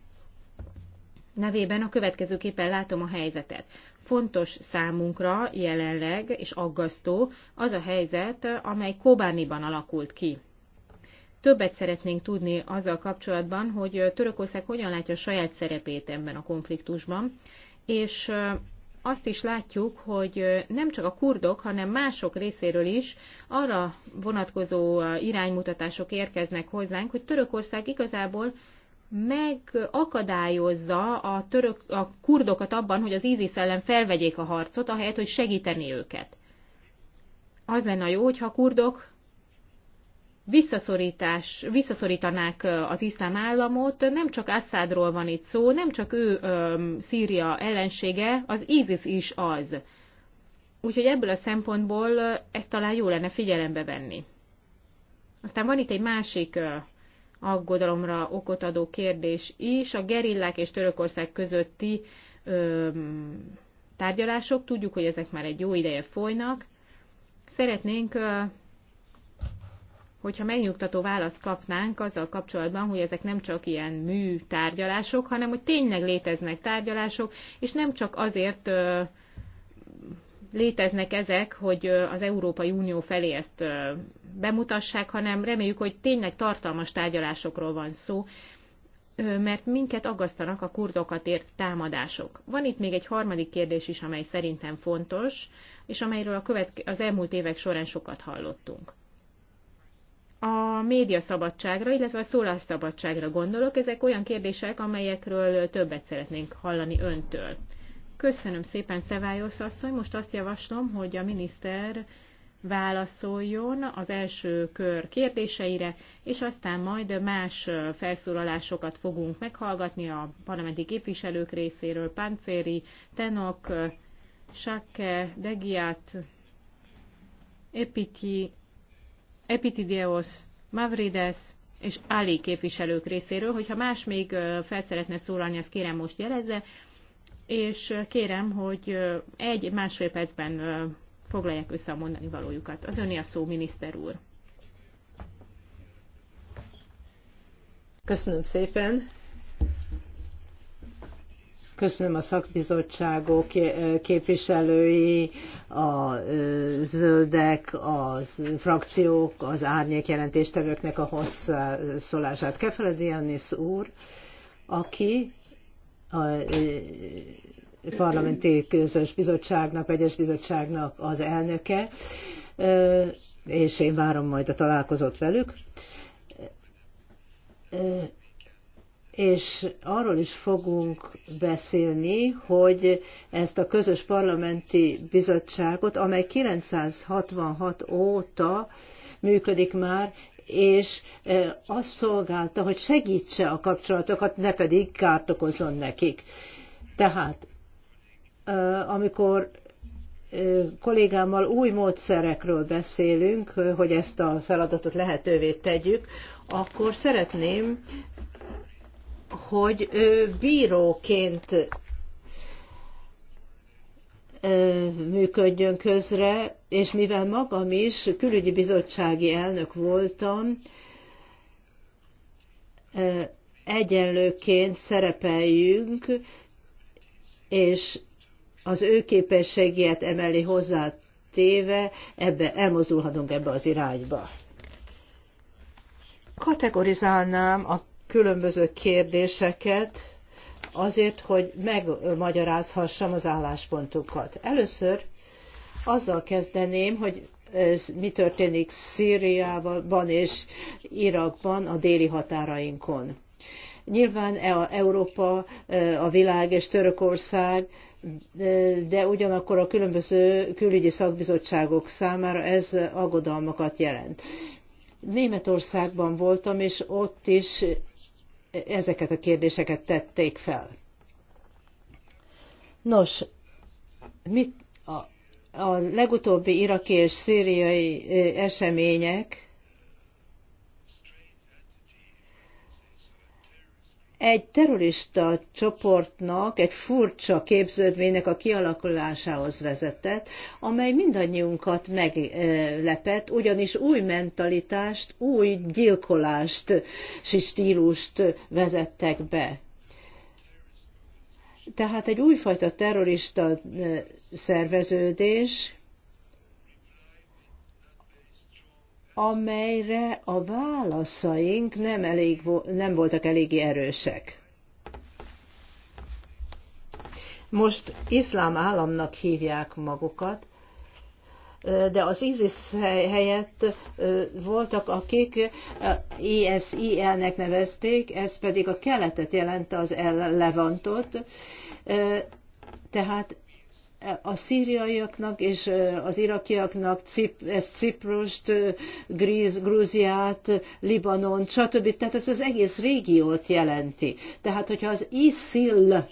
S5: nevében a következőképpen látom a helyzetet. Fontos számunkra jelenleg és aggasztó az a helyzet, amely Kobániban alakult ki. Többet szeretnénk tudni azzal kapcsolatban, hogy Törökország hogyan látja a saját szerepét ebben a konfliktusban, és azt is látjuk, hogy nem csak a kurdok, hanem mások részéről is arra vonatkozó iránymutatások érkeznek hozzánk, hogy Törökország igazából megakadályozza a, török, a kurdokat abban, hogy az ISIS ellen felvegyék a harcot, ahelyett, hogy segíteni őket. Az lenne jó, hogyha a kurdok visszaszorítás, visszaszorítanák az iszlám államot. Nem csak Assadról van itt szó, nem csak ő öm, Szíria ellensége, az ISIS is az. Úgyhogy ebből a szempontból ezt talán jó lenne figyelembe venni. Aztán van itt egy másik aggodalomra okot adó kérdés is, a gerillák és Törökország közötti öm, tárgyalások. Tudjuk, hogy ezek már egy jó ideje folynak. Szeretnénk hogyha megnyugtató választ kapnánk azzal kapcsolatban, hogy ezek nem csak ilyen mű tárgyalások, hanem hogy tényleg léteznek tárgyalások, és nem csak azért léteznek ezek, hogy az Európai Unió felé ezt bemutassák, hanem reméljük, hogy tényleg tartalmas tárgyalásokról van szó, mert minket aggasztanak a kurdokat ért támadások. Van itt még egy harmadik kérdés is, amely szerintem fontos, és amelyről a követke- az elmúlt évek során sokat hallottunk a médiaszabadságra, illetve a szólásszabadságra gondolok. Ezek olyan kérdések, amelyekről többet szeretnénk hallani öntől. Köszönöm szépen, Szevályos asszony. Most azt javaslom, hogy a miniszter válaszoljon az első kör kérdéseire, és aztán majd más felszólalásokat fogunk meghallgatni a parlamenti képviselők részéről, Páncéri, Tenok, Sakke, Degiát, Epiti, Epitidios, Mavrides és Ali képviselők részéről, hogyha más még fel szeretne szólalni, azt kérem most jelezze, és kérem, hogy egy-másfél percben foglalják össze a mondani valójukat. Az öné a szó, miniszter úr.
S6: Köszönöm szépen. Köszönöm a szakbizottságok képviselői, a zöldek, a frakciók, az árnyék jelentéstevőknek a hozzászólását. Kefeledi Jannis úr, aki a parlamenti közös bizottságnak, egyes bizottságnak az elnöke, és én várom majd a találkozót velük és arról is fogunk beszélni, hogy ezt a közös parlamenti bizottságot, amely 966 óta működik már, és e, azt szolgálta, hogy segítse a kapcsolatokat, ne pedig kárt okozon nekik. Tehát, e, amikor e, kollégámmal új módszerekről beszélünk, hogy ezt a feladatot lehetővé tegyük, akkor szeretném hogy ő bíróként működjön közre, és mivel magam is külügyi bizottsági elnök voltam, egyenlőként szerepeljünk, és az ő képességét emeli hozzá téve, ebbe, elmozdulhatunk ebbe az irányba. Kategorizálnám a különböző kérdéseket, azért, hogy megmagyarázhassam az álláspontunkat. Először azzal kezdeném, hogy mi történik Szíriában és Irakban, a déli határainkon. Nyilván e Európa, e, a világ és Törökország, e, de ugyanakkor a különböző külügyi szakbizottságok számára ez aggodalmakat jelent. Németországban voltam, és ott is ezeket a kérdéseket tették fel. Nos, mit a, a legutóbbi iraki és szíriai események egy terrorista csoportnak, egy furcsa képződménynek a kialakulásához vezetett, amely mindannyiunkat meglepett, ugyanis új mentalitást, új gyilkolást és stílust vezettek be. Tehát egy újfajta terrorista szerveződés, amelyre a válaszaink nem, elég, nem voltak eléggé erősek. Most iszlám államnak hívják magukat, de az ISIS helyett voltak, akik ISIL-nek nevezték, ez pedig a keletet jelente az Levantot, tehát a szíriaiaknak és az irakiaknak ezt Ciprust, Gríz, Grúziát, Libanon, stb. Tehát ez az egész régiót jelenti. Tehát, hogyha az ISIL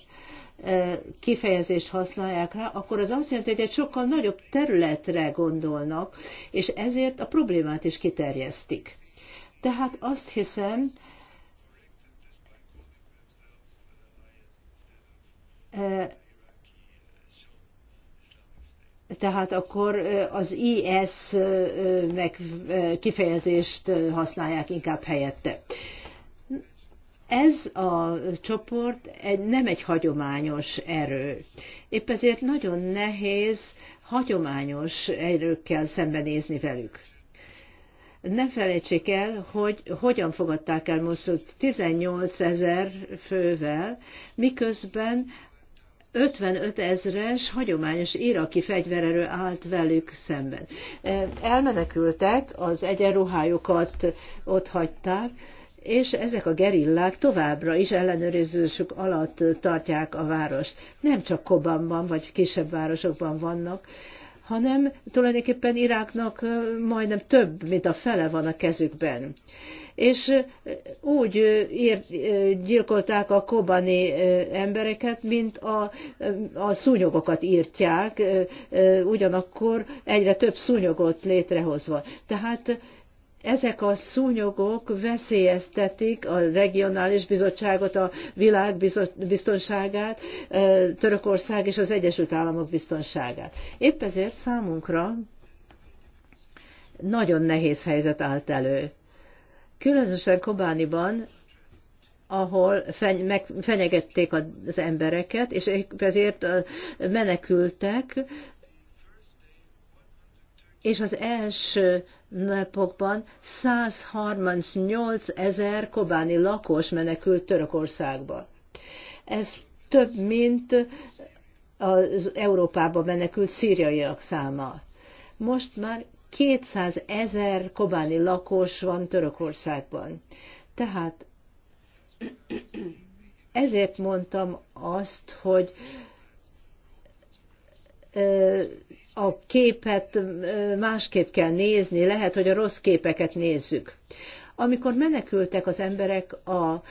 S6: kifejezést használják rá, akkor az azt jelenti, hogy egy sokkal nagyobb területre gondolnak, és ezért a problémát is kiterjesztik. Tehát azt hiszem, tehát akkor az IS meg kifejezést használják inkább helyette. Ez a csoport egy, nem egy hagyományos erő. Épp ezért nagyon nehéz hagyományos erőkkel szembenézni velük. Ne felejtsék el, hogy hogyan fogadták el Moszult 18 ezer fővel, miközben 55 ezres hagyományos iraki fegyvererő állt velük szemben. E, elmenekültek, az egyenruhájukat ott hagyták, és ezek a gerillák továbbra is ellenőrzésük alatt tartják a várost. Nem csak Kobanban vagy kisebb városokban vannak, hanem tulajdonképpen Iráknak majdnem több, mint a fele van a kezükben és úgy ír, gyilkolták a kobani embereket, mint a, a szúnyogokat írtják, ugyanakkor egyre több szúnyogot létrehozva. Tehát ezek a szúnyogok veszélyeztetik a regionális bizottságot, a világ biztonságát, Törökország és az Egyesült Államok biztonságát. Épp ezért számunkra nagyon nehéz helyzet állt elő Különösen Kobániban, ahol feny- meg- fenyegették az embereket, és ezért menekültek, és az első napokban 138 ezer kobáni lakos menekült Törökországba. Ez több, mint az Európába menekült szíriaiak száma. Most már 200 ezer kobáni lakos van Törökországban. Tehát ezért mondtam azt, hogy a képet másképp kell nézni, lehet, hogy a rossz képeket nézzük. Amikor menekültek az emberek a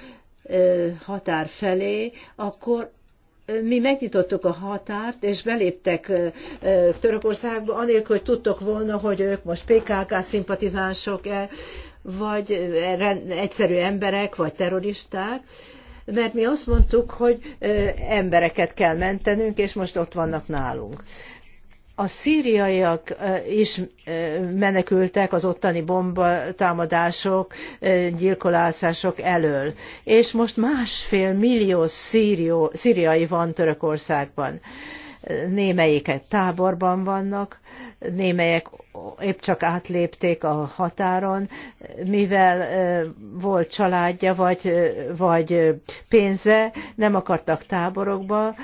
S6: határ felé, akkor mi megnyitottuk a határt, és beléptek Törökországba, anélkül, hogy tudtok volna, hogy ők most PKK szimpatizánsok-e, vagy egyszerű emberek, vagy terroristák, mert mi azt mondtuk, hogy embereket kell mentenünk, és most ott vannak nálunk. A szíriaiak is menekültek az ottani bombatámadások, gyilkolásások elől, és most másfél millió szírió, szíriai van Törökországban némelyiket táborban vannak, némelyek épp csak átlépték a határon, mivel volt családja vagy, vagy pénze, nem akartak táborokba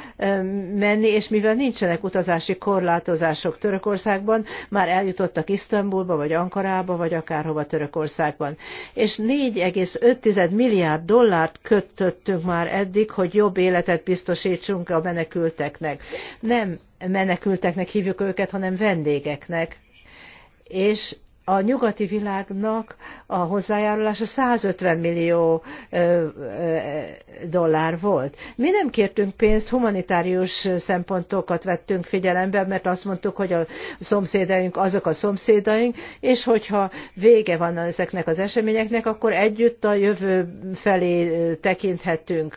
S6: menni, és mivel nincsenek utazási korlátozások Törökországban, már eljutottak Isztambulba, vagy Ankarába, vagy akárhova Törökországban. És 4,5 milliárd dollárt kötöttünk már eddig, hogy jobb életet biztosítsunk a menekülteknek. Nem menekülteknek hívjuk őket, hanem vendégeknek. És a nyugati világnak a hozzájárulása 150 millió dollár volt. Mi nem kértünk pénzt, humanitárius szempontokat vettünk figyelembe, mert azt mondtuk, hogy a szomszédaink azok a szomszédaink, és hogyha vége van ezeknek az eseményeknek, akkor együtt a jövő felé tekinthetünk.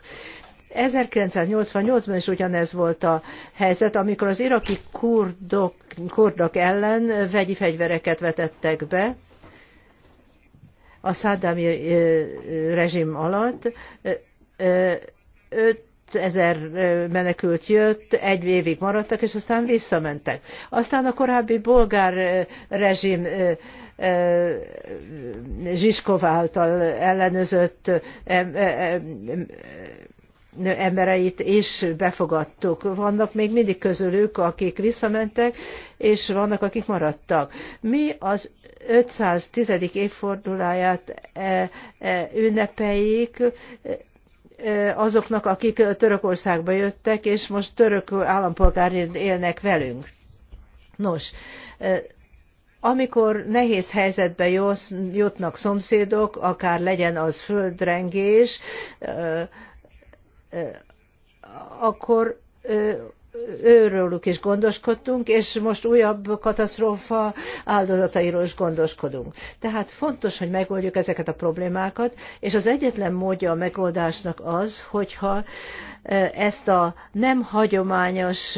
S6: 1988-ban is ugyanez volt a helyzet, amikor az iraki kurdok, kurdok ellen vegyi fegyvereket vetettek be a Saddami rezsim alatt. 5000 menekült jött, egy évig maradtak, és aztán visszamentek. Aztán a korábbi bolgár rezsim Zsiskov által ellenőrzött embereit is befogadtuk. Vannak még mindig közülük, akik visszamentek, és vannak, akik maradtak. Mi az 510. évfordulóját e, e, ünnepeljék e, azoknak, akik Törökországba jöttek, és most török állampolgárként élnek velünk. Nos, amikor nehéz helyzetbe jutnak szomszédok, akár legyen az földrengés, akkor őrőlük is gondoskodtunk, és most újabb katasztrófa áldozatairól is gondoskodunk. Tehát fontos, hogy megoldjuk ezeket a problémákat, és az egyetlen módja a megoldásnak az, hogyha ezt a nem hagyományos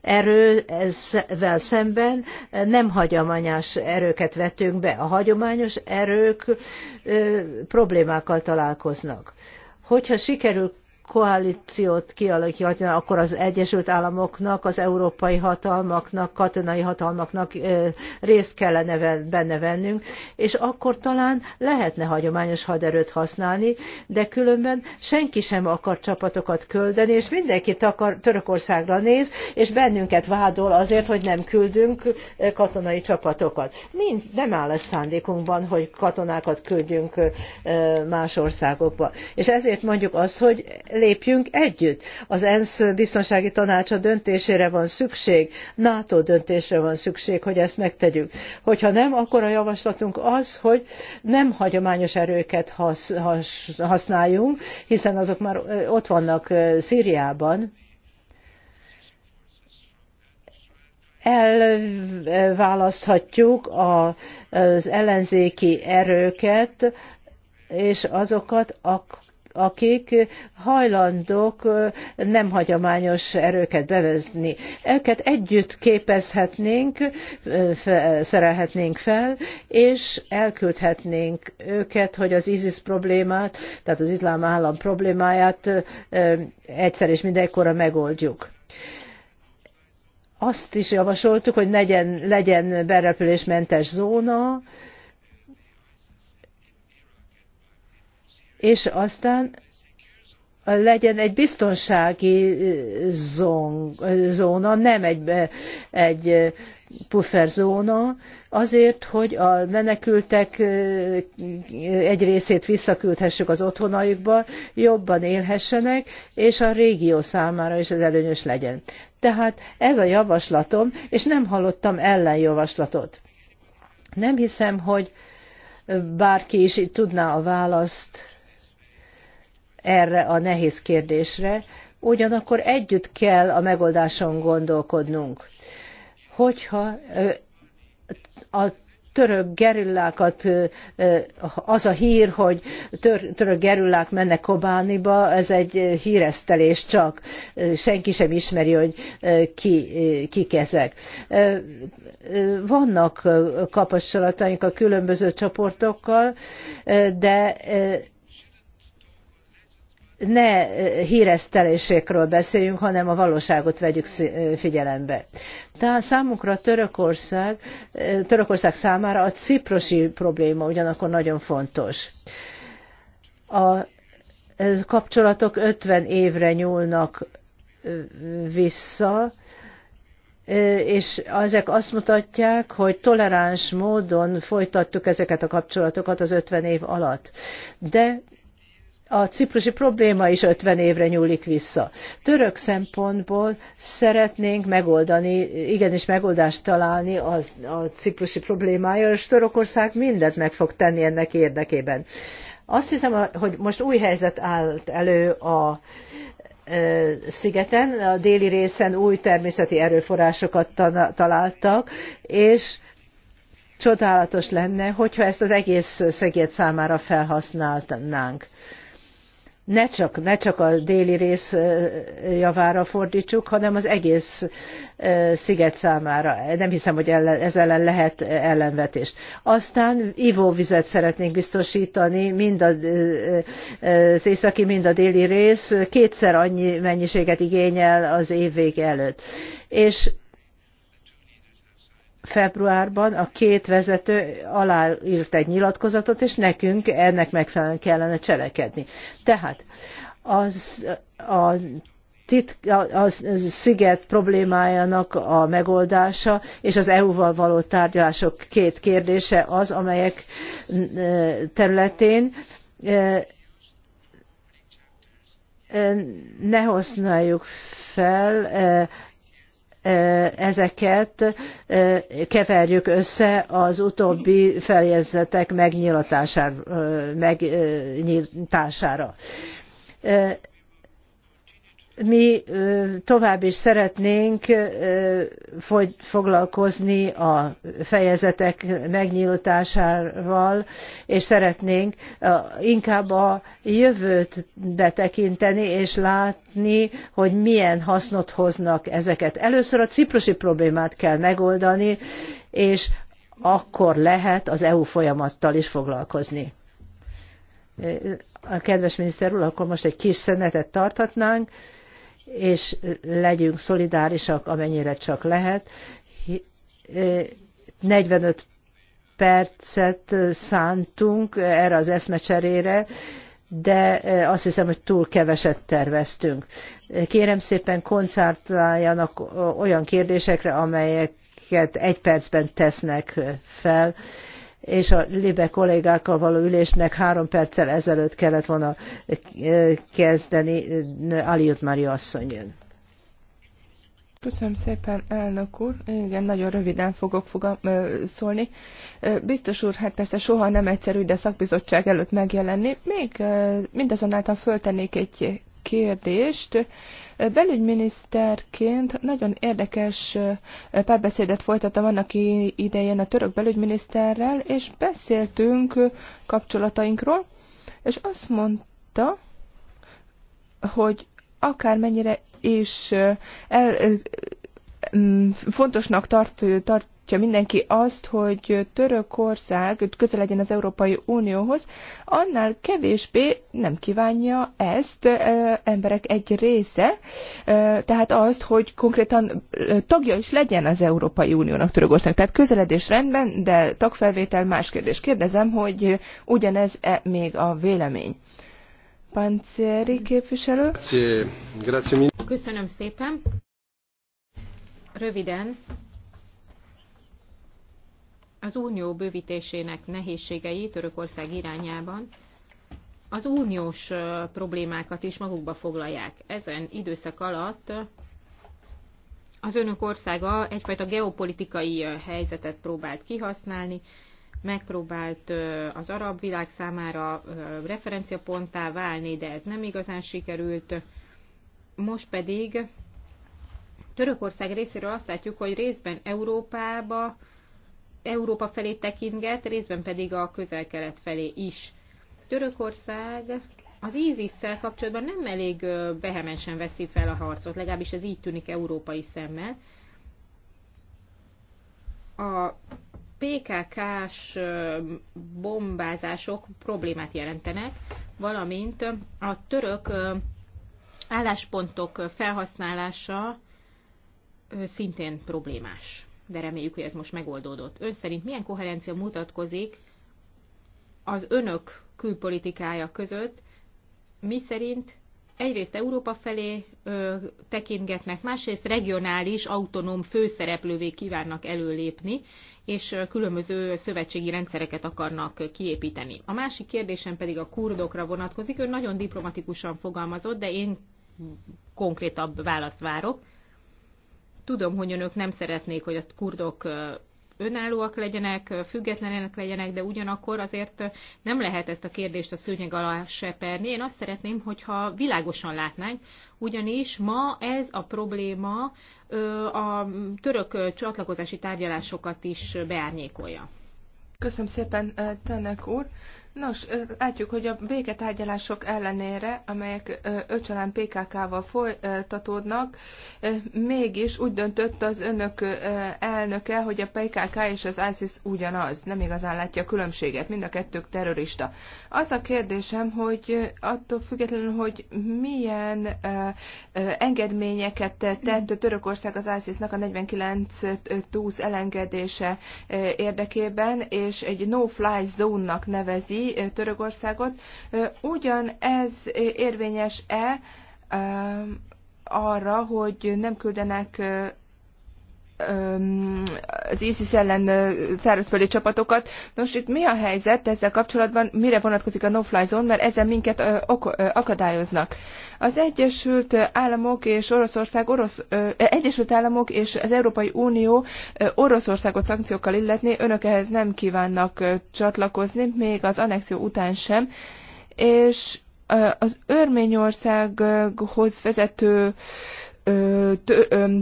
S6: erővel szemben nem hagyományos erőket vetünk be. A hagyományos erők problémákkal találkoznak. Hogyha sikerül koalíciót kialakítani, akkor az Egyesült Államoknak, az európai hatalmaknak, katonai hatalmaknak részt kellene benne vennünk, és akkor talán lehetne hagyományos haderőt használni, de különben senki sem akar csapatokat küldeni, és mindenki takar, Törökországra néz, és bennünket vádol azért, hogy nem küldünk katonai csapatokat. Nincs, nem áll a szándékunkban, hogy katonákat küldjünk más országokba. És ezért mondjuk azt, hogy lépjünk együtt. Az ENSZ biztonsági tanácsa döntésére van szükség, NATO döntésre van szükség, hogy ezt megtegyük. Hogyha nem, akkor a javaslatunk az, hogy nem hagyományos erőket hasz, has, használjunk, hiszen azok már ott vannak Szíriában, elválaszthatjuk az ellenzéki erőket, és azokat ak akik hajlandók nem hagyományos erőket bevezni. Őket együtt képezhetnénk, szerelhetnénk fel, és elküldhetnénk őket, hogy az ISIS problémát, tehát az iszlám állam problémáját egyszer és mindenkorra megoldjuk azt is javasoltuk, hogy legyen, legyen berepülésmentes zóna, és aztán legyen egy biztonsági zóna, nem egy, egy pufferzóna, azért, hogy a menekültek egy részét visszaküldhessük az otthonaikba, jobban élhessenek, és a régió számára is ez előnyös legyen. Tehát ez a javaslatom, és nem hallottam ellenjavaslatot. Nem hiszem, hogy bárki is tudná a választ erre a nehéz kérdésre, ugyanakkor együtt kell a megoldáson gondolkodnunk. Hogyha a török gerillákat, az a hír, hogy tör, török gerillák mennek Kobániba, ez egy híresztelés csak. Senki sem ismeri, hogy ki, kik ezek. Vannak kapcsolataink a különböző csoportokkal, de ne eh, híresztelésekről beszéljünk, hanem a valóságot vegyük eh, figyelembe. Tehát számunkra Törökország, eh, Törökország számára a ciprosi probléma ugyanakkor nagyon fontos. A kapcsolatok 50 évre nyúlnak vissza, és ezek azt mutatják, hogy toleráns módon folytattuk ezeket a kapcsolatokat az 50 év alatt. De a ciprusi probléma is 50 évre nyúlik vissza. Török szempontból szeretnénk megoldani, igenis megoldást találni az, a ciprusi problémája, és Törökország mindent meg fog tenni ennek érdekében. Azt hiszem, hogy most új helyzet állt elő a e, szigeten, a déli részen új természeti erőforrásokat találtak, és csodálatos lenne, hogyha ezt az egész sziget számára felhasználnánk ne csak, ne csak a déli rész javára fordítsuk, hanem az egész sziget számára. Nem hiszem, hogy ellen, ez ellen lehet ellenvetést. Aztán ivóvizet szeretnénk biztosítani mind az északi, mind a déli rész, kétszer annyi mennyiséget igényel az év vége előtt. És februárban a két vezető aláírt egy nyilatkozatot, és nekünk ennek megfelelően kellene cselekedni. Tehát az, a tit, a, a sziget problémájának a megoldása és az EU-val való tárgyalások két kérdése az, amelyek területén ne használjuk fel ezeket keverjük össze az utóbbi feljegyzetek megnyilatására mi tovább is szeretnénk foglalkozni a fejezetek megnyíltásával, és szeretnénk inkább a jövőt betekinteni, és látni, hogy milyen hasznot hoznak ezeket. Először a ciprusi problémát kell megoldani, és akkor lehet az EU folyamattal is foglalkozni. A kedves miniszter úr, akkor most egy kis szenetet tarthatnánk és legyünk szolidárisak, amennyire csak lehet. 45 percet szántunk erre az eszmecserére, de azt hiszem, hogy túl keveset terveztünk. Kérem szépen koncertáljanak olyan kérdésekre, amelyeket egy percben tesznek fel és a libe kollégákkal való ülésnek három perccel ezelőtt kellett volna eh, kezdeni. Aliut Mária asszony jön.
S2: Köszönöm szépen, elnök úr. Igen, nagyon röviden fogok fogam, ö, szólni. Biztos úr, hát persze soha nem egyszerű, de szakbizottság előtt megjelenni. Még ö, mindazonáltal föltennék egy kérdést. Belügyminiszterként nagyon érdekes párbeszédet folytattam annak idején a török belügyminiszterrel, és beszéltünk kapcsolatainkról, és azt mondta, hogy akármennyire is el, fontosnak tart, tart, mindenki azt, hogy Törökország közel legyen az Európai Unióhoz, annál kevésbé nem kívánja ezt e, emberek egy része, e, tehát azt, hogy konkrétan tagja is legyen az Európai Uniónak Törökország. Tehát közeledés rendben, de tagfelvétel más kérdés. Kérdezem, hogy ugyanez-e még a vélemény? Pancéri képviselő.
S5: Köszönöm szépen. Röviden, az unió bővítésének nehézségei Törökország irányában az uniós problémákat is magukba foglalják. Ezen időszak alatt az önök országa egyfajta geopolitikai helyzetet próbált kihasználni, megpróbált az arab világ számára referenciaponttá válni, de ez nem igazán sikerült. Most pedig Törökország részéről azt látjuk, hogy részben Európába Európa felé tekintget, részben pedig a közel-kelet felé is. Törökország az ISIS-szel kapcsolatban nem elég vehemensen veszi fel a harcot, legalábbis ez így tűnik európai szemmel. A PKK-s bombázások problémát jelentenek, valamint a török álláspontok felhasználása szintén problémás de reméljük, hogy ez most megoldódott. Ön szerint milyen koherencia mutatkozik az önök külpolitikája között, mi szerint egyrészt Európa felé ö, tekintgetnek, másrészt regionális, autonóm főszereplővé kívánnak előlépni, és különböző szövetségi rendszereket akarnak kiépíteni. A másik kérdésem pedig a kurdokra vonatkozik. Ön nagyon diplomatikusan fogalmazott, de én konkrétabb választ várok. Tudom, hogy önök nem szeretnék, hogy a kurdok önállóak legyenek, függetlenek legyenek, de ugyanakkor azért nem lehet ezt a kérdést a szőnyeg alá seperni. Én azt szeretném, hogyha világosan látnánk, ugyanis ma ez a probléma a török csatlakozási tárgyalásokat is beárnyékolja.
S2: Köszönöm szépen, Tanek úr. Nos, látjuk, hogy a béketárgyalások ellenére, amelyek öcsalán PKK-val folytatódnak, mégis úgy döntött az önök elnöke, hogy a PKK és az ISIS ugyanaz. Nem igazán látja a különbséget, mind a kettők terrorista. Az a kérdésem, hogy attól függetlenül, hogy milyen engedményeket tett a Törökország az ISIS-nak a 49-20 elengedése érdekében, és egy no-fly zónnak nevezi, Törökországot, ugyan ez érvényes-e arra, hogy nem küldenek az ISIS ellen szárazföldi csapatokat. Nos, itt mi a helyzet ezzel kapcsolatban, mire vonatkozik a no-fly zone, mert ezzel minket akadályoznak. Az Egyesült Államok és Oroszország, orosz, Egyesült Államok és az Európai Unió Oroszországot szankciókkal illetni, önök ehhez nem kívánnak csatlakozni, még az annexió után sem, és az Örményországhoz vezető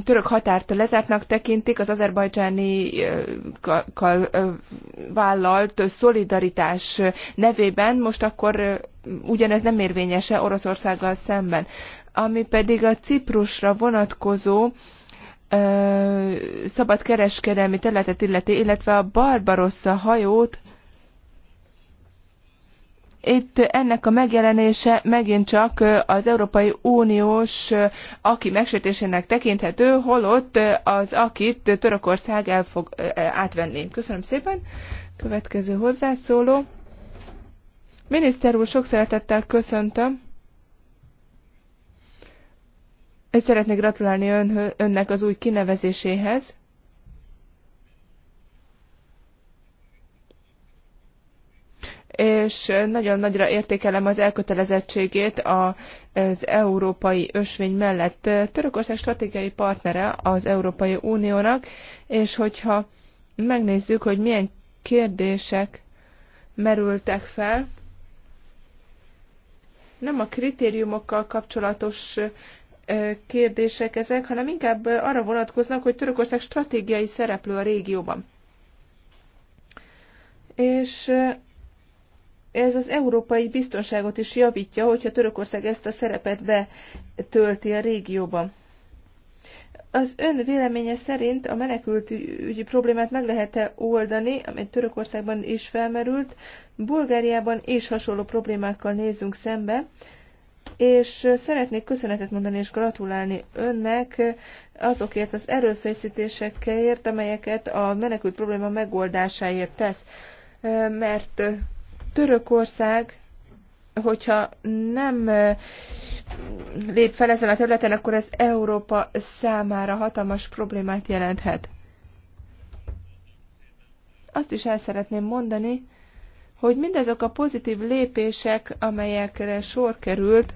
S2: török határt lezártnak tekintik, az azerbajdzsáni vállalt szolidaritás nevében, most akkor ugyanez nem érvényese Oroszországgal szemben. Ami pedig a Ciprusra vonatkozó szabadkereskedelmi területet illeti, illetve a Barbarossa hajót, itt ennek a megjelenése megint csak az Európai Uniós aki megsértésének tekinthető, holott az akit Törökország el fog átvenni. Köszönöm szépen. Következő hozzászóló. Miniszter úr, sok szeretettel köszöntöm. Én szeretnék gratulálni ön, önnek az új kinevezéséhez. és nagyon nagyra értékelem az elkötelezettségét az európai ösvény mellett. Törökország stratégiai partnere az Európai Uniónak, és hogyha megnézzük, hogy milyen kérdések merültek fel, nem a kritériumokkal kapcsolatos kérdések ezek, hanem inkább arra vonatkoznak, hogy Törökország stratégiai szereplő a régióban. És ez az európai biztonságot is javítja, hogyha Törökország ezt a szerepet betölti a régióban. Az ön véleménye szerint a menekült ügyi problémát meg lehet-e oldani, amely Törökországban is felmerült, Bulgáriában is hasonló problémákkal nézünk szembe, és szeretnék köszönetet mondani és gratulálni önnek azokért az erőfeszítésekért, amelyeket a menekült probléma megoldásáért tesz, mert Törökország, hogyha nem lép fel ezen a területen, akkor ez Európa számára hatalmas problémát jelenthet. Azt is el szeretném mondani, hogy mindazok a pozitív lépések, amelyekre sor került,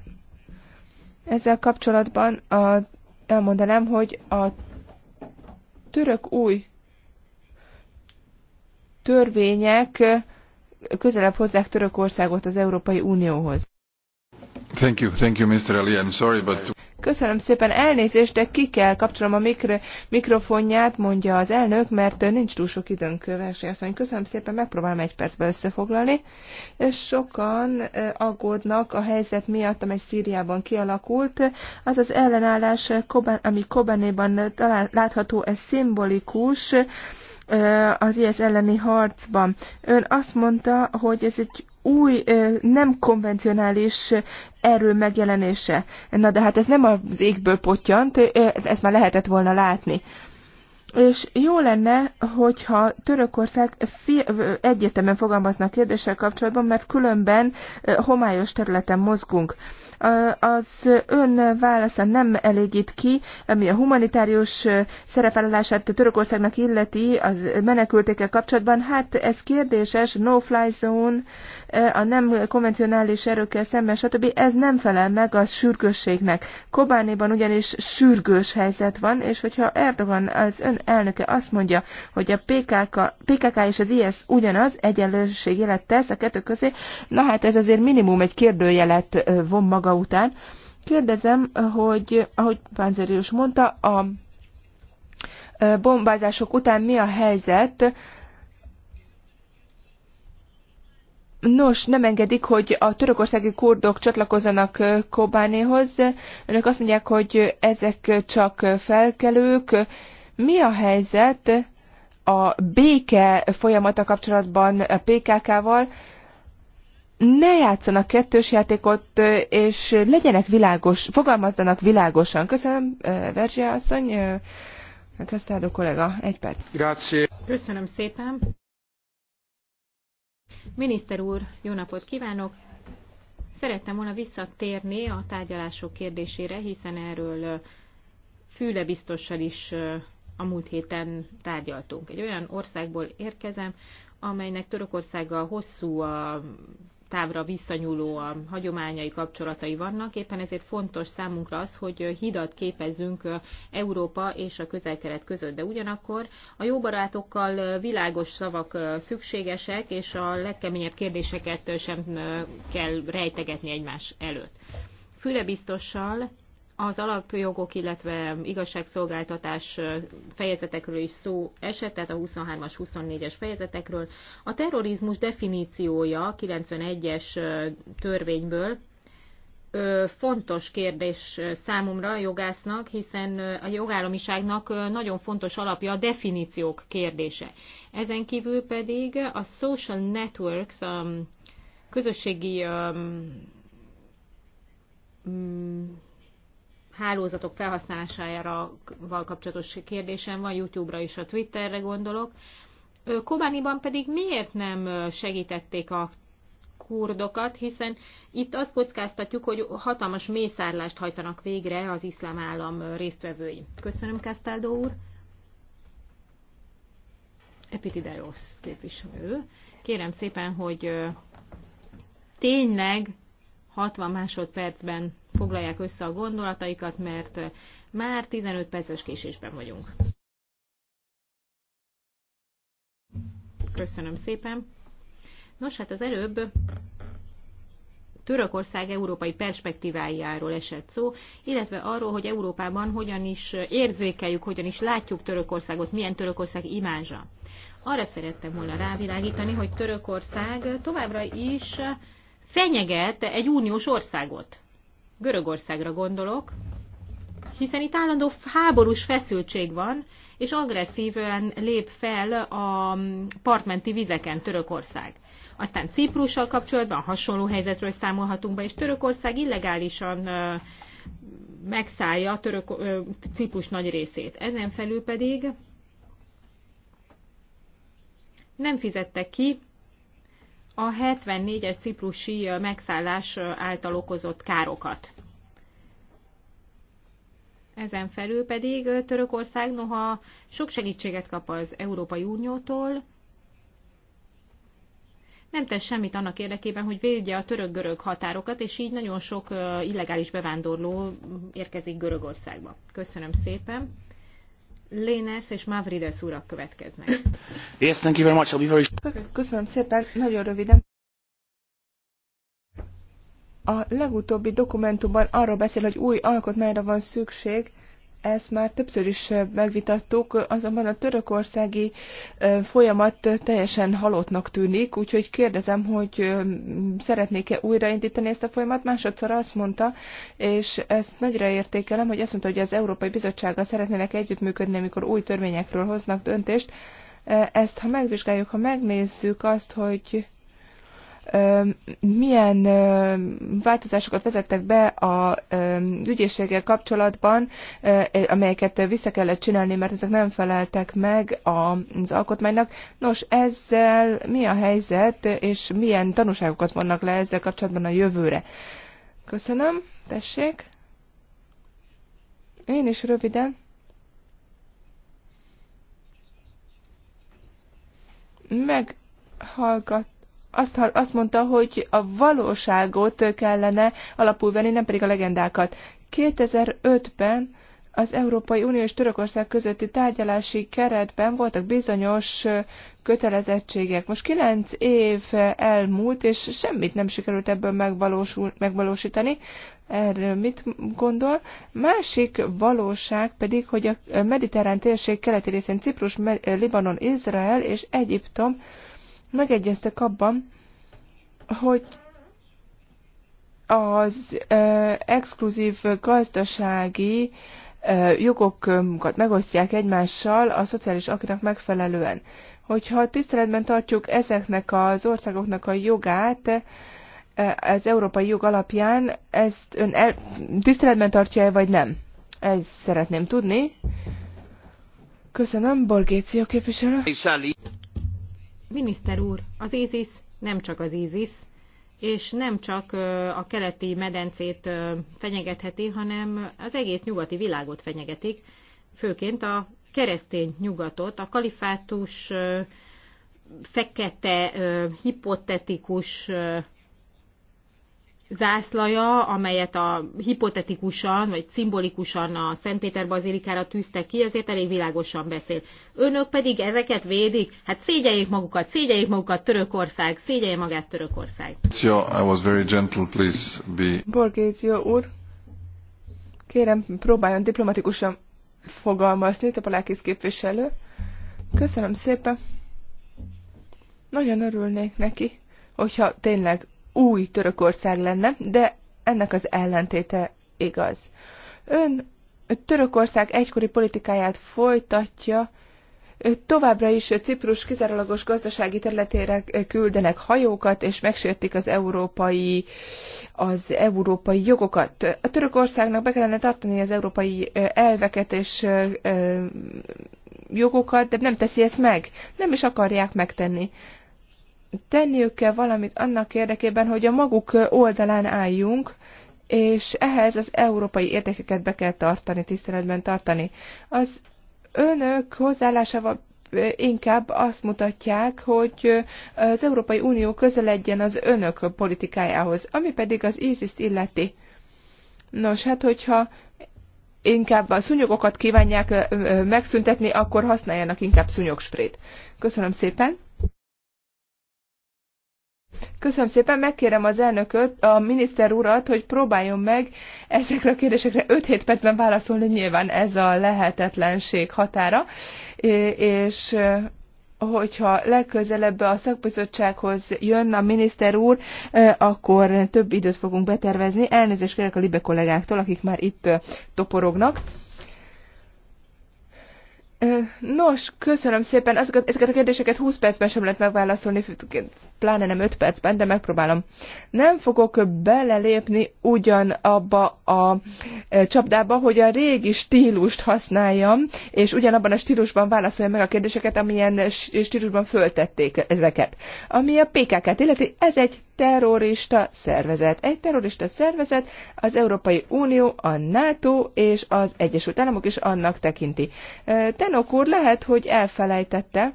S2: ezzel kapcsolatban a, elmondanám, hogy a török új törvények közelebb hozzák Törökországot az Európai Unióhoz.
S1: Thank you, thank you, Mr. Ali. I'm sorry, but...
S2: Köszönöm szépen elnézést, de ki kell kapcsolom a mikro, mikrofonját, mondja az elnök, mert nincs túl sok időnk, versenyasszony. Köszönöm szépen, megpróbálom egy percbe összefoglalni. Sokan eh, aggódnak a helyzet miatt, amely Szíriában kialakult. Az az ellenállás, ami Kobanéban talál, látható, ez szimbolikus, az IS elleni harcban. Ön azt mondta, hogy ez egy új, nem konvencionális erő megjelenése. Na de hát ez nem az égből potyant, ezt már lehetett volna látni. És jó lenne, hogyha Törökország egyetemen fogalmaznak fogalmazna a kérdéssel kapcsolatban, mert különben homályos területen mozgunk az ön válasza nem elégít ki, ami a humanitárius szerepvállalását Törökországnak illeti, az menekültékkel kapcsolatban. Hát ez kérdéses, no-fly zone, E, a nem konvencionális erőkkel szemben, stb. Ez nem felel meg a sürgősségnek. Kobánéban ugyanis sürgős helyzet van, és hogyha Erdogan az ön elnöke azt mondja, hogy a PKK, PKK és az IS ugyanaz, élet tesz a kettő közé, na hát ez azért minimum egy kérdőjelet e, von maga után. Kérdezem, hogy ahogy Pánzerius mondta, a e, bombázások után mi a helyzet, Nos, nem engedik, hogy a törökországi kurdok csatlakozzanak Kobánéhoz. Önök azt mondják, hogy ezek csak felkelők. Mi a helyzet a béke folyamata kapcsolatban a PKK-val? Ne játszanak kettős játékot, és legyenek világos, fogalmazzanak világosan. Köszönöm, Verzsia asszony. Köszönöm, kollega, egy perc. Grazie.
S5: Köszönöm szépen. Miniszter úr, jó napot kívánok! Szerettem volna visszatérni a tárgyalások kérdésére, hiszen erről Füle biztossal is a múlt héten tárgyaltunk. Egy olyan országból érkezem, amelynek Törökországgal hosszú a távra visszanyúló a hagyományai kapcsolatai vannak, éppen ezért fontos számunkra az, hogy hidat képezzünk Európa és a közelkeret között, de ugyanakkor a jó barátokkal világos szavak szükségesek, és a legkeményebb kérdéseket sem kell rejtegetni egymás előtt. Füle biztossal az alapjogok, illetve igazságszolgáltatás fejezetekről is szó esett, tehát a 23-as, 24-es fejezetekről. A terrorizmus definíciója 91-es törvényből fontos kérdés számomra a jogásznak, hiszen a jogállamiságnak nagyon fontos alapja a definíciók kérdése. Ezen kívül pedig a social networks, a közösségi hálózatok felhasználására kapcsolatos kérdésem van, YouTube-ra és a Twitterre gondolok. Kobániban pedig miért nem segítették a kurdokat, hiszen itt azt kockáztatjuk, hogy hatalmas mészárlást hajtanak végre az iszlám állam résztvevői. Köszönöm, Kastáldó úr. Epitideos képviselő. Kérem szépen, hogy tényleg 60 másodpercben foglalják össze a gondolataikat, mert eh, már 15 perces késésben vagyunk. Köszönöm szépen. Nos, hát az előbb Törökország európai perspektívájáról esett szó, illetve arról, hogy Európában hogyan is érzékeljük, hogyan is látjuk Törökországot, milyen Törökország imázsa. Arra szerettem volna rávilágítani, hogy Törökország továbbra is fenyeget egy uniós országot. Görögországra gondolok, hiszen itt állandó háborús feszültség van, és agresszíven lép fel a partmenti vizeken Törökország. Aztán Ciprussal kapcsolatban hasonló helyzetről számolhatunk be, és Törökország illegálisan megszállja a török, Ciprus nagy részét. Ezen felül pedig nem fizettek ki a 74-es ciprusi megszállás által okozott károkat. Ezen felül pedig Törökország noha sok segítséget kap az Európai Uniótól, nem tesz semmit annak érdekében, hogy védje a török-görög határokat, és így nagyon sok illegális bevándorló érkezik Görögországba. Köszönöm szépen. Lénes és Mavrides urak következnek.
S1: Yes, thank you very much. I'll be very...
S5: Köszönöm
S2: szépen, nagyon röviden. A legutóbbi dokumentumban arról beszél, hogy új alkotmányra van szükség, ezt már többször is megvitattuk, azonban a törökországi folyamat teljesen halottnak tűnik, úgyhogy kérdezem, hogy szeretnék-e újraindítani ezt a folyamat. Másodszor azt mondta, és ezt nagyra értékelem, hogy azt mondta, hogy az Európai Bizottsággal szeretnének együttműködni, amikor új törvényekről hoznak döntést. Ezt, ha megvizsgáljuk, ha megnézzük azt, hogy milyen változásokat vezettek be a ügyészséggel kapcsolatban, amelyeket vissza kellett csinálni, mert ezek nem feleltek meg az alkotmánynak. Nos, ezzel mi a helyzet, és milyen tanúságokat vannak le ezzel kapcsolatban a jövőre? Köszönöm, tessék. Én is röviden. Meghallgat azt, azt mondta, hogy a valóságot kellene alapul venni, nem pedig a legendákat. 2005-ben az Európai Unió és Törökország közötti tárgyalási keretben voltak bizonyos kötelezettségek. Most kilenc év elmúlt, és semmit nem sikerült ebből megvalósul, megvalósítani. Erről mit gondol? Másik valóság pedig, hogy a mediterrán térség keleti részén Ciprus, Libanon, Izrael és Egyiptom megegyeztek abban, hogy az eh, exkluzív gazdasági eh, jogokat megosztják egymással a szociális akinak megfelelően. Hogyha tiszteletben tartjuk ezeknek az országoknak a jogát, az európai jog alapján, ezt ön el, tiszteletben tartja-e vagy nem? Ezt szeretném tudni. Köszönöm, Borgéció képviselő. Miniszter úr,
S5: az ISIS nem csak az ISIS, és nem csak a keleti medencét fenyegetheti, hanem az egész nyugati világot fenyegetik, főként a keresztény nyugatot, a kalifátus fekete, hipotetikus zászlaja, amelyet a hipotetikusan vagy szimbolikusan a Péter bazilikára tűztek ki, ezért elég világosan beszél. Önök pedig ezeket védik, hát szégyeljék magukat, szégyeljék magukat Törökország, szégyelje magát Törökország.
S1: I was very gentle, please be...
S2: Borgézio úr, kérem próbáljon diplomatikusan fogalmazni, Topolákis képviselő. Köszönöm szépen. Nagyon örülnék neki, hogyha tényleg új Törökország lenne, de ennek az ellentéte igaz. Ön Törökország egykori politikáját folytatja, továbbra is Ciprus kizárólagos gazdasági területére küldenek hajókat, és megsértik az európai, az európai jogokat. A Törökországnak be kellene tartani az európai elveket és jogokat, de nem teszi ezt meg. Nem is akarják megtenni tenniük kell valamit annak érdekében, hogy a maguk oldalán álljunk, és ehhez az európai érdekeket be kell tartani, tiszteletben tartani. Az önök hozzáállásával inkább azt mutatják, hogy az Európai Unió közeledjen az önök politikájához, ami pedig az ISIS-t illeti. Nos, hát hogyha inkább a szúnyogokat kívánják megszüntetni, akkor használjanak inkább szúnyogsprét. Köszönöm szépen! Köszönöm szépen, megkérem az elnököt, a miniszter urat, hogy próbáljon meg ezekre a kérdésekre 5-7 percben válaszolni, nyilván ez a lehetetlenség határa, és hogyha legközelebb a szakbizottsághoz jön a miniszter úr, akkor több időt fogunk betervezni. Elnézést kérek a libe kollégáktól, akik már itt toporognak. Nos, köszönöm szépen. Azokat, ezeket a kérdéseket 20 percben sem lehet megválaszolni, pláne nem 5 percben, de megpróbálom. Nem fogok belelépni ugyanabba a e, csapdába, hogy a régi stílust használjam, és ugyanabban a stílusban válaszoljam meg a kérdéseket, amilyen stílusban föltették ezeket. Ami a PKK-t illeti, ez egy terrorista szervezet. Egy terrorista szervezet az Európai Unió, a NATO és az Egyesült Államok is annak tekinti. E, Tenok úr lehet, hogy elfelejtette,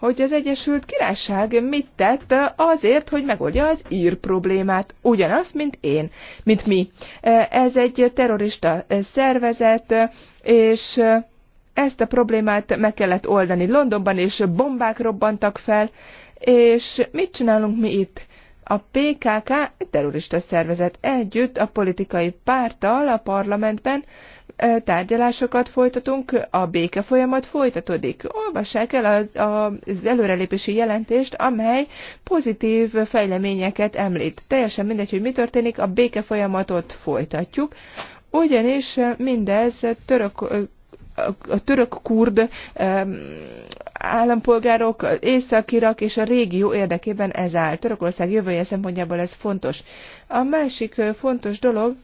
S2: hogy az Egyesült Királyság mit tett azért, hogy megoldja az ír problémát, ugyanaz, mint én, mint mi. E, ez egy terrorista szervezet, és ezt a problémát meg kellett oldani Londonban, és bombák robbantak fel, és mit csinálunk mi itt? A PKK terrorista szervezet együtt a politikai párttal a parlamentben tárgyalásokat folytatunk, a béke folyamat folytatódik. Olvassák el az, az előrelépési jelentést, amely pozitív fejleményeket említ. Teljesen mindegy, hogy mi történik, a béke folyamatot folytatjuk, ugyanis mindez török a török-kurd állampolgárok, Észak-Irak és a régió érdekében ez áll. Törökország jövője szempontjából ez fontos. A másik fontos dolog,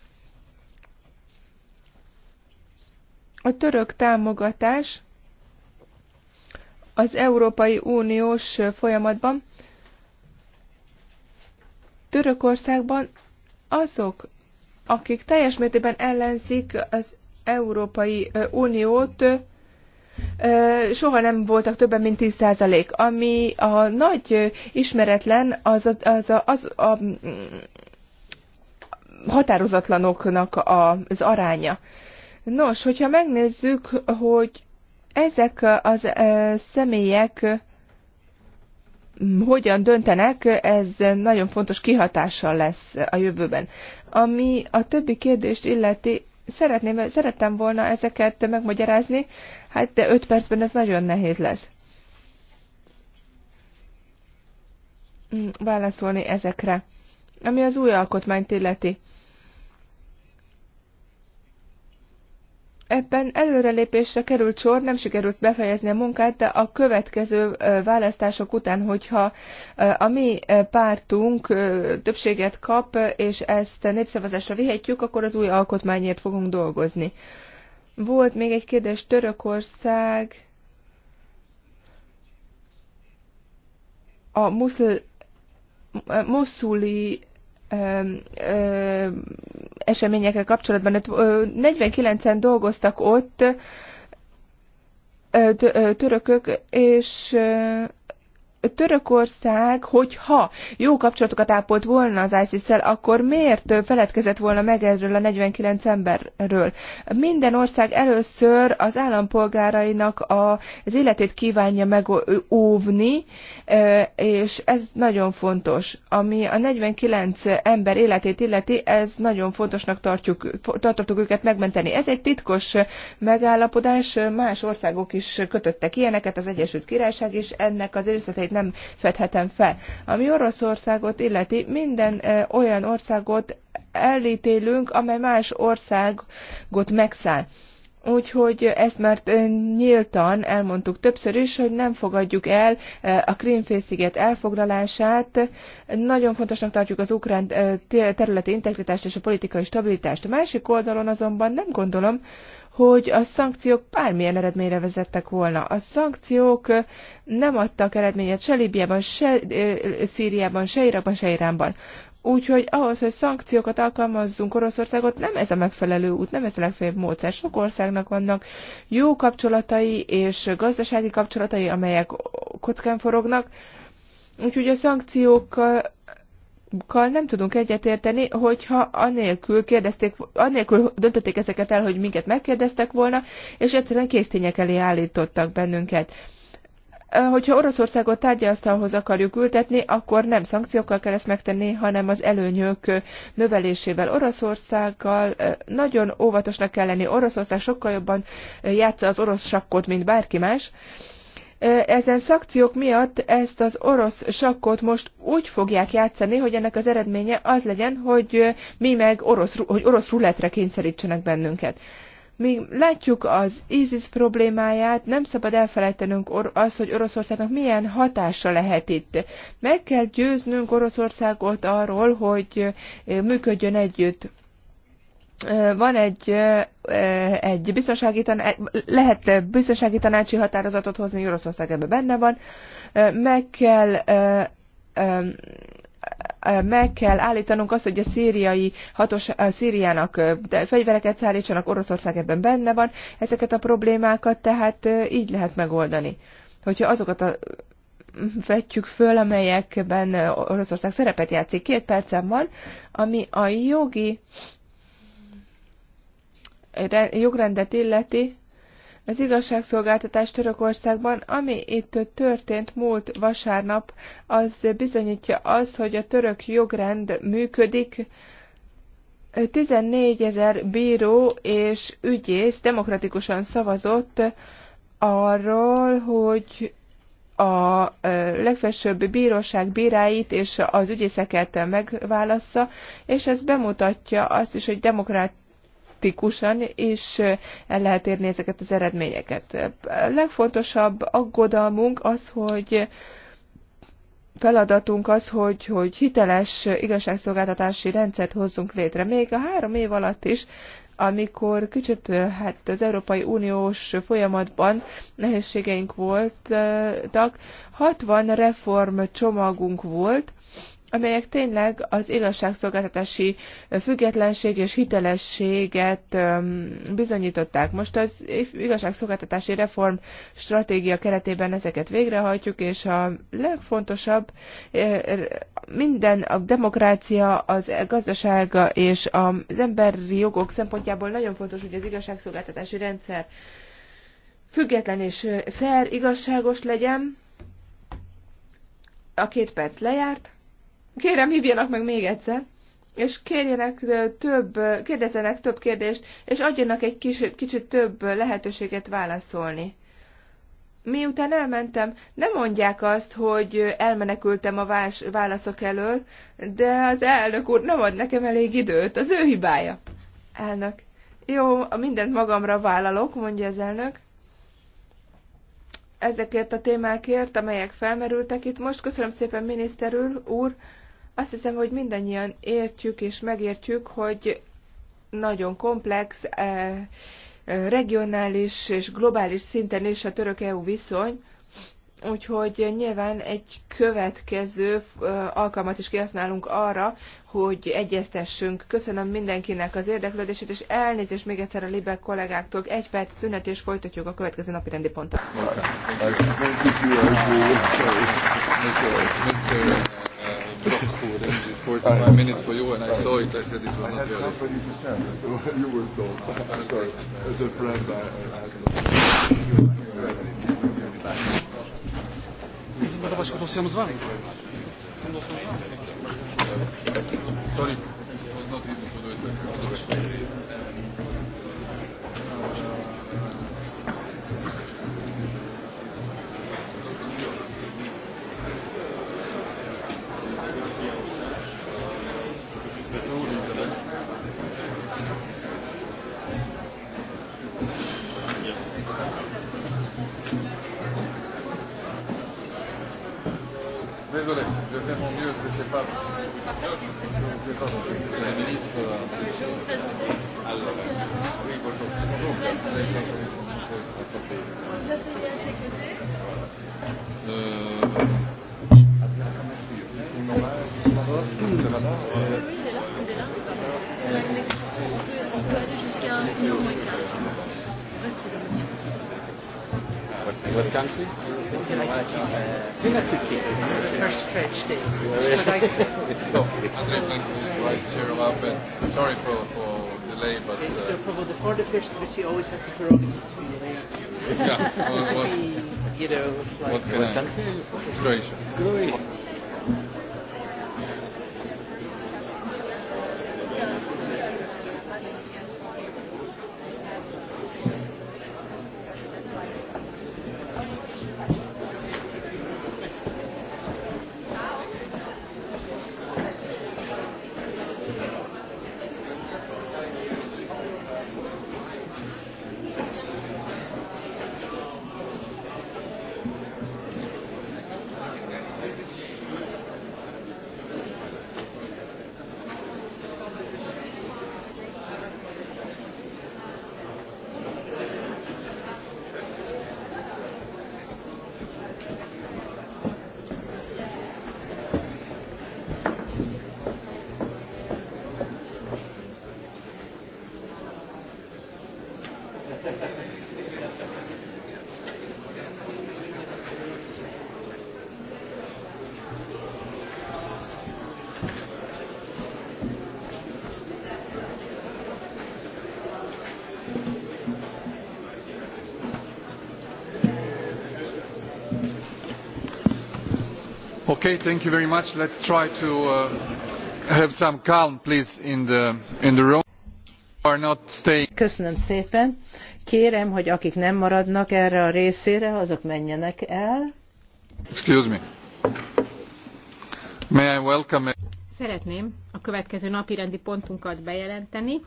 S2: A török támogatás az Európai Uniós folyamatban Törökországban azok, akik teljes mértékben ellenzik az Európai Uniót, soha nem voltak többen, mint 10%. Ami a nagy ismeretlen, az a, az a, az a mm, határozatlanoknak az aránya. Nos, hogyha megnézzük, hogy ezek az személyek mm, hogyan döntenek, ez nagyon fontos kihatással lesz a jövőben. Ami a többi kérdést illeti, szeretném, szerettem volna ezeket megmagyarázni, hát de 5 percben ez nagyon nehéz lesz. Mm, válaszolni ezekre. Ami az új alkotmányt illeti. Ebben előrelépésre került sor, nem sikerült befejezni a munkát, de a következő választások után, hogyha a mi pártunk többséget kap, és ezt népszavazásra vihetjük, akkor az új alkotmányért fogunk dolgozni. Volt még egy kérdés Törökország, a muszl, muszuli ö, ö, eseményekkel kapcsolatban. 49-en dolgoztak ott, törökök, és Törökország, hogyha jó kapcsolatokat ápolt volna az isis akkor miért feledkezett volna meg erről a 49 emberről? Minden ország először az állampolgárainak a, az életét kívánja megóvni, és ez nagyon fontos. Ami a 49 ember életét illeti, ez nagyon fontosnak tartjuk, tartottuk őket megmenteni. Ez egy titkos megállapodás, más országok is kötöttek ilyeneket, az Egyesült Királyság is ennek az részleteit nem fedhetem fel. Ami Oroszországot illeti, minden olyan országot elítélünk, amely más országot megszáll. Úgyhogy ezt már nyíltan elmondtuk többször is, hogy nem fogadjuk el a Krímfélsziget elfoglalását. Nagyon fontosnak tartjuk az ukrán területi integritást és a politikai stabilitást. A másik oldalon azonban nem gondolom, hogy a szankciók bármilyen eredményre vezettek volna. A szankciók nem adtak eredményet se Líbiában, se Szíriában, se Irakban, se Iránban. Úgyhogy ahhoz, hogy szankciókat alkalmazzunk Oroszországot, nem ez a megfelelő út, nem ez a legfőbb módszer. Sok országnak vannak jó kapcsolatai és gazdasági kapcsolatai, amelyek kockán forognak, úgyhogy a szankciókkal kal nem tudunk egyetérteni, hogyha anélkül kérdezték, anélkül döntötték ezeket el, hogy minket megkérdeztek volna, és egyszerűen késztények elé állítottak bennünket. Hogyha Oroszországot tárgyasztalhoz akarjuk ültetni, akkor nem szankciókkal kell ezt megtenni, hanem az előnyök növelésével. Oroszországgal nagyon óvatosnak kell lenni. Oroszország sokkal jobban játsza az orosz sakkot, mint bárki más ezen szakciók miatt ezt az orosz sakkot most úgy fogják játszani, hogy ennek az eredménye az legyen, hogy mi meg orosz, hogy orosz ruletre kényszerítsenek bennünket. Mi látjuk az ISIS problémáját, nem szabad elfelejtenünk az, hogy Oroszországnak milyen hatása lehet itt. Meg kell győznünk Oroszországot arról, hogy működjön együtt van egy, egy biztonsági tanács, lehet biztonsági tanácsi határozatot hozni, Oroszország ebben benne van, meg kell meg kell állítanunk azt, hogy a szíriai hatos, a szíriának fegyvereket szállítsanak, Oroszország ebben benne van, ezeket a problémákat tehát így lehet megoldani. Hogyha azokat a vetjük föl, amelyekben Oroszország szerepet játszik. Két percem van, ami a jogi jogrendet illeti, az igazságszolgáltatás Törökországban, ami itt történt múlt vasárnap, az bizonyítja az, hogy a török jogrend működik, 14 ezer bíró és ügyész demokratikusan szavazott arról, hogy a legfelsőbb bíróság bíráit és az ügyészeket megválassza, és ez bemutatja azt is, hogy demokrát, praktikusan is el lehet érni ezeket az eredményeket. A legfontosabb aggodalmunk az, hogy feladatunk az, hogy, hogy hiteles igazságszolgáltatási rendszert hozzunk létre. Még a három év alatt is amikor kicsit hát az Európai Uniós folyamatban nehézségeink voltak, 60 reform csomagunk volt, amelyek tényleg az igazságszolgáltatási függetlenség és hitelességet bizonyították. Most az igazságszolgáltatási reform stratégia keretében ezeket végrehajtjuk, és a legfontosabb minden a demokrácia, az gazdasága és az emberi jogok szempontjából nagyon fontos, hogy az igazságszolgáltatási rendszer független és fair, igazságos legyen. A két perc lejárt. Kérem, hívjanak meg még egyszer, és kérjenek több, kérdezzenek több kérdést, és adjanak egy kis, kicsit több lehetőséget válaszolni. Miután elmentem, nem mondják azt, hogy elmenekültem a vás, válaszok elől, de az elnök úr nem ad nekem elég időt, az ő hibája. Elnök. Jó, mindent magamra vállalok, mondja az elnök ezekért a témákért, amelyek felmerültek itt. Most köszönöm szépen miniszter úr, azt hiszem, hogy mindannyian értjük és megértjük, hogy nagyon komplex, eh, eh, regionális és globális szinten is a török-EU viszony, Úgyhogy nyilván egy következő eh, alkalmat is kihasználunk arra, hogy egyeztessünk. Köszönöm mindenkinek az érdeklődését, és elnézést még egyszer a Libek kollégáktól. Egy perc szünet, és folytatjuk a következő napi rendi ponttal.
S1: Brock who arranges 45 minutes for you, and I saw it. I said this was I not realistic. I somebody to send, so you were told. I'm sorry. As a friend, I, I Zobacz, kogo się zwali. Sorry, it was not easy to do it. All the best. Okay, thank you very much. Let's try to uh, have some calm, please, in the, in the room. Are not staying.
S6: Köszönöm szépen. Kérem, hogy akik nem maradnak erre a
S5: részére, azok menjenek el.
S1: Excuse me. May I welcome...
S5: Szeretném a következő napirendi pontunkat bejelenteni.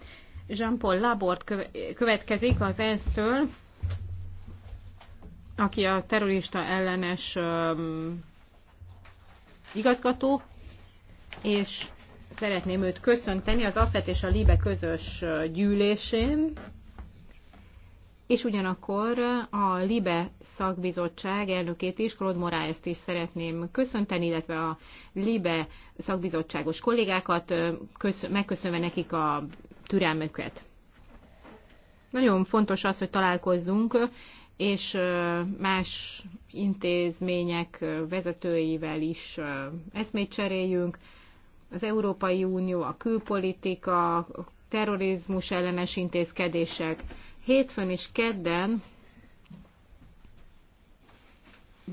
S5: Jean-Paul Labort következik az ENSZ-től, aki a terrorista ellenes igazgató, és szeretném őt köszönteni az AFET és a LIBE közös gyűlésén, és ugyanakkor a LIBE szakbizottság elnökét is, Claude moraes is szeretném köszönteni, illetve a LIBE szakbizottságos kollégákat, megköszönve nekik a türelmüket. Nagyon fontos az, hogy találkozzunk, és más intézmények vezetőivel is eszmét cseréljünk. Az Európai Unió, a külpolitika, a terrorizmus ellenes intézkedések. Hétfőn és kedden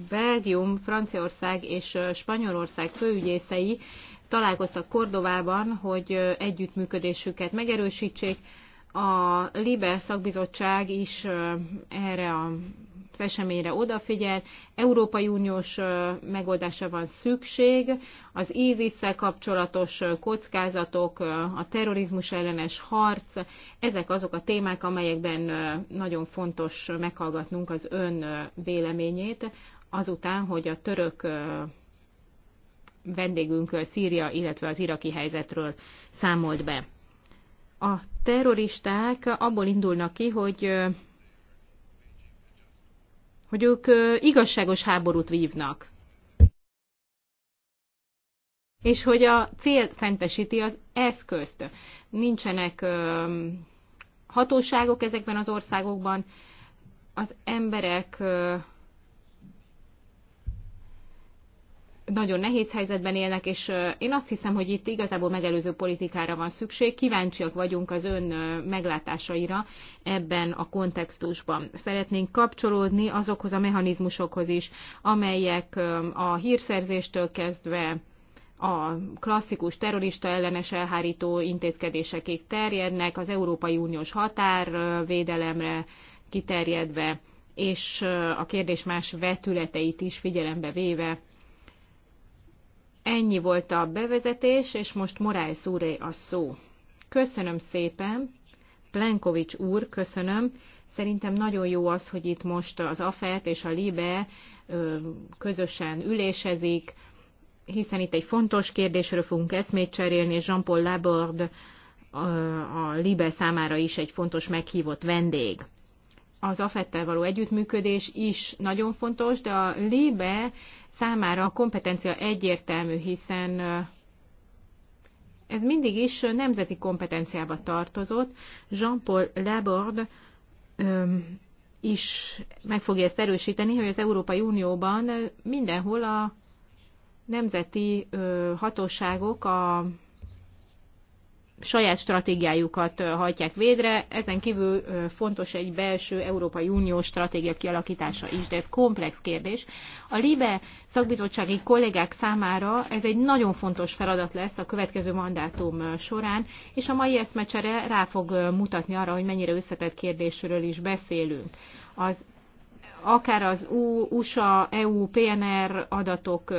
S5: Belgium, Franciaország és Spanyolország főügyészei találkoztak Kordovában, hogy együttműködésüket megerősítsék, a Libe szakbizottság is erre az eseményre odafigyel. Európai Uniós megoldásra van szükség. Az isis kapcsolatos kockázatok, a terrorizmus ellenes harc, ezek azok a témák, amelyekben nagyon fontos meghallgatnunk az ön véleményét, azután, hogy a török vendégünk Szíria, illetve az iraki helyzetről számolt be a terroristák abból indulnak ki, hogy, hogy ők igazságos háborút vívnak. És hogy a cél szentesíti az eszközt. Nincsenek hatóságok ezekben az országokban, az emberek nagyon nehéz helyzetben élnek, és én azt hiszem, hogy itt igazából megelőző politikára van szükség. Kíváncsiak vagyunk az ön meglátásaira ebben a kontextusban. Szeretnénk kapcsolódni azokhoz a mechanizmusokhoz is, amelyek a hírszerzéstől kezdve a klasszikus terrorista ellenes elhárító intézkedésekig terjednek, az Európai Uniós határvédelemre kiterjedve, és a kérdés más vetületeit is figyelembe véve Ennyi volt a bevezetés, és most Morales úré a szó. Köszönöm szépen, Plenkovics úr, köszönöm. Szerintem nagyon jó az, hogy itt most az AFET és a LIBE közösen ülésezik, hiszen itt egy fontos kérdésről fogunk eszmét cserélni, és Jean-Paul Laborde a LIBE számára is egy fontos meghívott vendég az afettel való együttműködés is nagyon fontos, de a lébe számára a kompetencia egyértelmű, hiszen ez mindig is nemzeti kompetenciába tartozott. Jean-Paul Laborde is meg fogja ezt erősíteni, hogy az Európai Unióban mindenhol a nemzeti hatóságok a saját stratégiájukat hajtják végre. Ezen kívül fontos egy belső Európai Unió stratégia kialakítása is, de ez komplex kérdés. A LIBE szakbizottsági kollégák számára ez egy nagyon fontos feladat lesz a következő mandátum során, és a mai eszmecsere rá fog mutatni arra, hogy mennyire összetett kérdésről is beszélünk. Az akár az USA, EU, PNR adatok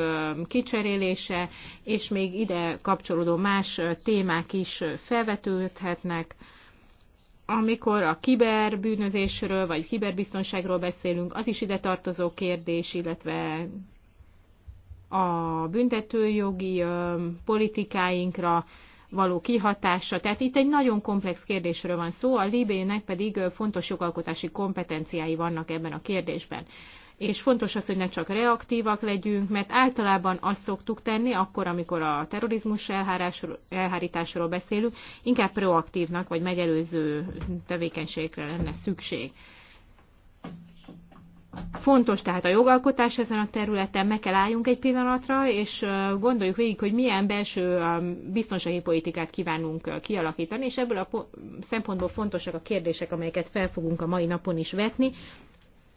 S5: kicserélése, és még ide kapcsolódó más témák is felvetődhetnek. Amikor a kiberbűnözésről vagy kiberbiztonságról beszélünk, az is ide tartozó kérdés, illetve a büntetőjogi politikáinkra való kihatása. Tehát itt egy nagyon komplex kérdésről van szó, a Libének pedig fontos jogalkotási kompetenciái vannak ebben a kérdésben. És fontos az, hogy ne csak reaktívak legyünk, mert általában azt szoktuk tenni, akkor, amikor a terrorizmus elhárításról beszélünk, inkább proaktívnak vagy megelőző tevékenységre lenne szükség. Fontos tehát a jogalkotás ezen a területen, meg kell álljunk egy pillanatra, és gondoljuk végig, hogy milyen belső biztonsági politikát kívánunk kialakítani, és ebből a szempontból fontosak a kérdések, amelyeket fel fogunk a mai napon is vetni,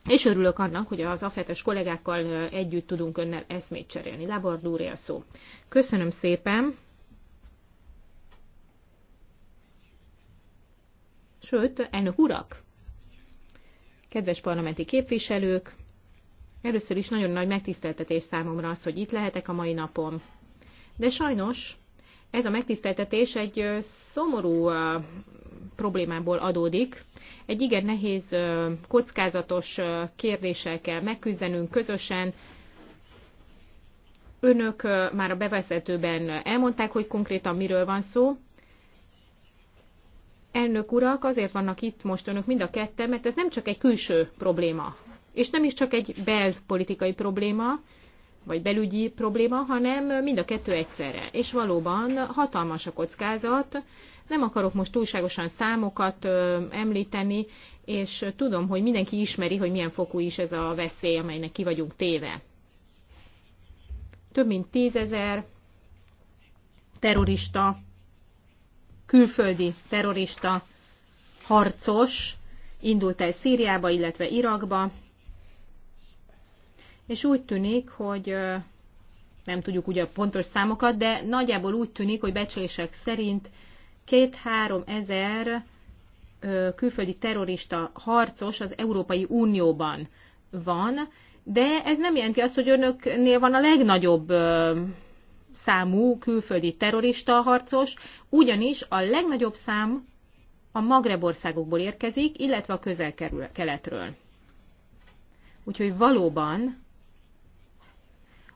S5: és örülök annak, hogy az afetes kollégákkal együtt tudunk önnel eszmét cserélni. Lábord Dúria szó. Köszönöm szépen. Sőt, elnök urak, Kedves parlamenti képviselők, először is nagyon nagy megtiszteltetés számomra az, hogy itt lehetek a mai napon. De sajnos ez a megtiszteltetés egy szomorú problémából adódik. Egy igen nehéz, kockázatos kérdéssel kell megküzdenünk közösen. Önök már a bevezetőben elmondták, hogy konkrétan miről van szó, Elnök urak, azért vannak itt most önök mind a ketten, mert ez nem csak egy külső probléma, és nem is csak egy belpolitikai probléma, vagy belügyi probléma, hanem mind a kettő egyszerre. És valóban hatalmas a kockázat, nem akarok most túlságosan számokat ö, említeni, és tudom, hogy mindenki ismeri, hogy milyen fokú is ez a veszély, amelynek ki vagyunk téve. Több mint tízezer terrorista külföldi terrorista harcos indult el Szíriába, illetve Irakba, és úgy tűnik, hogy nem tudjuk ugye a pontos számokat, de nagyjából úgy tűnik, hogy becslések szerint 2-3 ezer külföldi terrorista harcos az Európai Unióban van, de ez nem jelenti azt, hogy önöknél van a legnagyobb számú külföldi terrorista harcos, ugyanis a legnagyobb szám a Magreb országokból érkezik, illetve a közel-keletről. Úgyhogy valóban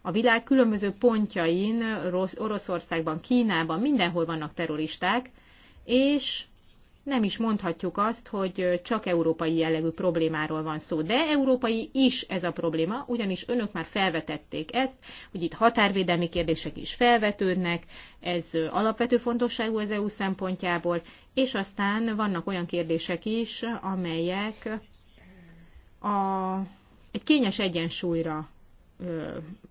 S5: a világ különböző pontjain, Oroszországban, Kínában, mindenhol vannak terroristák, és nem is mondhatjuk azt, hogy csak európai jellegű problémáról van szó, de európai is ez a probléma, ugyanis önök már felvetették ezt, hogy itt határvédelmi kérdések is felvetődnek, ez alapvető fontosságú az EU szempontjából, és aztán vannak olyan kérdések is, amelyek a, egy kényes egyensúlyra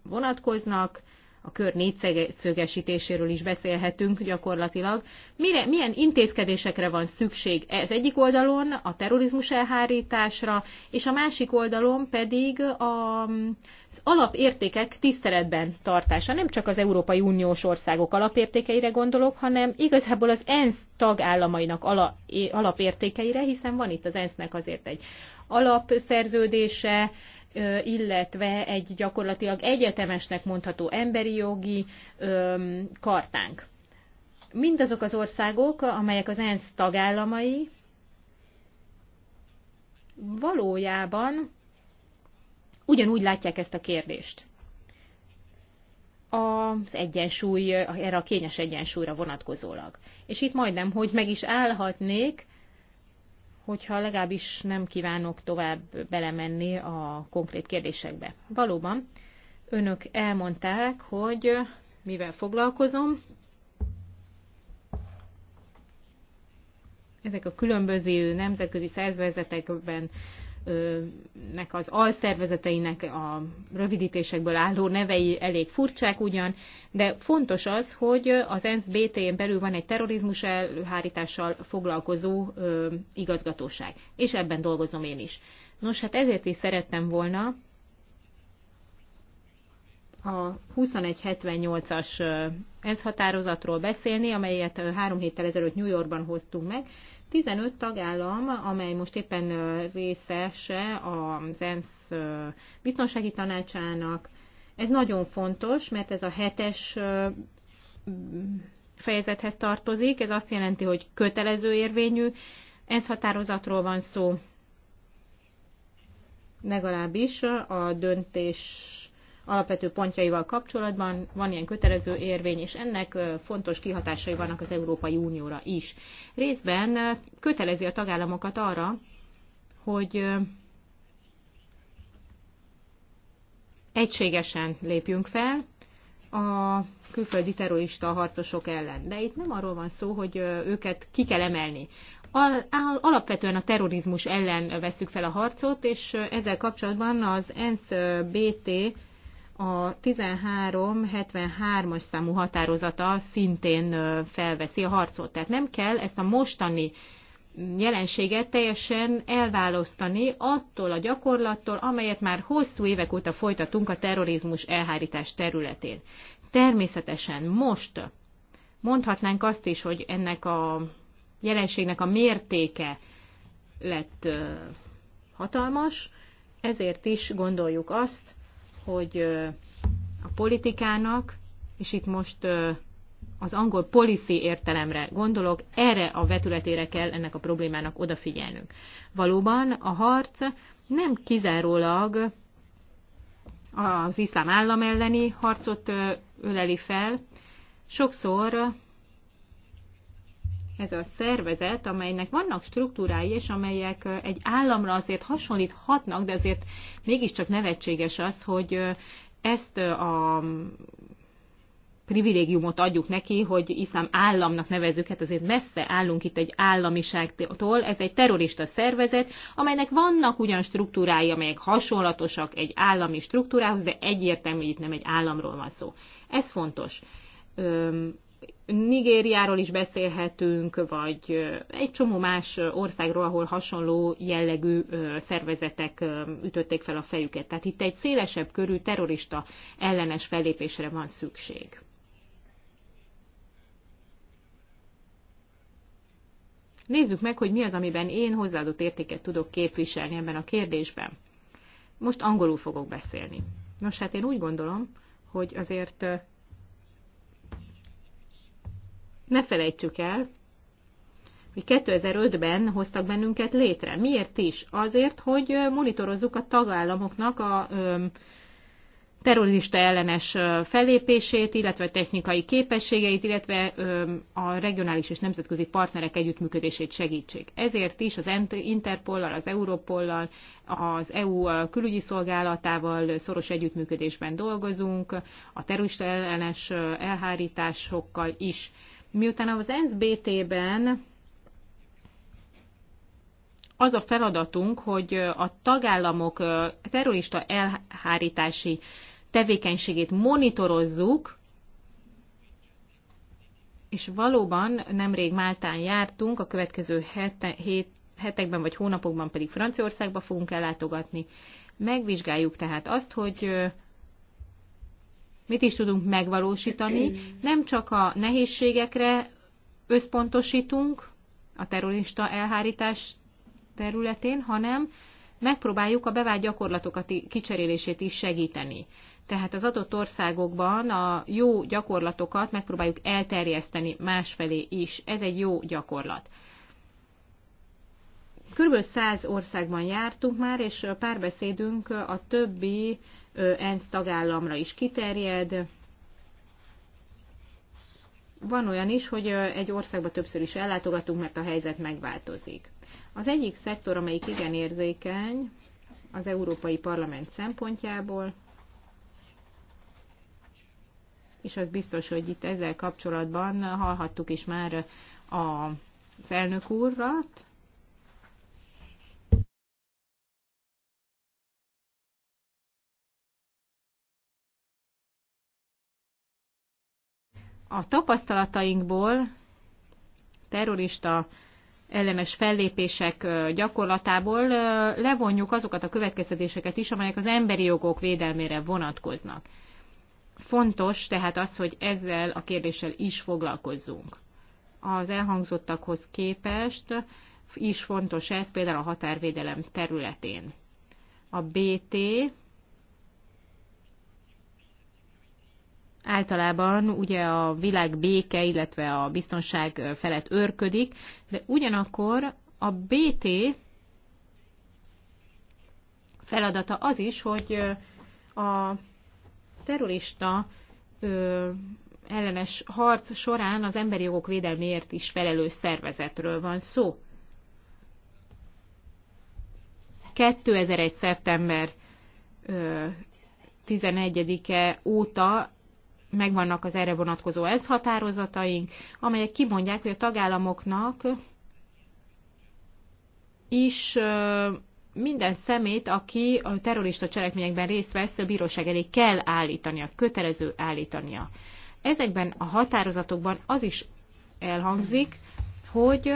S5: vonatkoznak, a kör négyszögesítéséről is beszélhetünk gyakorlatilag. Mire, milyen intézkedésekre van szükség ez egyik oldalon, a terrorizmus elhárításra, és a másik oldalon pedig a, az alapértékek tiszteletben tartása. Nem csak az Európai Uniós országok alapértékeire gondolok, hanem igazából az ENSZ tagállamainak ala, alapértékeire, hiszen van itt az ENSZ-nek azért egy alapszerződése, illetve egy gyakorlatilag egyetemesnek mondható emberi jogi kartánk. Mindazok az országok, amelyek az ENSZ tagállamai, valójában ugyanúgy látják ezt a kérdést. Az egyensúly, erre a kényes egyensúlyra vonatkozólag. És itt majdnem, hogy meg is állhatnék, hogyha legalábbis nem kívánok tovább belemenni a konkrét kérdésekbe. Valóban, önök elmondták, hogy mivel foglalkozom. Ezek a különböző nemzetközi szervezetekben nek az alszervezeteinek a rövidítésekből álló nevei elég furcsák ugyan, de fontos az, hogy az ENSZ BT-n belül van egy terrorizmus elhárítással foglalkozó igazgatóság, és ebben dolgozom én is. Nos, hát ezért is szerettem volna a 2178-as ENSZ határozatról beszélni, amelyet három héttel ezelőtt New Yorkban hoztunk meg, 15 tagállam, amely most éppen részese az ENSZ biztonsági tanácsának, ez nagyon fontos, mert ez a hetes fejezethez tartozik, ez azt jelenti, hogy kötelező érvényű, ez határozatról van szó legalábbis a döntés alapvető pontjaival kapcsolatban van ilyen kötelező érvény, és ennek fontos kihatásai vannak az Európai Unióra is. Részben kötelezi a tagállamokat arra, hogy egységesen lépjünk fel a külföldi terrorista harcosok ellen. De itt nem arról van szó, hogy őket ki kell emelni. Alapvetően a terrorizmus ellen veszük fel a harcot, és ezzel kapcsolatban az ENSZ BT a 1373-as számú határozata szintén felveszi a harcot. Tehát nem kell ezt a mostani jelenséget teljesen elválasztani attól a gyakorlattól, amelyet már hosszú évek óta folytatunk a terrorizmus elhárítás területén. Természetesen most mondhatnánk azt is, hogy ennek a jelenségnek a mértéke lett hatalmas, ezért is gondoljuk azt, hogy a politikának, és itt most az angol policy értelemre gondolok, erre a vetületére kell ennek a problémának odafigyelnünk. Valóban a harc nem kizárólag az iszlám állam elleni harcot öleli fel, sokszor ez a szervezet, amelynek vannak struktúrái, és amelyek egy államra azért hasonlíthatnak, de azért mégiscsak nevetséges az, hogy ezt a privilégiumot adjuk neki, hogy iszám államnak nevezzük, hát azért messze állunk itt egy államiságtól, ez egy terrorista szervezet, amelynek vannak ugyan struktúrái, amelyek hasonlatosak egy állami struktúrához, de egyértelmű, hogy itt nem egy államról van szó. Ez fontos. Nigériáról is beszélhetünk, vagy egy csomó más országról, ahol hasonló jellegű szervezetek ütötték fel a fejüket. Tehát itt egy szélesebb körű terrorista ellenes fellépésre van szükség. Nézzük meg, hogy mi az, amiben én hozzáadott értéket tudok képviselni ebben a kérdésben. Most angolul fogok beszélni. Nos, hát én úgy gondolom, hogy azért ne felejtsük el, hogy 2005-ben hoztak bennünket létre. Miért is? Azért, hogy monitorozzuk a tagállamoknak a terrorista ellenes fellépését, illetve technikai képességeit, illetve a regionális és nemzetközi partnerek együttműködését segítsék. Ezért is az Interpollal, az Europollal, az EU külügyi szolgálatával szoros együttműködésben dolgozunk, a terrorista ellenes elhárításokkal is Miután az NSBT-ben az a feladatunk, hogy a tagállamok terrorista elhárítási tevékenységét monitorozzuk, és valóban nemrég Máltán jártunk, a következő hete, hét, hetekben vagy hónapokban pedig Franciaországba fogunk ellátogatni. Megvizsgáljuk tehát azt, hogy mit is tudunk megvalósítani. Nem csak a nehézségekre összpontosítunk a terrorista elhárítás területén, hanem megpróbáljuk a bevált gyakorlatokat kicserélését is segíteni. Tehát az adott országokban a jó gyakorlatokat megpróbáljuk elterjeszteni másfelé is. Ez egy jó gyakorlat. Körülbelül száz országban jártunk már, és párbeszédünk a többi ENSZ tagállamra is kiterjed. Van olyan is, hogy egy országba többször is ellátogatunk, mert a helyzet megváltozik. Az egyik szektor, amelyik igen érzékeny az Európai Parlament szempontjából, és az biztos, hogy itt ezzel kapcsolatban hallhattuk is már az elnök úrrat, a tapasztalatainkból terrorista ellenes fellépések gyakorlatából levonjuk azokat a következtetéseket is, amelyek az emberi jogok védelmére vonatkoznak. Fontos tehát az, hogy ezzel a kérdéssel is foglalkozzunk. Az elhangzottakhoz képest is fontos ez például a határvédelem területén. A BT általában ugye a világ béke, illetve a biztonság felett őrködik, de ugyanakkor a BT feladata az is, hogy a terrorista ellenes harc során az emberi jogok védelméért is felelős szervezetről van szó. 2001. szeptember 11-e óta megvannak az erre vonatkozó ez határozataink, amelyek kimondják, hogy a tagállamoknak is minden szemét, aki a terrorista cselekményekben részt vesz, a bíróság elé kell állítania, kötelező állítania. Ezekben a határozatokban az is elhangzik, hogy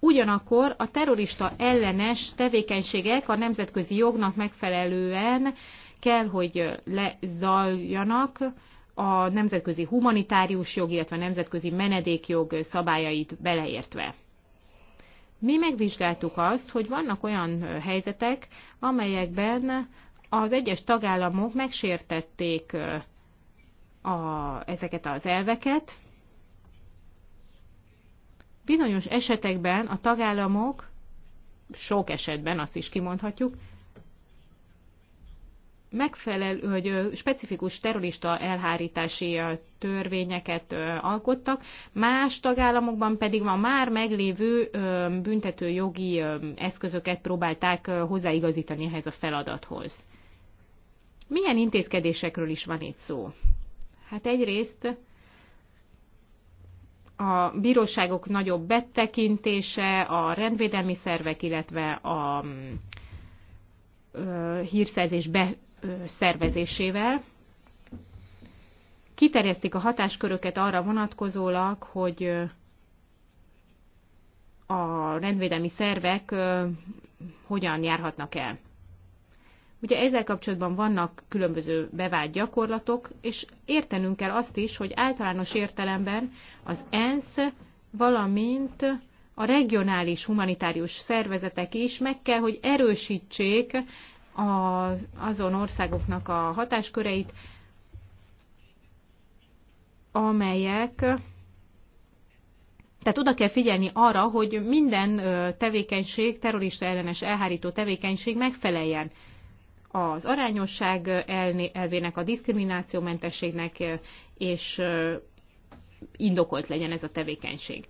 S5: ugyanakkor a terrorista ellenes tevékenységek a nemzetközi jognak megfelelően kell, hogy lezaljanak, a nemzetközi humanitárius jog, illetve a nemzetközi menedékjog szabályait beleértve. Mi megvizsgáltuk azt, hogy vannak olyan helyzetek, amelyekben az egyes tagállamok megsértették a, ezeket az elveket. Bizonyos esetekben a tagállamok, sok esetben azt is kimondhatjuk, megfelel, hogy specifikus terrorista elhárítási törvényeket alkottak, más tagállamokban pedig van már meglévő jogi eszközöket próbálták hozzáigazítani ehhez a feladathoz. Milyen intézkedésekről is van itt szó? Hát egyrészt a bíróságok nagyobb betekintése, a rendvédelmi szervek, illetve a hírszerzés be szervezésével. Kiterjesztik a hatásköröket arra vonatkozólag, hogy a rendvédelmi szervek hogyan járhatnak el. Ugye ezzel kapcsolatban vannak különböző bevált gyakorlatok, és értenünk kell azt is, hogy általános értelemben az ENSZ, valamint a regionális humanitárius szervezetek is meg kell, hogy erősítsék az, azon országoknak a hatásköreit, amelyek, tehát oda kell figyelni arra, hogy minden tevékenység, terrorista ellenes elhárító tevékenység megfeleljen az arányosság elvének, a diszkriminációmentességnek, és indokolt legyen ez a tevékenység.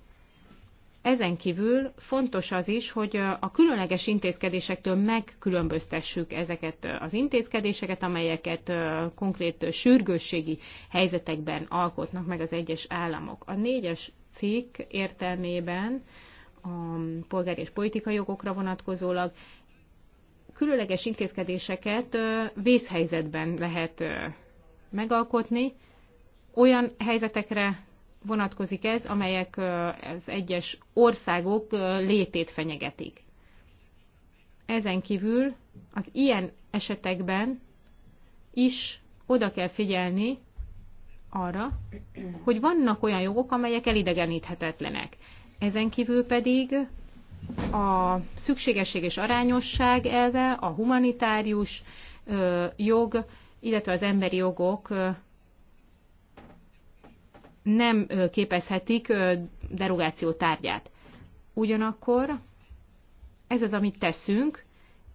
S5: Ezen kívül fontos az is, hogy a különleges intézkedésektől megkülönböztessük ezeket az intézkedéseket, amelyeket konkrét sürgősségi helyzetekben alkotnak meg az egyes államok. A négyes cikk értelmében a polgári és politikai jogokra vonatkozólag különleges intézkedéseket vészhelyzetben lehet megalkotni, olyan helyzetekre vonatkozik ez, amelyek az egyes országok létét fenyegetik. Ezen kívül az ilyen esetekben is oda kell figyelni arra, hogy vannak olyan jogok, amelyek elidegeníthetetlenek. Ezen kívül pedig a szükségesség és arányosság elve, a humanitárius jog, illetve az emberi jogok nem képezhetik derogáció tárgyát. Ugyanakkor ez az, amit teszünk,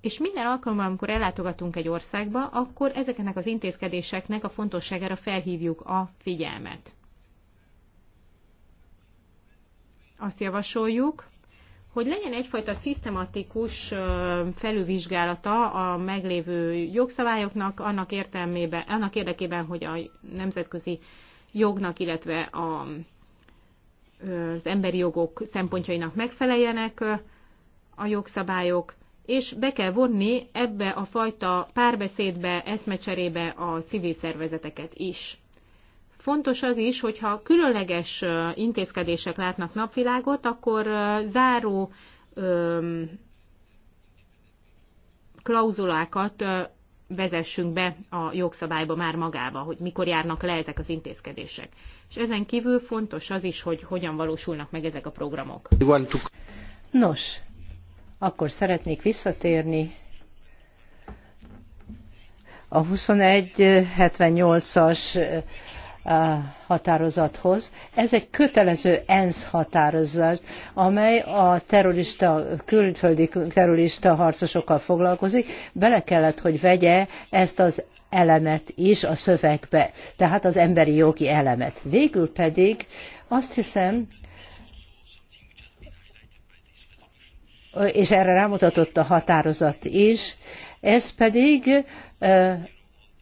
S5: és minden alkalommal, amikor ellátogatunk egy országba, akkor ezeknek az intézkedéseknek a fontosságára felhívjuk a figyelmet. Azt javasoljuk, hogy legyen egyfajta szisztematikus felülvizsgálata a meglévő jogszabályoknak annak, értelmében, annak érdekében, hogy a nemzetközi jognak, illetve a, az emberi jogok szempontjainak megfeleljenek a jogszabályok, és be kell vonni ebbe a fajta párbeszédbe, eszmecserébe a civil szervezeteket is. Fontos az is, hogyha különleges intézkedések látnak napvilágot, akkor záró klauzulákat vezessünk be a jogszabályba már magába, hogy mikor járnak le ezek az intézkedések. És ezen kívül fontos az is, hogy hogyan valósulnak meg ezek a programok.
S6: Nos, akkor szeretnék visszatérni a 2178-as határozathoz. Ez egy kötelező ENSZ határozat, amely a terrorista, külföldi terrorista harcosokkal foglalkozik. Bele kellett, hogy vegye ezt az elemet is a szövegbe, tehát az emberi jogi elemet. Végül pedig azt hiszem, és erre rámutatott a határozat is, ez pedig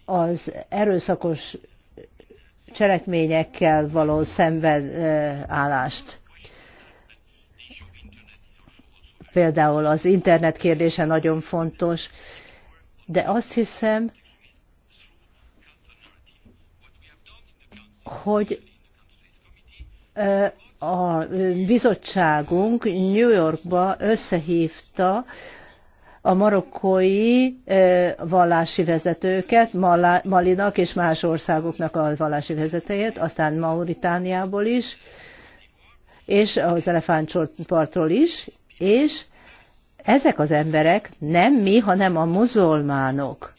S6: az erőszakos cselekményekkel való szembenállást. Például az internet kérdése nagyon fontos, de azt hiszem, hogy a bizottságunk New Yorkba összehívta a marokkói vallási vezetőket, Malinak és más országoknak a vallási vezetőjét, aztán Mauritániából is, és az elefántpartról is, és ezek az emberek nem mi, hanem a muzulmánok.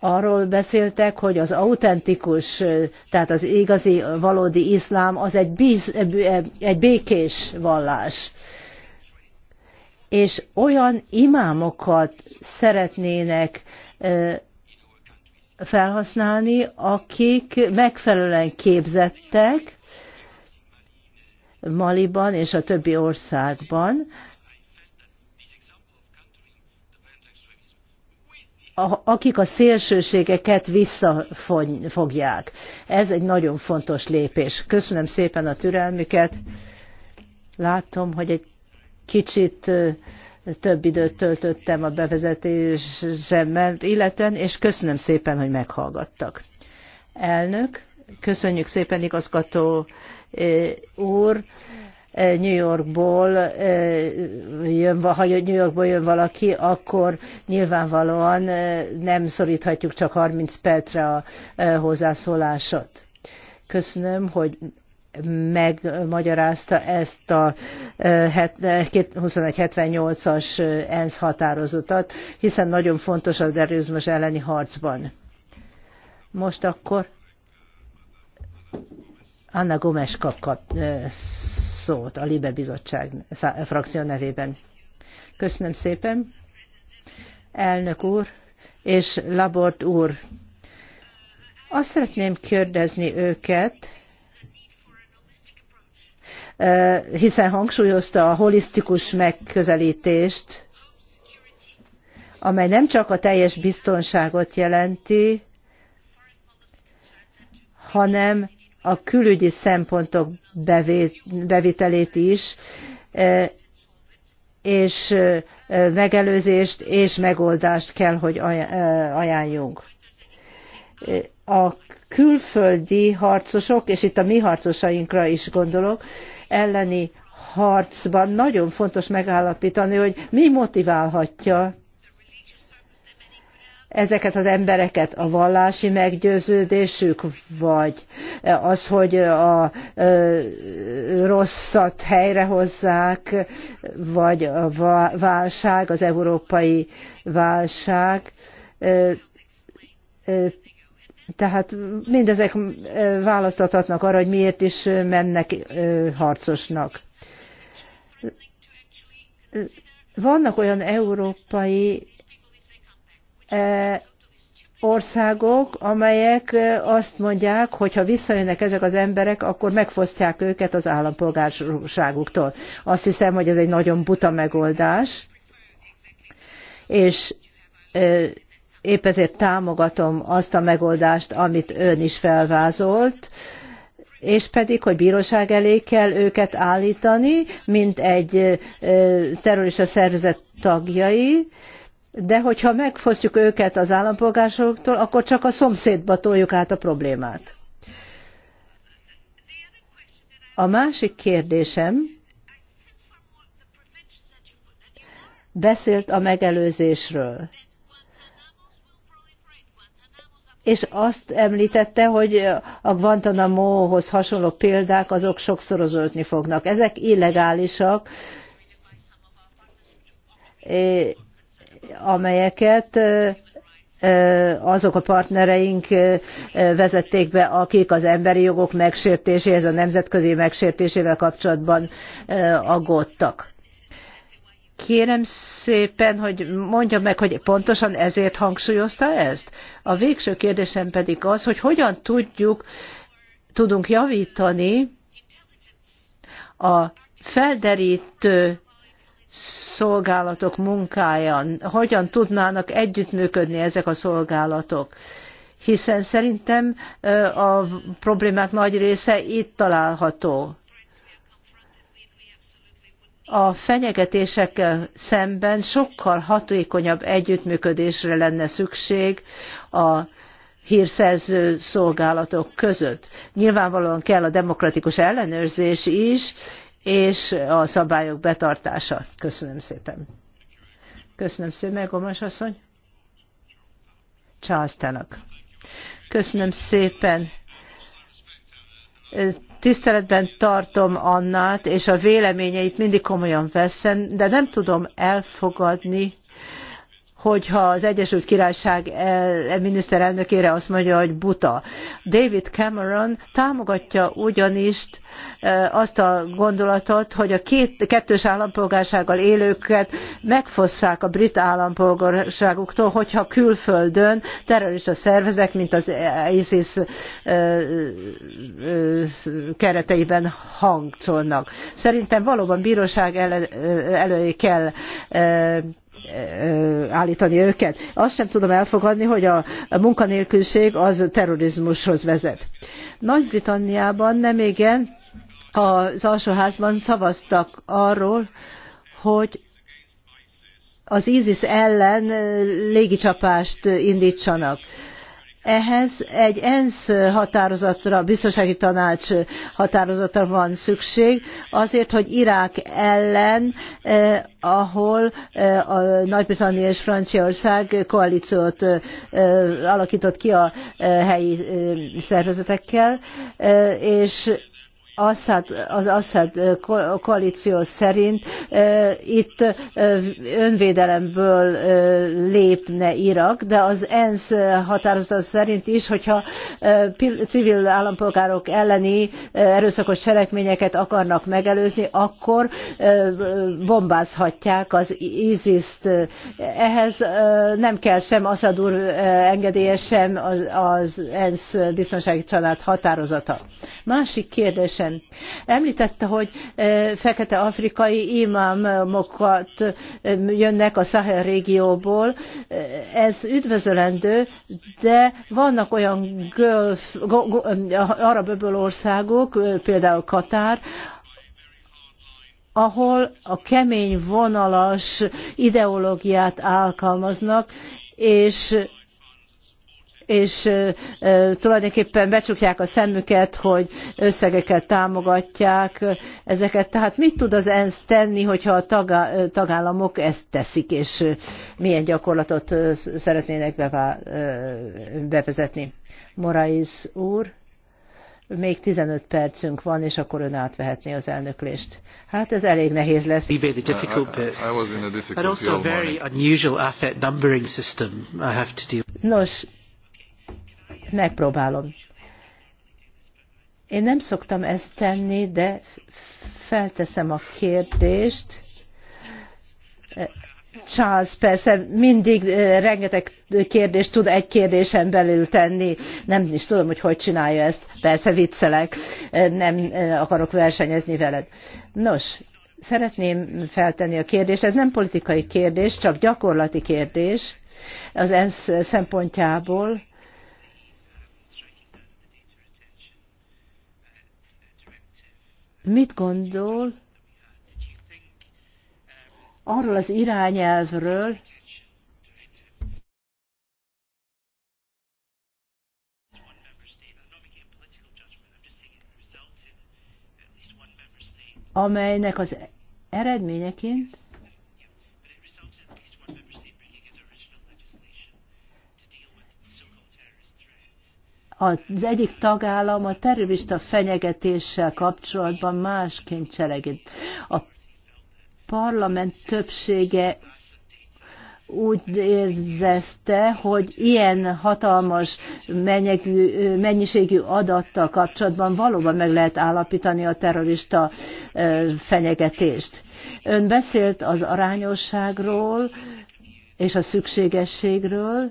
S6: Arról beszéltek, hogy az autentikus, tehát az igazi, valódi iszlám az egy, bíz, egy békés vallás és olyan imámokat szeretnének felhasználni, akik megfelelően képzettek Maliban és a többi országban, akik a szélsőségeket visszafogják. Ez egy nagyon fontos lépés. Köszönöm szépen a türelmüket. Látom, hogy egy kicsit több időt töltöttem a bevezetésemmel, illetően, és köszönöm szépen, hogy meghallgattak. Elnök, köszönjük szépen igazgató úr. New Yorkból jön, ha New Yorkból jön valaki, akkor nyilvánvalóan nem szoríthatjuk csak 30 percre a hozzászólásot. Köszönöm, hogy megmagyarázta ezt a 2178-as e, e, e, ENSZ határozatot, hiszen nagyon fontos az erőzmös elleni harcban. Most akkor Anna Gomes kap, kap szót a Libe Bizottság frakció nevében. Köszönöm szépen, elnök úr és Labort úr. Azt szeretném kérdezni őket, hiszen hangsúlyozta a holisztikus megközelítést, amely nem csak a teljes biztonságot jelenti, hanem a külügyi szempontok bevitelét is, és megelőzést és megoldást kell, hogy ajánljunk. A külföldi harcosok, és itt a mi harcosainkra is gondolok, elleni harcban nagyon fontos megállapítani, hogy mi motiválhatja ezeket az embereket a vallási meggyőződésük, vagy az, hogy a rosszat helyrehozzák, vagy a válság, az európai válság tehát mindezek választathatnak arra, hogy miért is mennek harcosnak. Vannak olyan európai országok, amelyek azt mondják, hogy ha visszajönnek ezek az emberek, akkor megfosztják őket az állampolgárságuktól. Azt hiszem, hogy ez egy nagyon buta megoldás, és épp ezért támogatom azt a megoldást, amit ön is felvázolt, és pedig, hogy bíróság elé kell őket állítani, mint egy terrorista szervezet tagjai, de hogyha megfosztjuk őket az állampolgárságoktól, akkor csak a szomszédba toljuk át a problémát. A másik kérdésem beszélt a megelőzésről és azt említette, hogy a Guantanamo-hoz hasonló példák azok sokszorozódni fognak. Ezek illegálisak, amelyeket azok a partnereink vezették be, akik az emberi jogok megsértéséhez, a nemzetközi megsértésével kapcsolatban aggódtak. Kérem szépen, hogy mondja meg, hogy pontosan ezért hangsúlyozta ezt. A végső kérdésem pedig az, hogy hogyan tudjuk, tudunk javítani a felderítő szolgálatok munkáján, hogyan tudnának együttműködni ezek a szolgálatok. Hiszen szerintem a problémák nagy része itt található a fenyegetésekkel szemben sokkal hatékonyabb együttműködésre lenne szükség a hírszerző szolgálatok között. Nyilvánvalóan kell a demokratikus ellenőrzés is, és a szabályok betartása. Köszönöm szépen. Köszönöm szépen, Gomas asszony. Charles Tanak. Köszönöm szépen tiszteletben tartom Annát, és a véleményeit mindig komolyan veszem, de nem tudom elfogadni hogyha az Egyesült Királyság miniszterelnökére azt mondja, hogy buta. David Cameron támogatja ugyanis azt a gondolatot, hogy a két, kettős állampolgársággal élőket megfosszák a brit állampolgárságuktól, hogyha külföldön terrorista szervezek, mint az ISIS kereteiben hangcolnak. Szerintem valóban bíróság elő kell állítani őket. Azt sem tudom elfogadni, hogy a munkanélküliség az terrorizmushoz vezet. Nagy-Britanniában nem igen az alsóházban szavaztak arról, hogy az ISIS ellen légicsapást indítsanak ehhez egy ENSZ határozatra, biztonsági tanács határozatra van szükség, azért, hogy Irák ellen, eh, ahol eh, a Nagy-Britannia és Franciaország koalíciót eh, alakított ki a eh, helyi eh, szervezetekkel, eh, és Assad, az Assad koalíció szerint itt önvédelemből lépne Irak, de az ENSZ határozat szerint is, hogyha civil állampolgárok elleni erőszakos cselekményeket akarnak megelőzni, akkor bombázhatják az ISIS-t. Ehhez nem kell sem Assad úr engedélye, sem az, az ENSZ biztonsági család határozata. Másik kérdésem területen. Említette, hogy e, fekete afrikai imámokat e, jönnek a Sahel régióból. E, ez üdvözölendő, de vannak olyan gölf, go, go, arab öböl országok, például Katár, ahol a kemény vonalas ideológiát alkalmaznak, és és tulajdonképpen becsukják a szemüket, hogy összegeket támogatják ezeket. Tehát mit tud az ENSZ tenni, hogyha a tagállamok ezt teszik, és milyen gyakorlatot szeretnének bevezetni? Morais úr még 15 percünk van, és akkor ön átvehetné az elnöklést. Hát ez elég nehéz lesz. I, I, I was in a difficult But also a very unusual affect numbering system I have to deal. Nos, megpróbálom. Én nem szoktam ezt tenni, de felteszem a kérdést. Charles persze mindig eh, rengeteg kérdést tud egy kérdésen belül tenni. Nem is tudom, hogy hogy csinálja ezt. Persze viccelek, eh, nem eh, akarok versenyezni veled. Nos, szeretném feltenni a kérdést. Ez nem politikai kérdés, csak gyakorlati kérdés az ENSZ szempontjából Mit gondol arról az irányelvről,
S3: amelynek az
S6: eredményeként Az egyik tagállam a terrorista fenyegetéssel kapcsolatban másként cselekedett. A parlament többsége úgy érzezte, hogy ilyen hatalmas mennyegű, mennyiségű adattal kapcsolatban valóban meg lehet állapítani a terrorista fenyegetést. Ön beszélt az arányosságról és a szükségességről,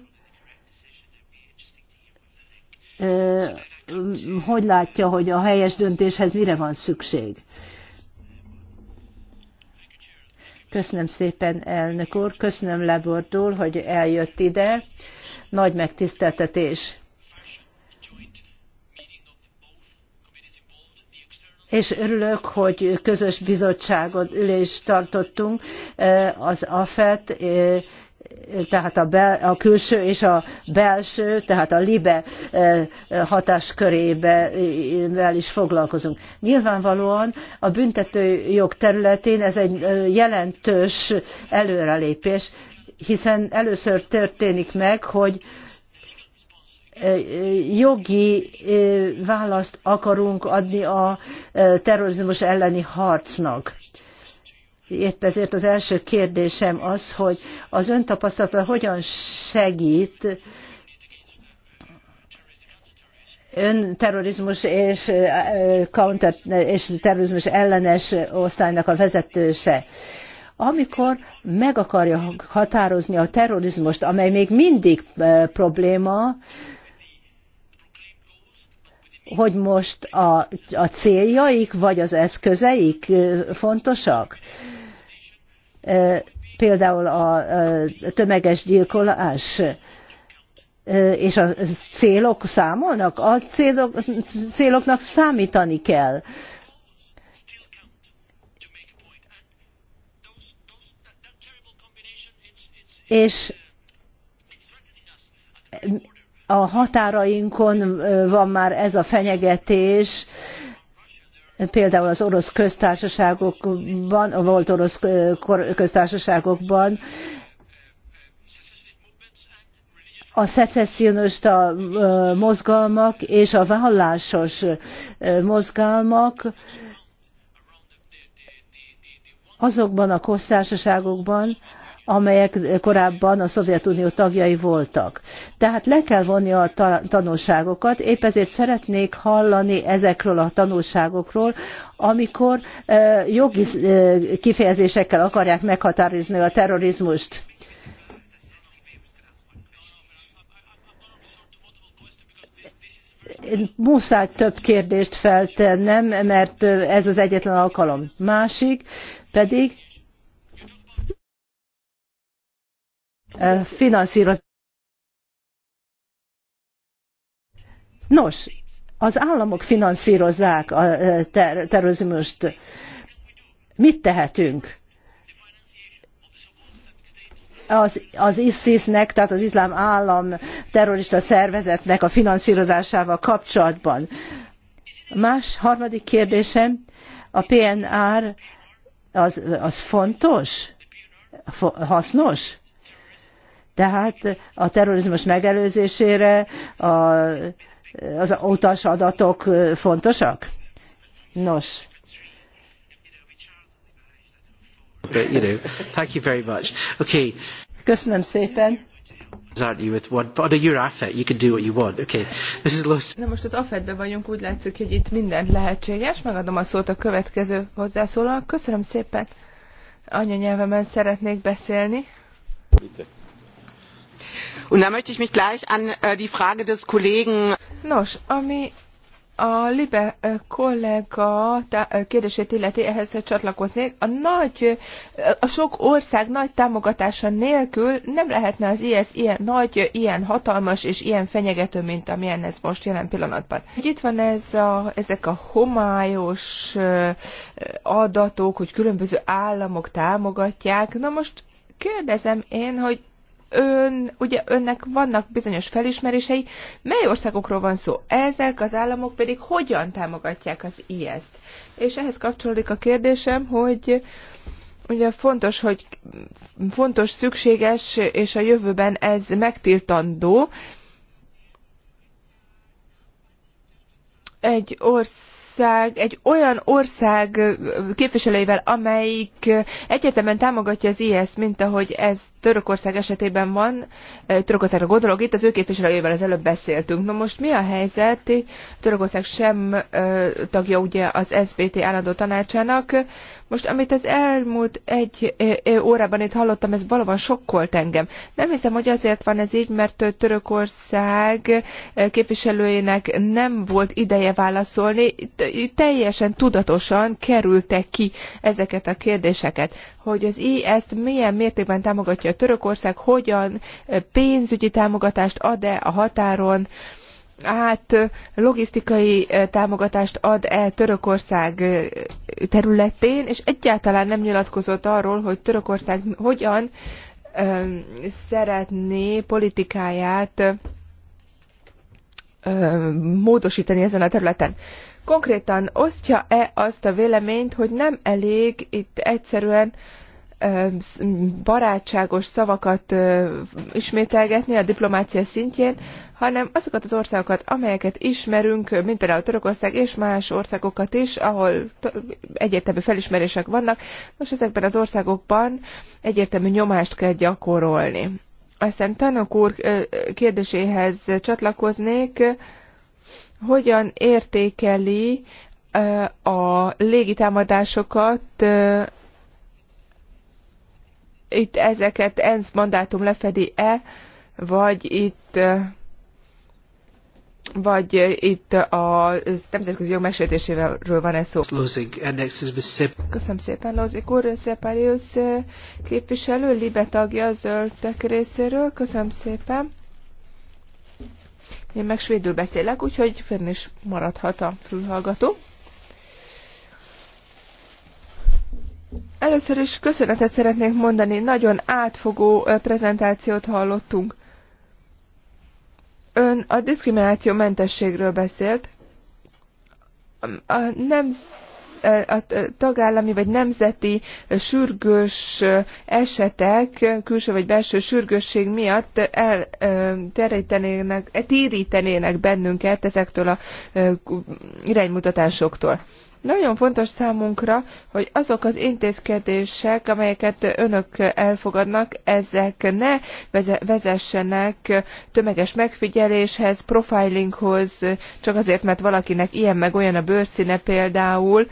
S6: hogy látja, hogy a helyes döntéshez mire van szükség. Köszönöm szépen, elnök úr, köszönöm Lebordul, hogy eljött ide. Nagy megtiszteltetés. és örülök, hogy közös bizottságot ülést tartottunk az AFET tehát a, bel, a külső és a belső, tehát a libe eh, hatáskörével is foglalkozunk. Nyilvánvalóan a jog területén ez egy eh, jelentős előrelépés, hiszen először történik meg, hogy eh, jogi választ akarunk adni a terrorizmus elleni harcnak Épp ezért az első kérdésem az, hogy az ön tapasztalata hogyan segít ön terrorizmus és, counter, és terrorizmus ellenes osztálynak a vezetőse. Amikor meg akarja határozni a terrorizmust, amely még mindig probléma, hogy most a, a céljaik vagy az eszközeik fontosak? például a tömeges gyilkolás és a célok számolnak, a célok, céloknak számítani kell. És a határainkon van már ez a fenyegetés, például az orosz köztársaságokban, volt orosz köztársaságokban, a szecessionista mozgalmak és a vallásos mozgalmak azokban a köztársaságokban, amelyek korábban a Szovjetunió tagjai voltak. Tehát le kell vonni a tanulságokat, épp ezért szeretnék hallani ezekről a tanulságokról, amikor e, jogi e, kifejezésekkel akarják meghatározni a terrorizmust. muszáj több kérdést feltennem, mert ez az egyetlen alkalom. Másik pedig finanszírozása. Nos, az államok finanszírozzák a ter terrorizmust. Mit tehetünk? Az, az ISIS-nek, tehát az iszlám állam terrorista szervezetnek a finanszírozásával kapcsolatban. Más harmadik kérdésem, a PNR az, az fontos, hasznos? Tehát a terrorizmus megelőzésére a, az utas adatok fontosak? Nos. Köszönöm szépen
S2: Na most az afet vagyunk, úgy látszik, hogy itt minden lehetséges. Megadom a szót a következő hozzászólónak. Köszönöm szépen. Anyanyelvemen szeretnék beszélni. Und da möchte ich mich gleich an äh, die Frage des Kollegen. Nos, ami a Libe äh, kollega äh, kérdését illeti ehhez csatlakoznék. A nagy, a sok ország nagy támogatása nélkül nem lehetne az IS ilyen nagy, ilyen hatalmas és ilyen fenyegető, mint amilyen ez most jelen pillanatban. Itt van ez a, ezek a homályos adatok, hogy különböző államok támogatják. Na most kérdezem én, hogy ön, ugye önnek vannak bizonyos felismerései, mely országokról van szó? Ezek az államok pedig hogyan támogatják az IS-t? És ehhez kapcsolódik a kérdésem, hogy ugye fontos, hogy fontos, szükséges, és a jövőben ez megtiltandó. Egy ország egy olyan ország képviselőivel, amelyik egyértelműen támogatja az IS, mint ahogy ezt Törökország esetében van, Törökországra gondolok, itt az ő képviselőjével az előbb beszéltünk. Na most mi a helyzet? Törökország sem tagja ugye az SBT állandó tanácsának. Most amit az elmúlt egy órában itt hallottam, ez valóban sokkolt engem. Nem hiszem, hogy azért van ez így, mert Törökország képviselőjének nem volt ideje válaszolni, teljesen tudatosan kerültek ki ezeket a kérdéseket hogy az I ezt milyen mértékben támogatja a Törökország, hogyan pénzügyi támogatást ad-e a határon, át logisztikai támogatást ad-e Törökország területén, és egyáltalán nem nyilatkozott arról, hogy Törökország hogyan szeretné politikáját módosítani ezen a területen konkrétan osztja-e azt a véleményt, hogy nem elég itt egyszerűen barátságos szavakat ismételgetni a diplomácia szintjén, hanem azokat az országokat, amelyeket ismerünk, mint például Törökország és más országokat is, ahol egyértelmű felismerések vannak, most ezekben az országokban egyértelmű nyomást kell gyakorolni. Aztán Tanok úr kérdéséhez csatlakoznék, hogyan értékeli a légitámadásokat, itt ezeket ENSZ mandátum lefedi-e, vagy itt vagy itt a nemzetközi jog megsértéséről van ez szó. Köszönöm szépen, Lózik úr, Szeparius képviselő, Libe tagja a zöldtek részéről. Köszönöm szépen. Én meg svédül beszélek, úgyhogy fenn is maradhat a fülhallgató. Először is köszönetet szeretnék mondani, nagyon átfogó prezentációt hallottunk. Ön a diszkrimináció mentességről beszélt. A nem a tagállami vagy nemzeti sürgős esetek, külső vagy belső sürgősség miatt eltérítenének, térítenének bennünket ezektől a iránymutatásoktól. Nagyon fontos számunkra, hogy azok az intézkedések, amelyeket önök elfogadnak, ezek ne vezessenek tömeges megfigyeléshez, profilinghoz, csak azért, mert valakinek ilyen meg olyan a bőrszíne például,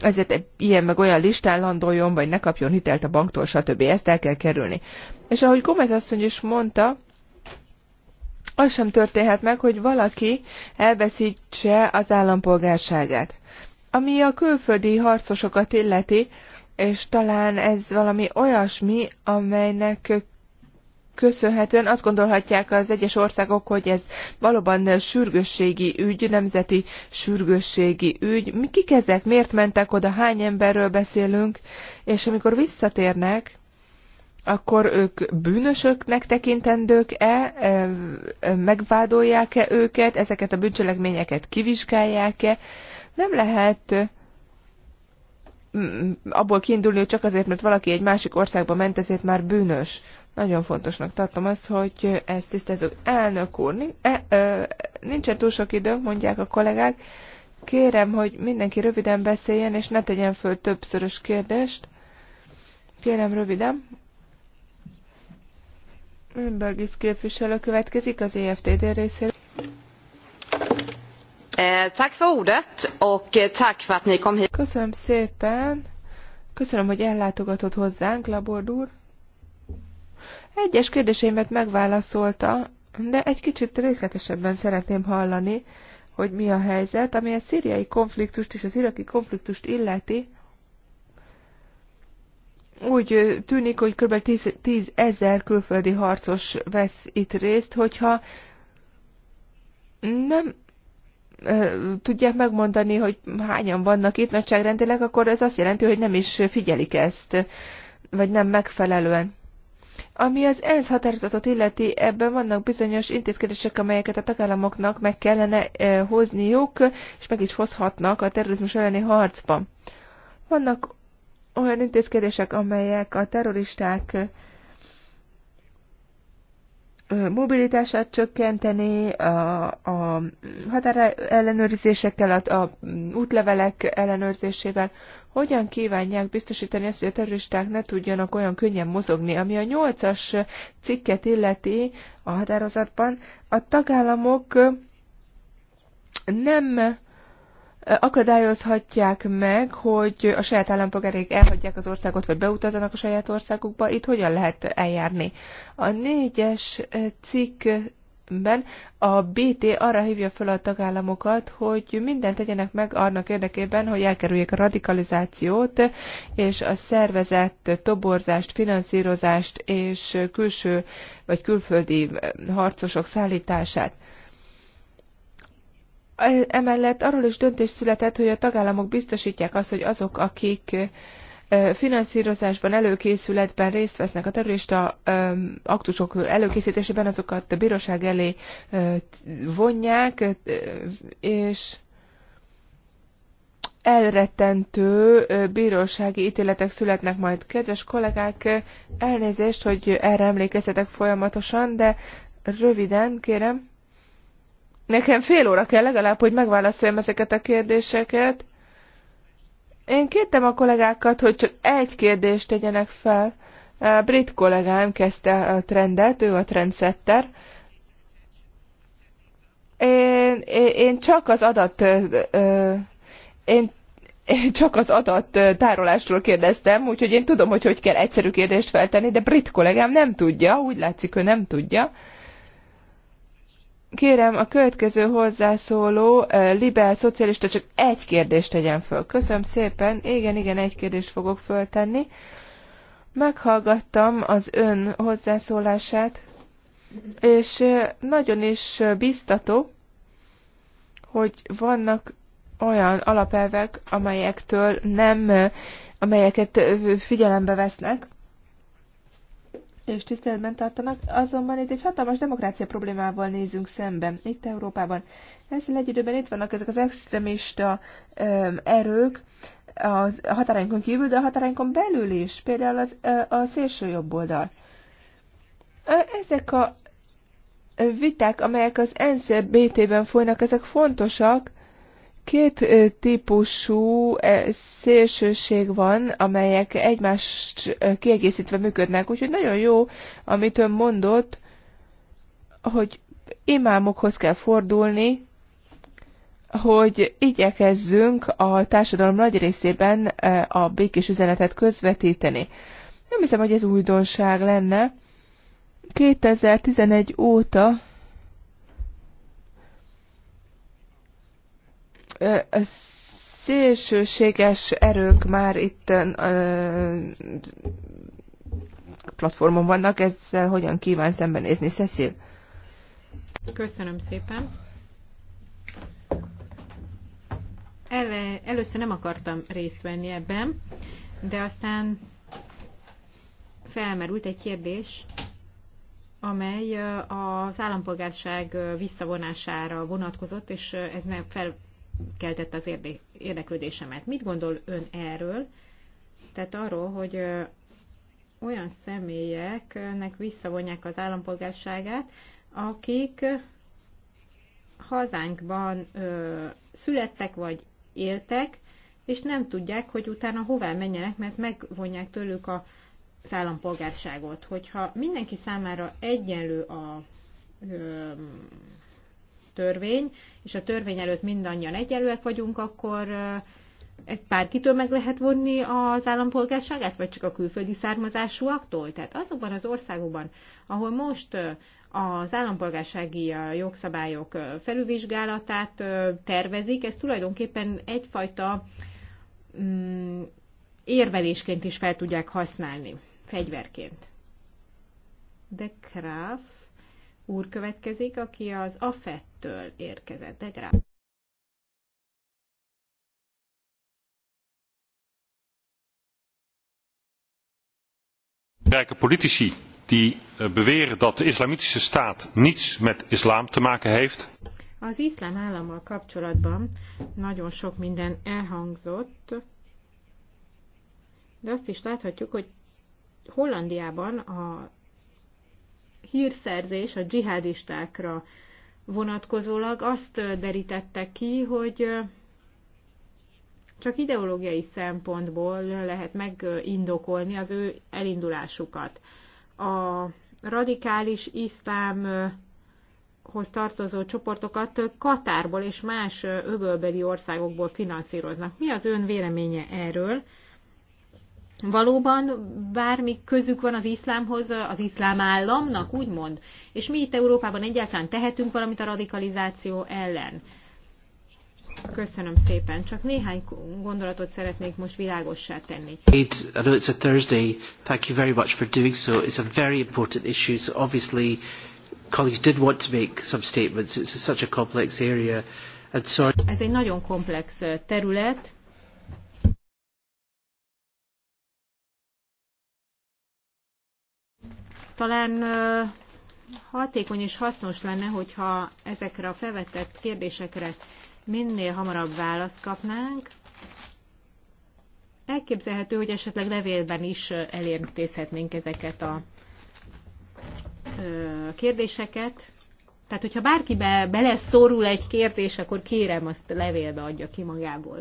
S2: ezért ilyen meg olyan listán landoljon, vagy ne kapjon hitelt a banktól, stb. Ezt el kell kerülni. És ahogy Gomez asszony is mondta, az sem történhet meg, hogy valaki elveszítse az állampolgárságát. Ami a külföldi harcosokat illeti, és talán ez valami olyasmi, amelynek köszönhetően azt gondolhatják az egyes országok, hogy ez valóban sürgősségi ügy, nemzeti sürgősségi ügy. Mi kik ezek? Miért mentek oda? Hány emberről beszélünk? És amikor visszatérnek, akkor ők bűnösöknek tekintendők-e, megvádolják-e őket, ezeket a bűncselekményeket kivizsgálják-e, nem lehet mm, abból kiindulni, hogy csak azért, mert valaki egy másik országba ment, ezért már bűnös. Nagyon fontosnak tartom azt, hogy ezt tisztázok. Elnök úr, e, nincsen túl sok időnk, mondják a kollégák. Kérem, hogy mindenki röviden beszéljen, és ne tegyen föl többszörös kérdést. Kérem, röviden. Limbergis képviselő következik az EFTD részéről. Eh, eh, Köszönöm szépen. Köszönöm, hogy ellátogatott hozzánk, Labord úr. Egyes kérdéseimet megválaszolta, de egy kicsit részletesebben szeretném hallani, hogy mi a helyzet, ami a szíriai konfliktust és az iraki konfliktust illeti. Úgy eh, tűnik, hogy kb. 10, 10 ezer külföldi harcos vesz itt részt, hogyha nem tudják megmondani, hogy hányan vannak itt nagyságrendileg, akkor ez azt jelenti, hogy nem is figyelik ezt, vagy nem megfelelően. Ami az ENSZ határozatot illeti, ebben vannak bizonyos intézkedések, amelyeket a tagállamoknak meg kellene hozniuk, és meg is hozhatnak a terrorizmus elleni harcban. Vannak olyan intézkedések, amelyek a terroristák mobilitását csökkenteni, a, a határellenőrzésekkel, a, a útlevelek ellenőrzésével, hogyan kívánják biztosítani ezt, hogy a terroristák ne tudjanak olyan könnyen mozogni, ami a nyolcas cikket illeti a határozatban, a tagállamok nem akadályozhatják meg, hogy a saját állampolgáraik elhagyják az országot, vagy beutazanak a saját országukba. Itt hogyan lehet eljárni? A négyes eh, cikkben a BT arra hívja fel a tagállamokat, hogy mindent tegyenek meg annak érdekében, hogy elkerüljék a radikalizációt és a szervezett toborzást, finanszírozást és külső vagy külföldi eh, harcosok szállítását. Emellett arról is döntés született, hogy a tagállamok biztosítják azt, hogy azok, akik finanszírozásban, előkészületben részt vesznek a terrorista aktusok előkészítésében, azokat a bíróság elé vonják, és elrettentő bírósági ítéletek születnek majd. Kedves kollégák, elnézést, hogy erre emlékeztetek folyamatosan, de röviden kérem. Nekem fél óra kell legalább, hogy megválaszoljam ezeket a kérdéseket. Én kértem a kollégákat, hogy csak egy kérdést tegyenek fel. A brit kollégám kezdte a trendet, ő a trendsetter. Én, én csak az adat... Én csak az adat tárolásról kérdeztem, úgyhogy én tudom, hogy hogy kell egyszerű kérdést feltenni, de brit kollégám nem tudja, úgy látszik, ő nem tudja. Kérem, a következő hozzászóló, eh, liberál, szocialista, csak egy kérdést tegyen föl. Köszönöm szépen. Igen, igen, egy kérdést fogok föltenni. Meghallgattam az ön hozzászólását, és eh, nagyon is biztató, hogy vannak olyan alapelvek, amelyektől nem, eh, amelyeket figyelembe vesznek, és tiszteletben tartanak, azonban itt egy hatalmas demokrácia problémával nézünk szembe, itt Európában. Ezzel egy időben itt vannak ezek az extremista ö, erők, az határainkon kívül, de a határainkon belül is, például az, a szélső jobb oldal. Ezek a viták, amelyek az ncbt ben folynak, ezek fontosak, Két típusú szélsőség van, amelyek egymást kiegészítve működnek, úgyhogy nagyon jó, amit ön mondott, hogy imámokhoz kell fordulni, hogy igyekezzünk a társadalom nagy részében a békés üzenetet közvetíteni. Nem hiszem, hogy ez újdonság lenne. 2011 óta A szélsőséges erők már itt platformon vannak, ezzel hogyan kíván szembenézni, Cecil?
S5: Köszönöm szépen. El, először nem akartam részt venni ebben, de aztán felmerült egy kérdés, amely az állampolgárság visszavonására vonatkozott, és ez nem fel, keltette az érdeklődésemet. Mit gondol ön erről? Tehát arról, hogy olyan személyeknek visszavonják az állampolgárságát, akik hazánkban ö, születtek vagy éltek, és nem tudják, hogy utána hová menjenek, mert megvonják tőlük a, az állampolgárságot. Hogyha mindenki számára egyenlő a ö, törvény, és a törvény előtt mindannyian egyenlőek vagyunk, akkor ezt bárkitől meg lehet vonni az állampolgárságát, vagy csak a külföldi származásúaktól? Tehát azokban az országokban, ahol most az állampolgársági jogszabályok felülvizsgálatát tervezik, ez tulajdonképpen egyfajta mm, érvelésként is fel tudják használni, fegyverként. De Kraf úr következik, aki az AFET től érkezett. De grá.
S4: Rijke politici die eh, beweren dat de islamitische staat niets met islam te maken heeft.
S5: Az iszlám állammal kapcsolatban nagyon sok minden elhangzott, de azt is láthatjuk, hogy Hollandiában a hírszerzés a dzsihadistákra vonatkozólag azt derítette ki, hogy csak ideológiai szempontból lehet megindokolni az ő elindulásukat. A radikális iszlámhoz tartozó csoportokat Katárból és más öbölbeli országokból finanszíroznak. Mi az ön véleménye erről? valóban bármi közük van az iszlámhoz, az iszlám államnak, úgymond? És mi itt Európában egyáltalán tehetünk valamit a radikalizáció ellen? Köszönöm szépen. Csak néhány gondolatot szeretnék most világossá tenni.
S6: I it's a Thursday. Thank you very much for doing so. It's a very important issue. So obviously colleagues did want
S3: to make some statements. It's such a complex area. And so.
S5: Ez egy nagyon komplex uh, terület talán hatékony és hasznos lenne, hogyha ezekre a felvetett kérdésekre minél hamarabb választ kapnánk. Elképzelhető, hogy esetleg levélben is elintézhetnénk ezeket a kérdéseket. Tehát, hogyha bárkibe beleszorul egy kérdés, akkor kérem, azt levélbe adja ki magából.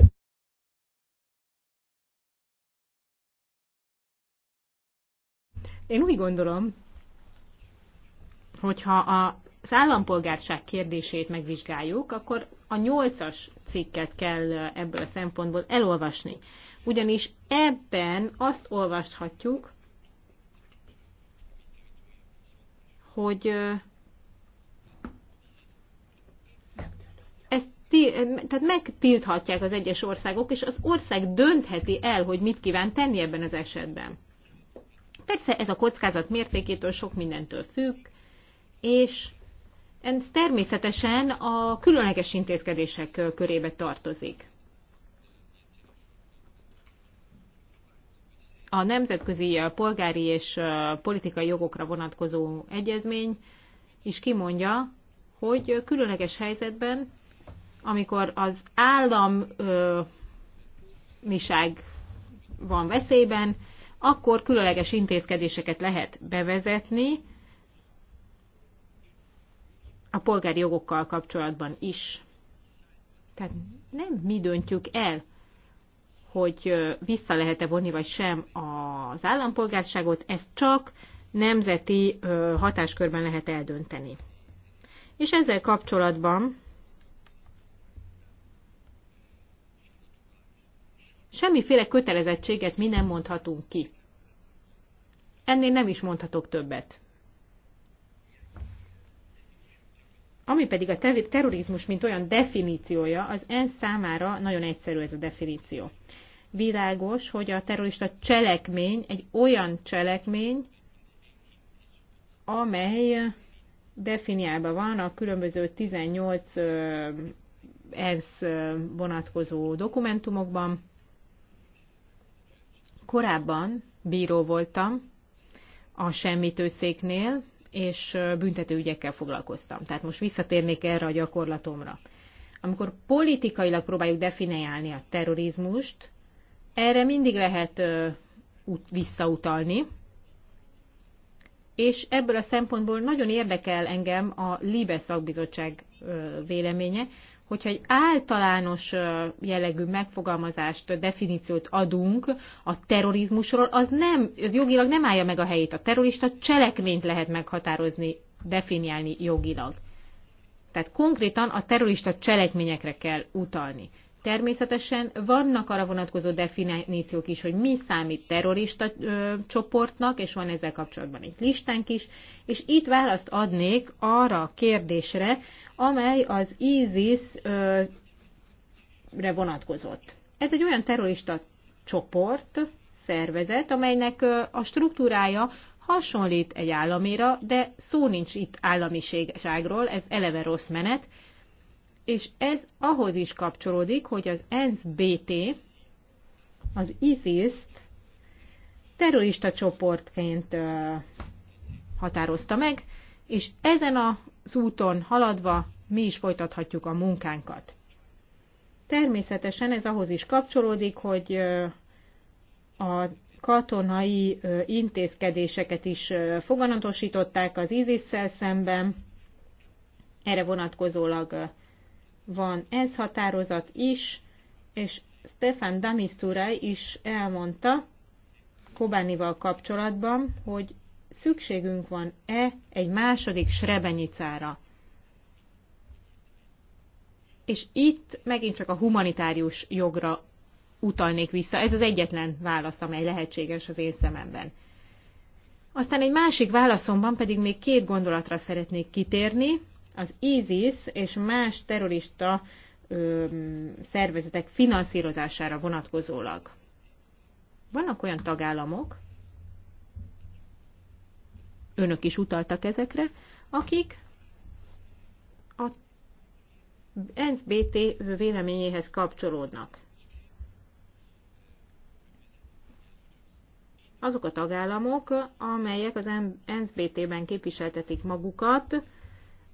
S5: Én úgy gondolom, hogyha a az állampolgárság kérdését megvizsgáljuk, akkor a nyolcas cikket kell ebből a szempontból elolvasni. Ugyanis ebben azt olvashatjuk, hogy ezt tehát megtilthatják az egyes országok, és az ország döntheti el, hogy mit kíván tenni ebben az esetben. Persze ez a kockázat mértékétől sok mindentől függ, és ez természetesen a különleges intézkedések körébe tartozik. A nemzetközi polgári és politikai jogokra vonatkozó egyezmény is kimondja, hogy különleges helyzetben, amikor az államiság van veszélyben, akkor különleges intézkedéseket lehet bevezetni, a polgári jogokkal kapcsolatban is. Tehát nem mi döntjük el, hogy vissza lehet-e vonni vagy sem az állampolgárságot, ezt csak nemzeti hatáskörben lehet eldönteni. És ezzel kapcsolatban semmiféle kötelezettséget mi nem mondhatunk ki. Ennél nem is mondhatok többet. Ami pedig a terrorizmus, mint olyan definíciója, az ENSZ számára nagyon egyszerű ez a definíció. Világos, hogy a terrorista cselekmény egy olyan cselekmény, amely definiálva van a különböző 18 ENSZ vonatkozó dokumentumokban. Korábban bíró voltam a semmitőszéknél, és büntetőügyekkel foglalkoztam. Tehát most visszatérnék erre a gyakorlatomra. Amikor politikailag próbáljuk definiálni a terrorizmust, erre mindig lehet visszautalni, és ebből a szempontból nagyon érdekel engem a Libe szakbizottság véleménye, hogyha egy általános jellegű megfogalmazást, definíciót adunk a terrorizmusról, az nem, az jogilag nem állja meg a helyét. A terrorista cselekményt lehet meghatározni, definiálni jogilag. Tehát konkrétan a terrorista cselekményekre kell utalni. Természetesen vannak arra vonatkozó definíciók is, hogy mi számít terrorista ö, csoportnak, és van ezzel kapcsolatban egy listánk is, és itt választ adnék arra a kérdésre, amely az ISIS-re vonatkozott. Ez egy olyan terrorista csoport, szervezet, amelynek a struktúrája hasonlít egy államira, de szó nincs itt államiségságról, ez eleve rossz menet, és ez ahhoz is kapcsolódik, hogy az ENSZ-BT, az ISIS-t terrorista csoportként határozta meg, és ezen az úton haladva mi is folytathatjuk a munkánkat. Természetesen ez ahhoz is kapcsolódik, hogy a katonai intézkedéseket is foganatosították az ISIS-szel szemben, erre vonatkozólag van ez határozat is, és Stefan Damiszturai is elmondta Kobánival kapcsolatban, hogy szükségünk van-e egy második srebenyicára. És itt megint csak a humanitárius jogra utalnék vissza. Ez az egyetlen válasz, amely lehetséges az én szememben. Aztán egy másik válaszomban pedig még két gondolatra szeretnék kitérni, az ISIS és más terrorista ö, szervezetek finanszírozására vonatkozólag. Vannak olyan tagállamok, önök is utaltak ezekre, akik a NSBT véleményéhez kapcsolódnak. Azok a tagállamok, amelyek az NSBT-ben képviseltetik magukat,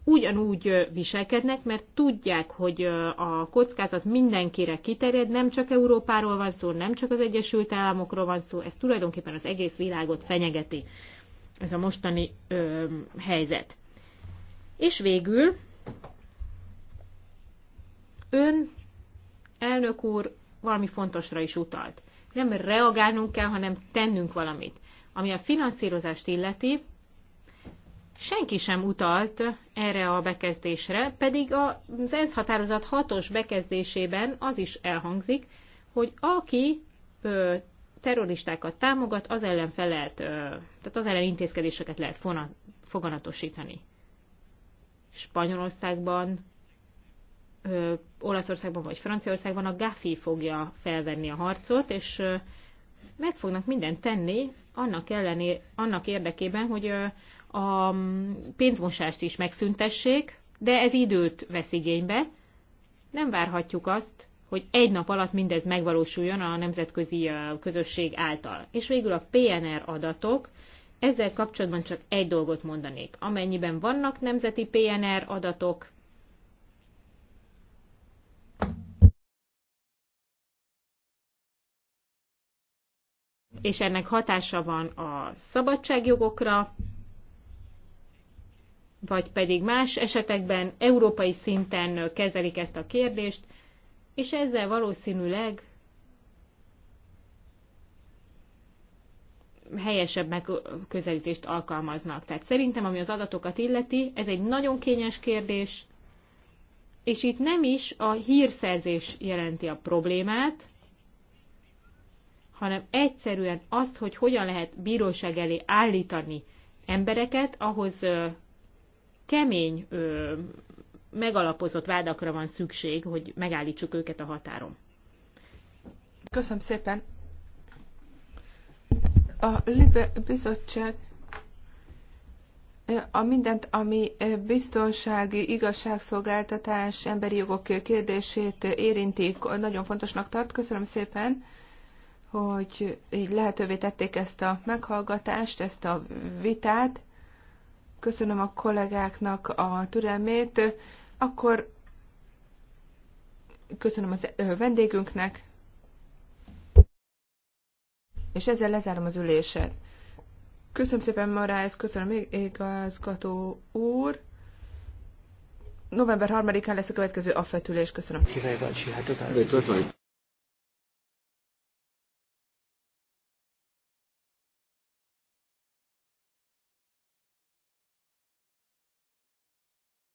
S5: ugyanúgy viselkednek, mert tudják, hogy a kockázat mindenkire kiterjed, nem csak Európáról van szó, nem csak az Egyesült Államokról van szó, ez tulajdonképpen az egész világot fenyegeti ez a mostani ö, helyzet. És végül ön, elnök úr, valami fontosra is utalt. Nem reagálnunk kell, hanem tennünk valamit. Ami a finanszírozást illeti, senki sem utalt erre a bekezdésre, pedig az ENSZ határozat hatos bekezdésében az is elhangzik, hogy aki ö, terroristákat támogat, az ellen fel lehet, ö, tehát az ellen intézkedéseket lehet fona, foganatosítani. Spanyolországban, ö, Olaszországban vagy Franciaországban a Gafi fogja felvenni a harcot, és ö, meg fognak mindent tenni annak, ellené, annak érdekében, hogy ö, a pénzmosást is megszüntessék, de ez időt vesz igénybe. Nem várhatjuk azt, hogy egy nap alatt mindez megvalósuljon a nemzetközi közösség által. És végül a PNR adatok, ezzel kapcsolatban csak egy dolgot mondanék. Amennyiben vannak nemzeti PNR adatok, és ennek hatása van a szabadságjogokra, vagy pedig más esetekben európai szinten kezelik ezt a kérdést, és ezzel valószínűleg helyesebb megközelítést alkalmaznak. Tehát szerintem, ami az adatokat illeti, ez egy nagyon kényes kérdés, és itt nem is a hírszerzés jelenti a problémát, hanem egyszerűen azt, hogy hogyan lehet bíróság elé állítani embereket, ahhoz kemény, ö, megalapozott vádakra van szükség, hogy megállítsuk őket a határon.
S2: Köszönöm szépen. A Libe Bizottság a mindent, ami biztonsági, igazságszolgáltatás, emberi jogok kérdését érinti, nagyon fontosnak tart. Köszönöm szépen, hogy így lehetővé tették ezt a meghallgatást, ezt a vitát köszönöm a kollégáknak a türelmét, akkor köszönöm az vendégünknek, és ezzel lezárom az ülésed. Köszönöm szépen, Marász, köszönöm még igazgató úr. November 3-án lesz a következő affetülés. Köszönöm.
S3: Köszönöm.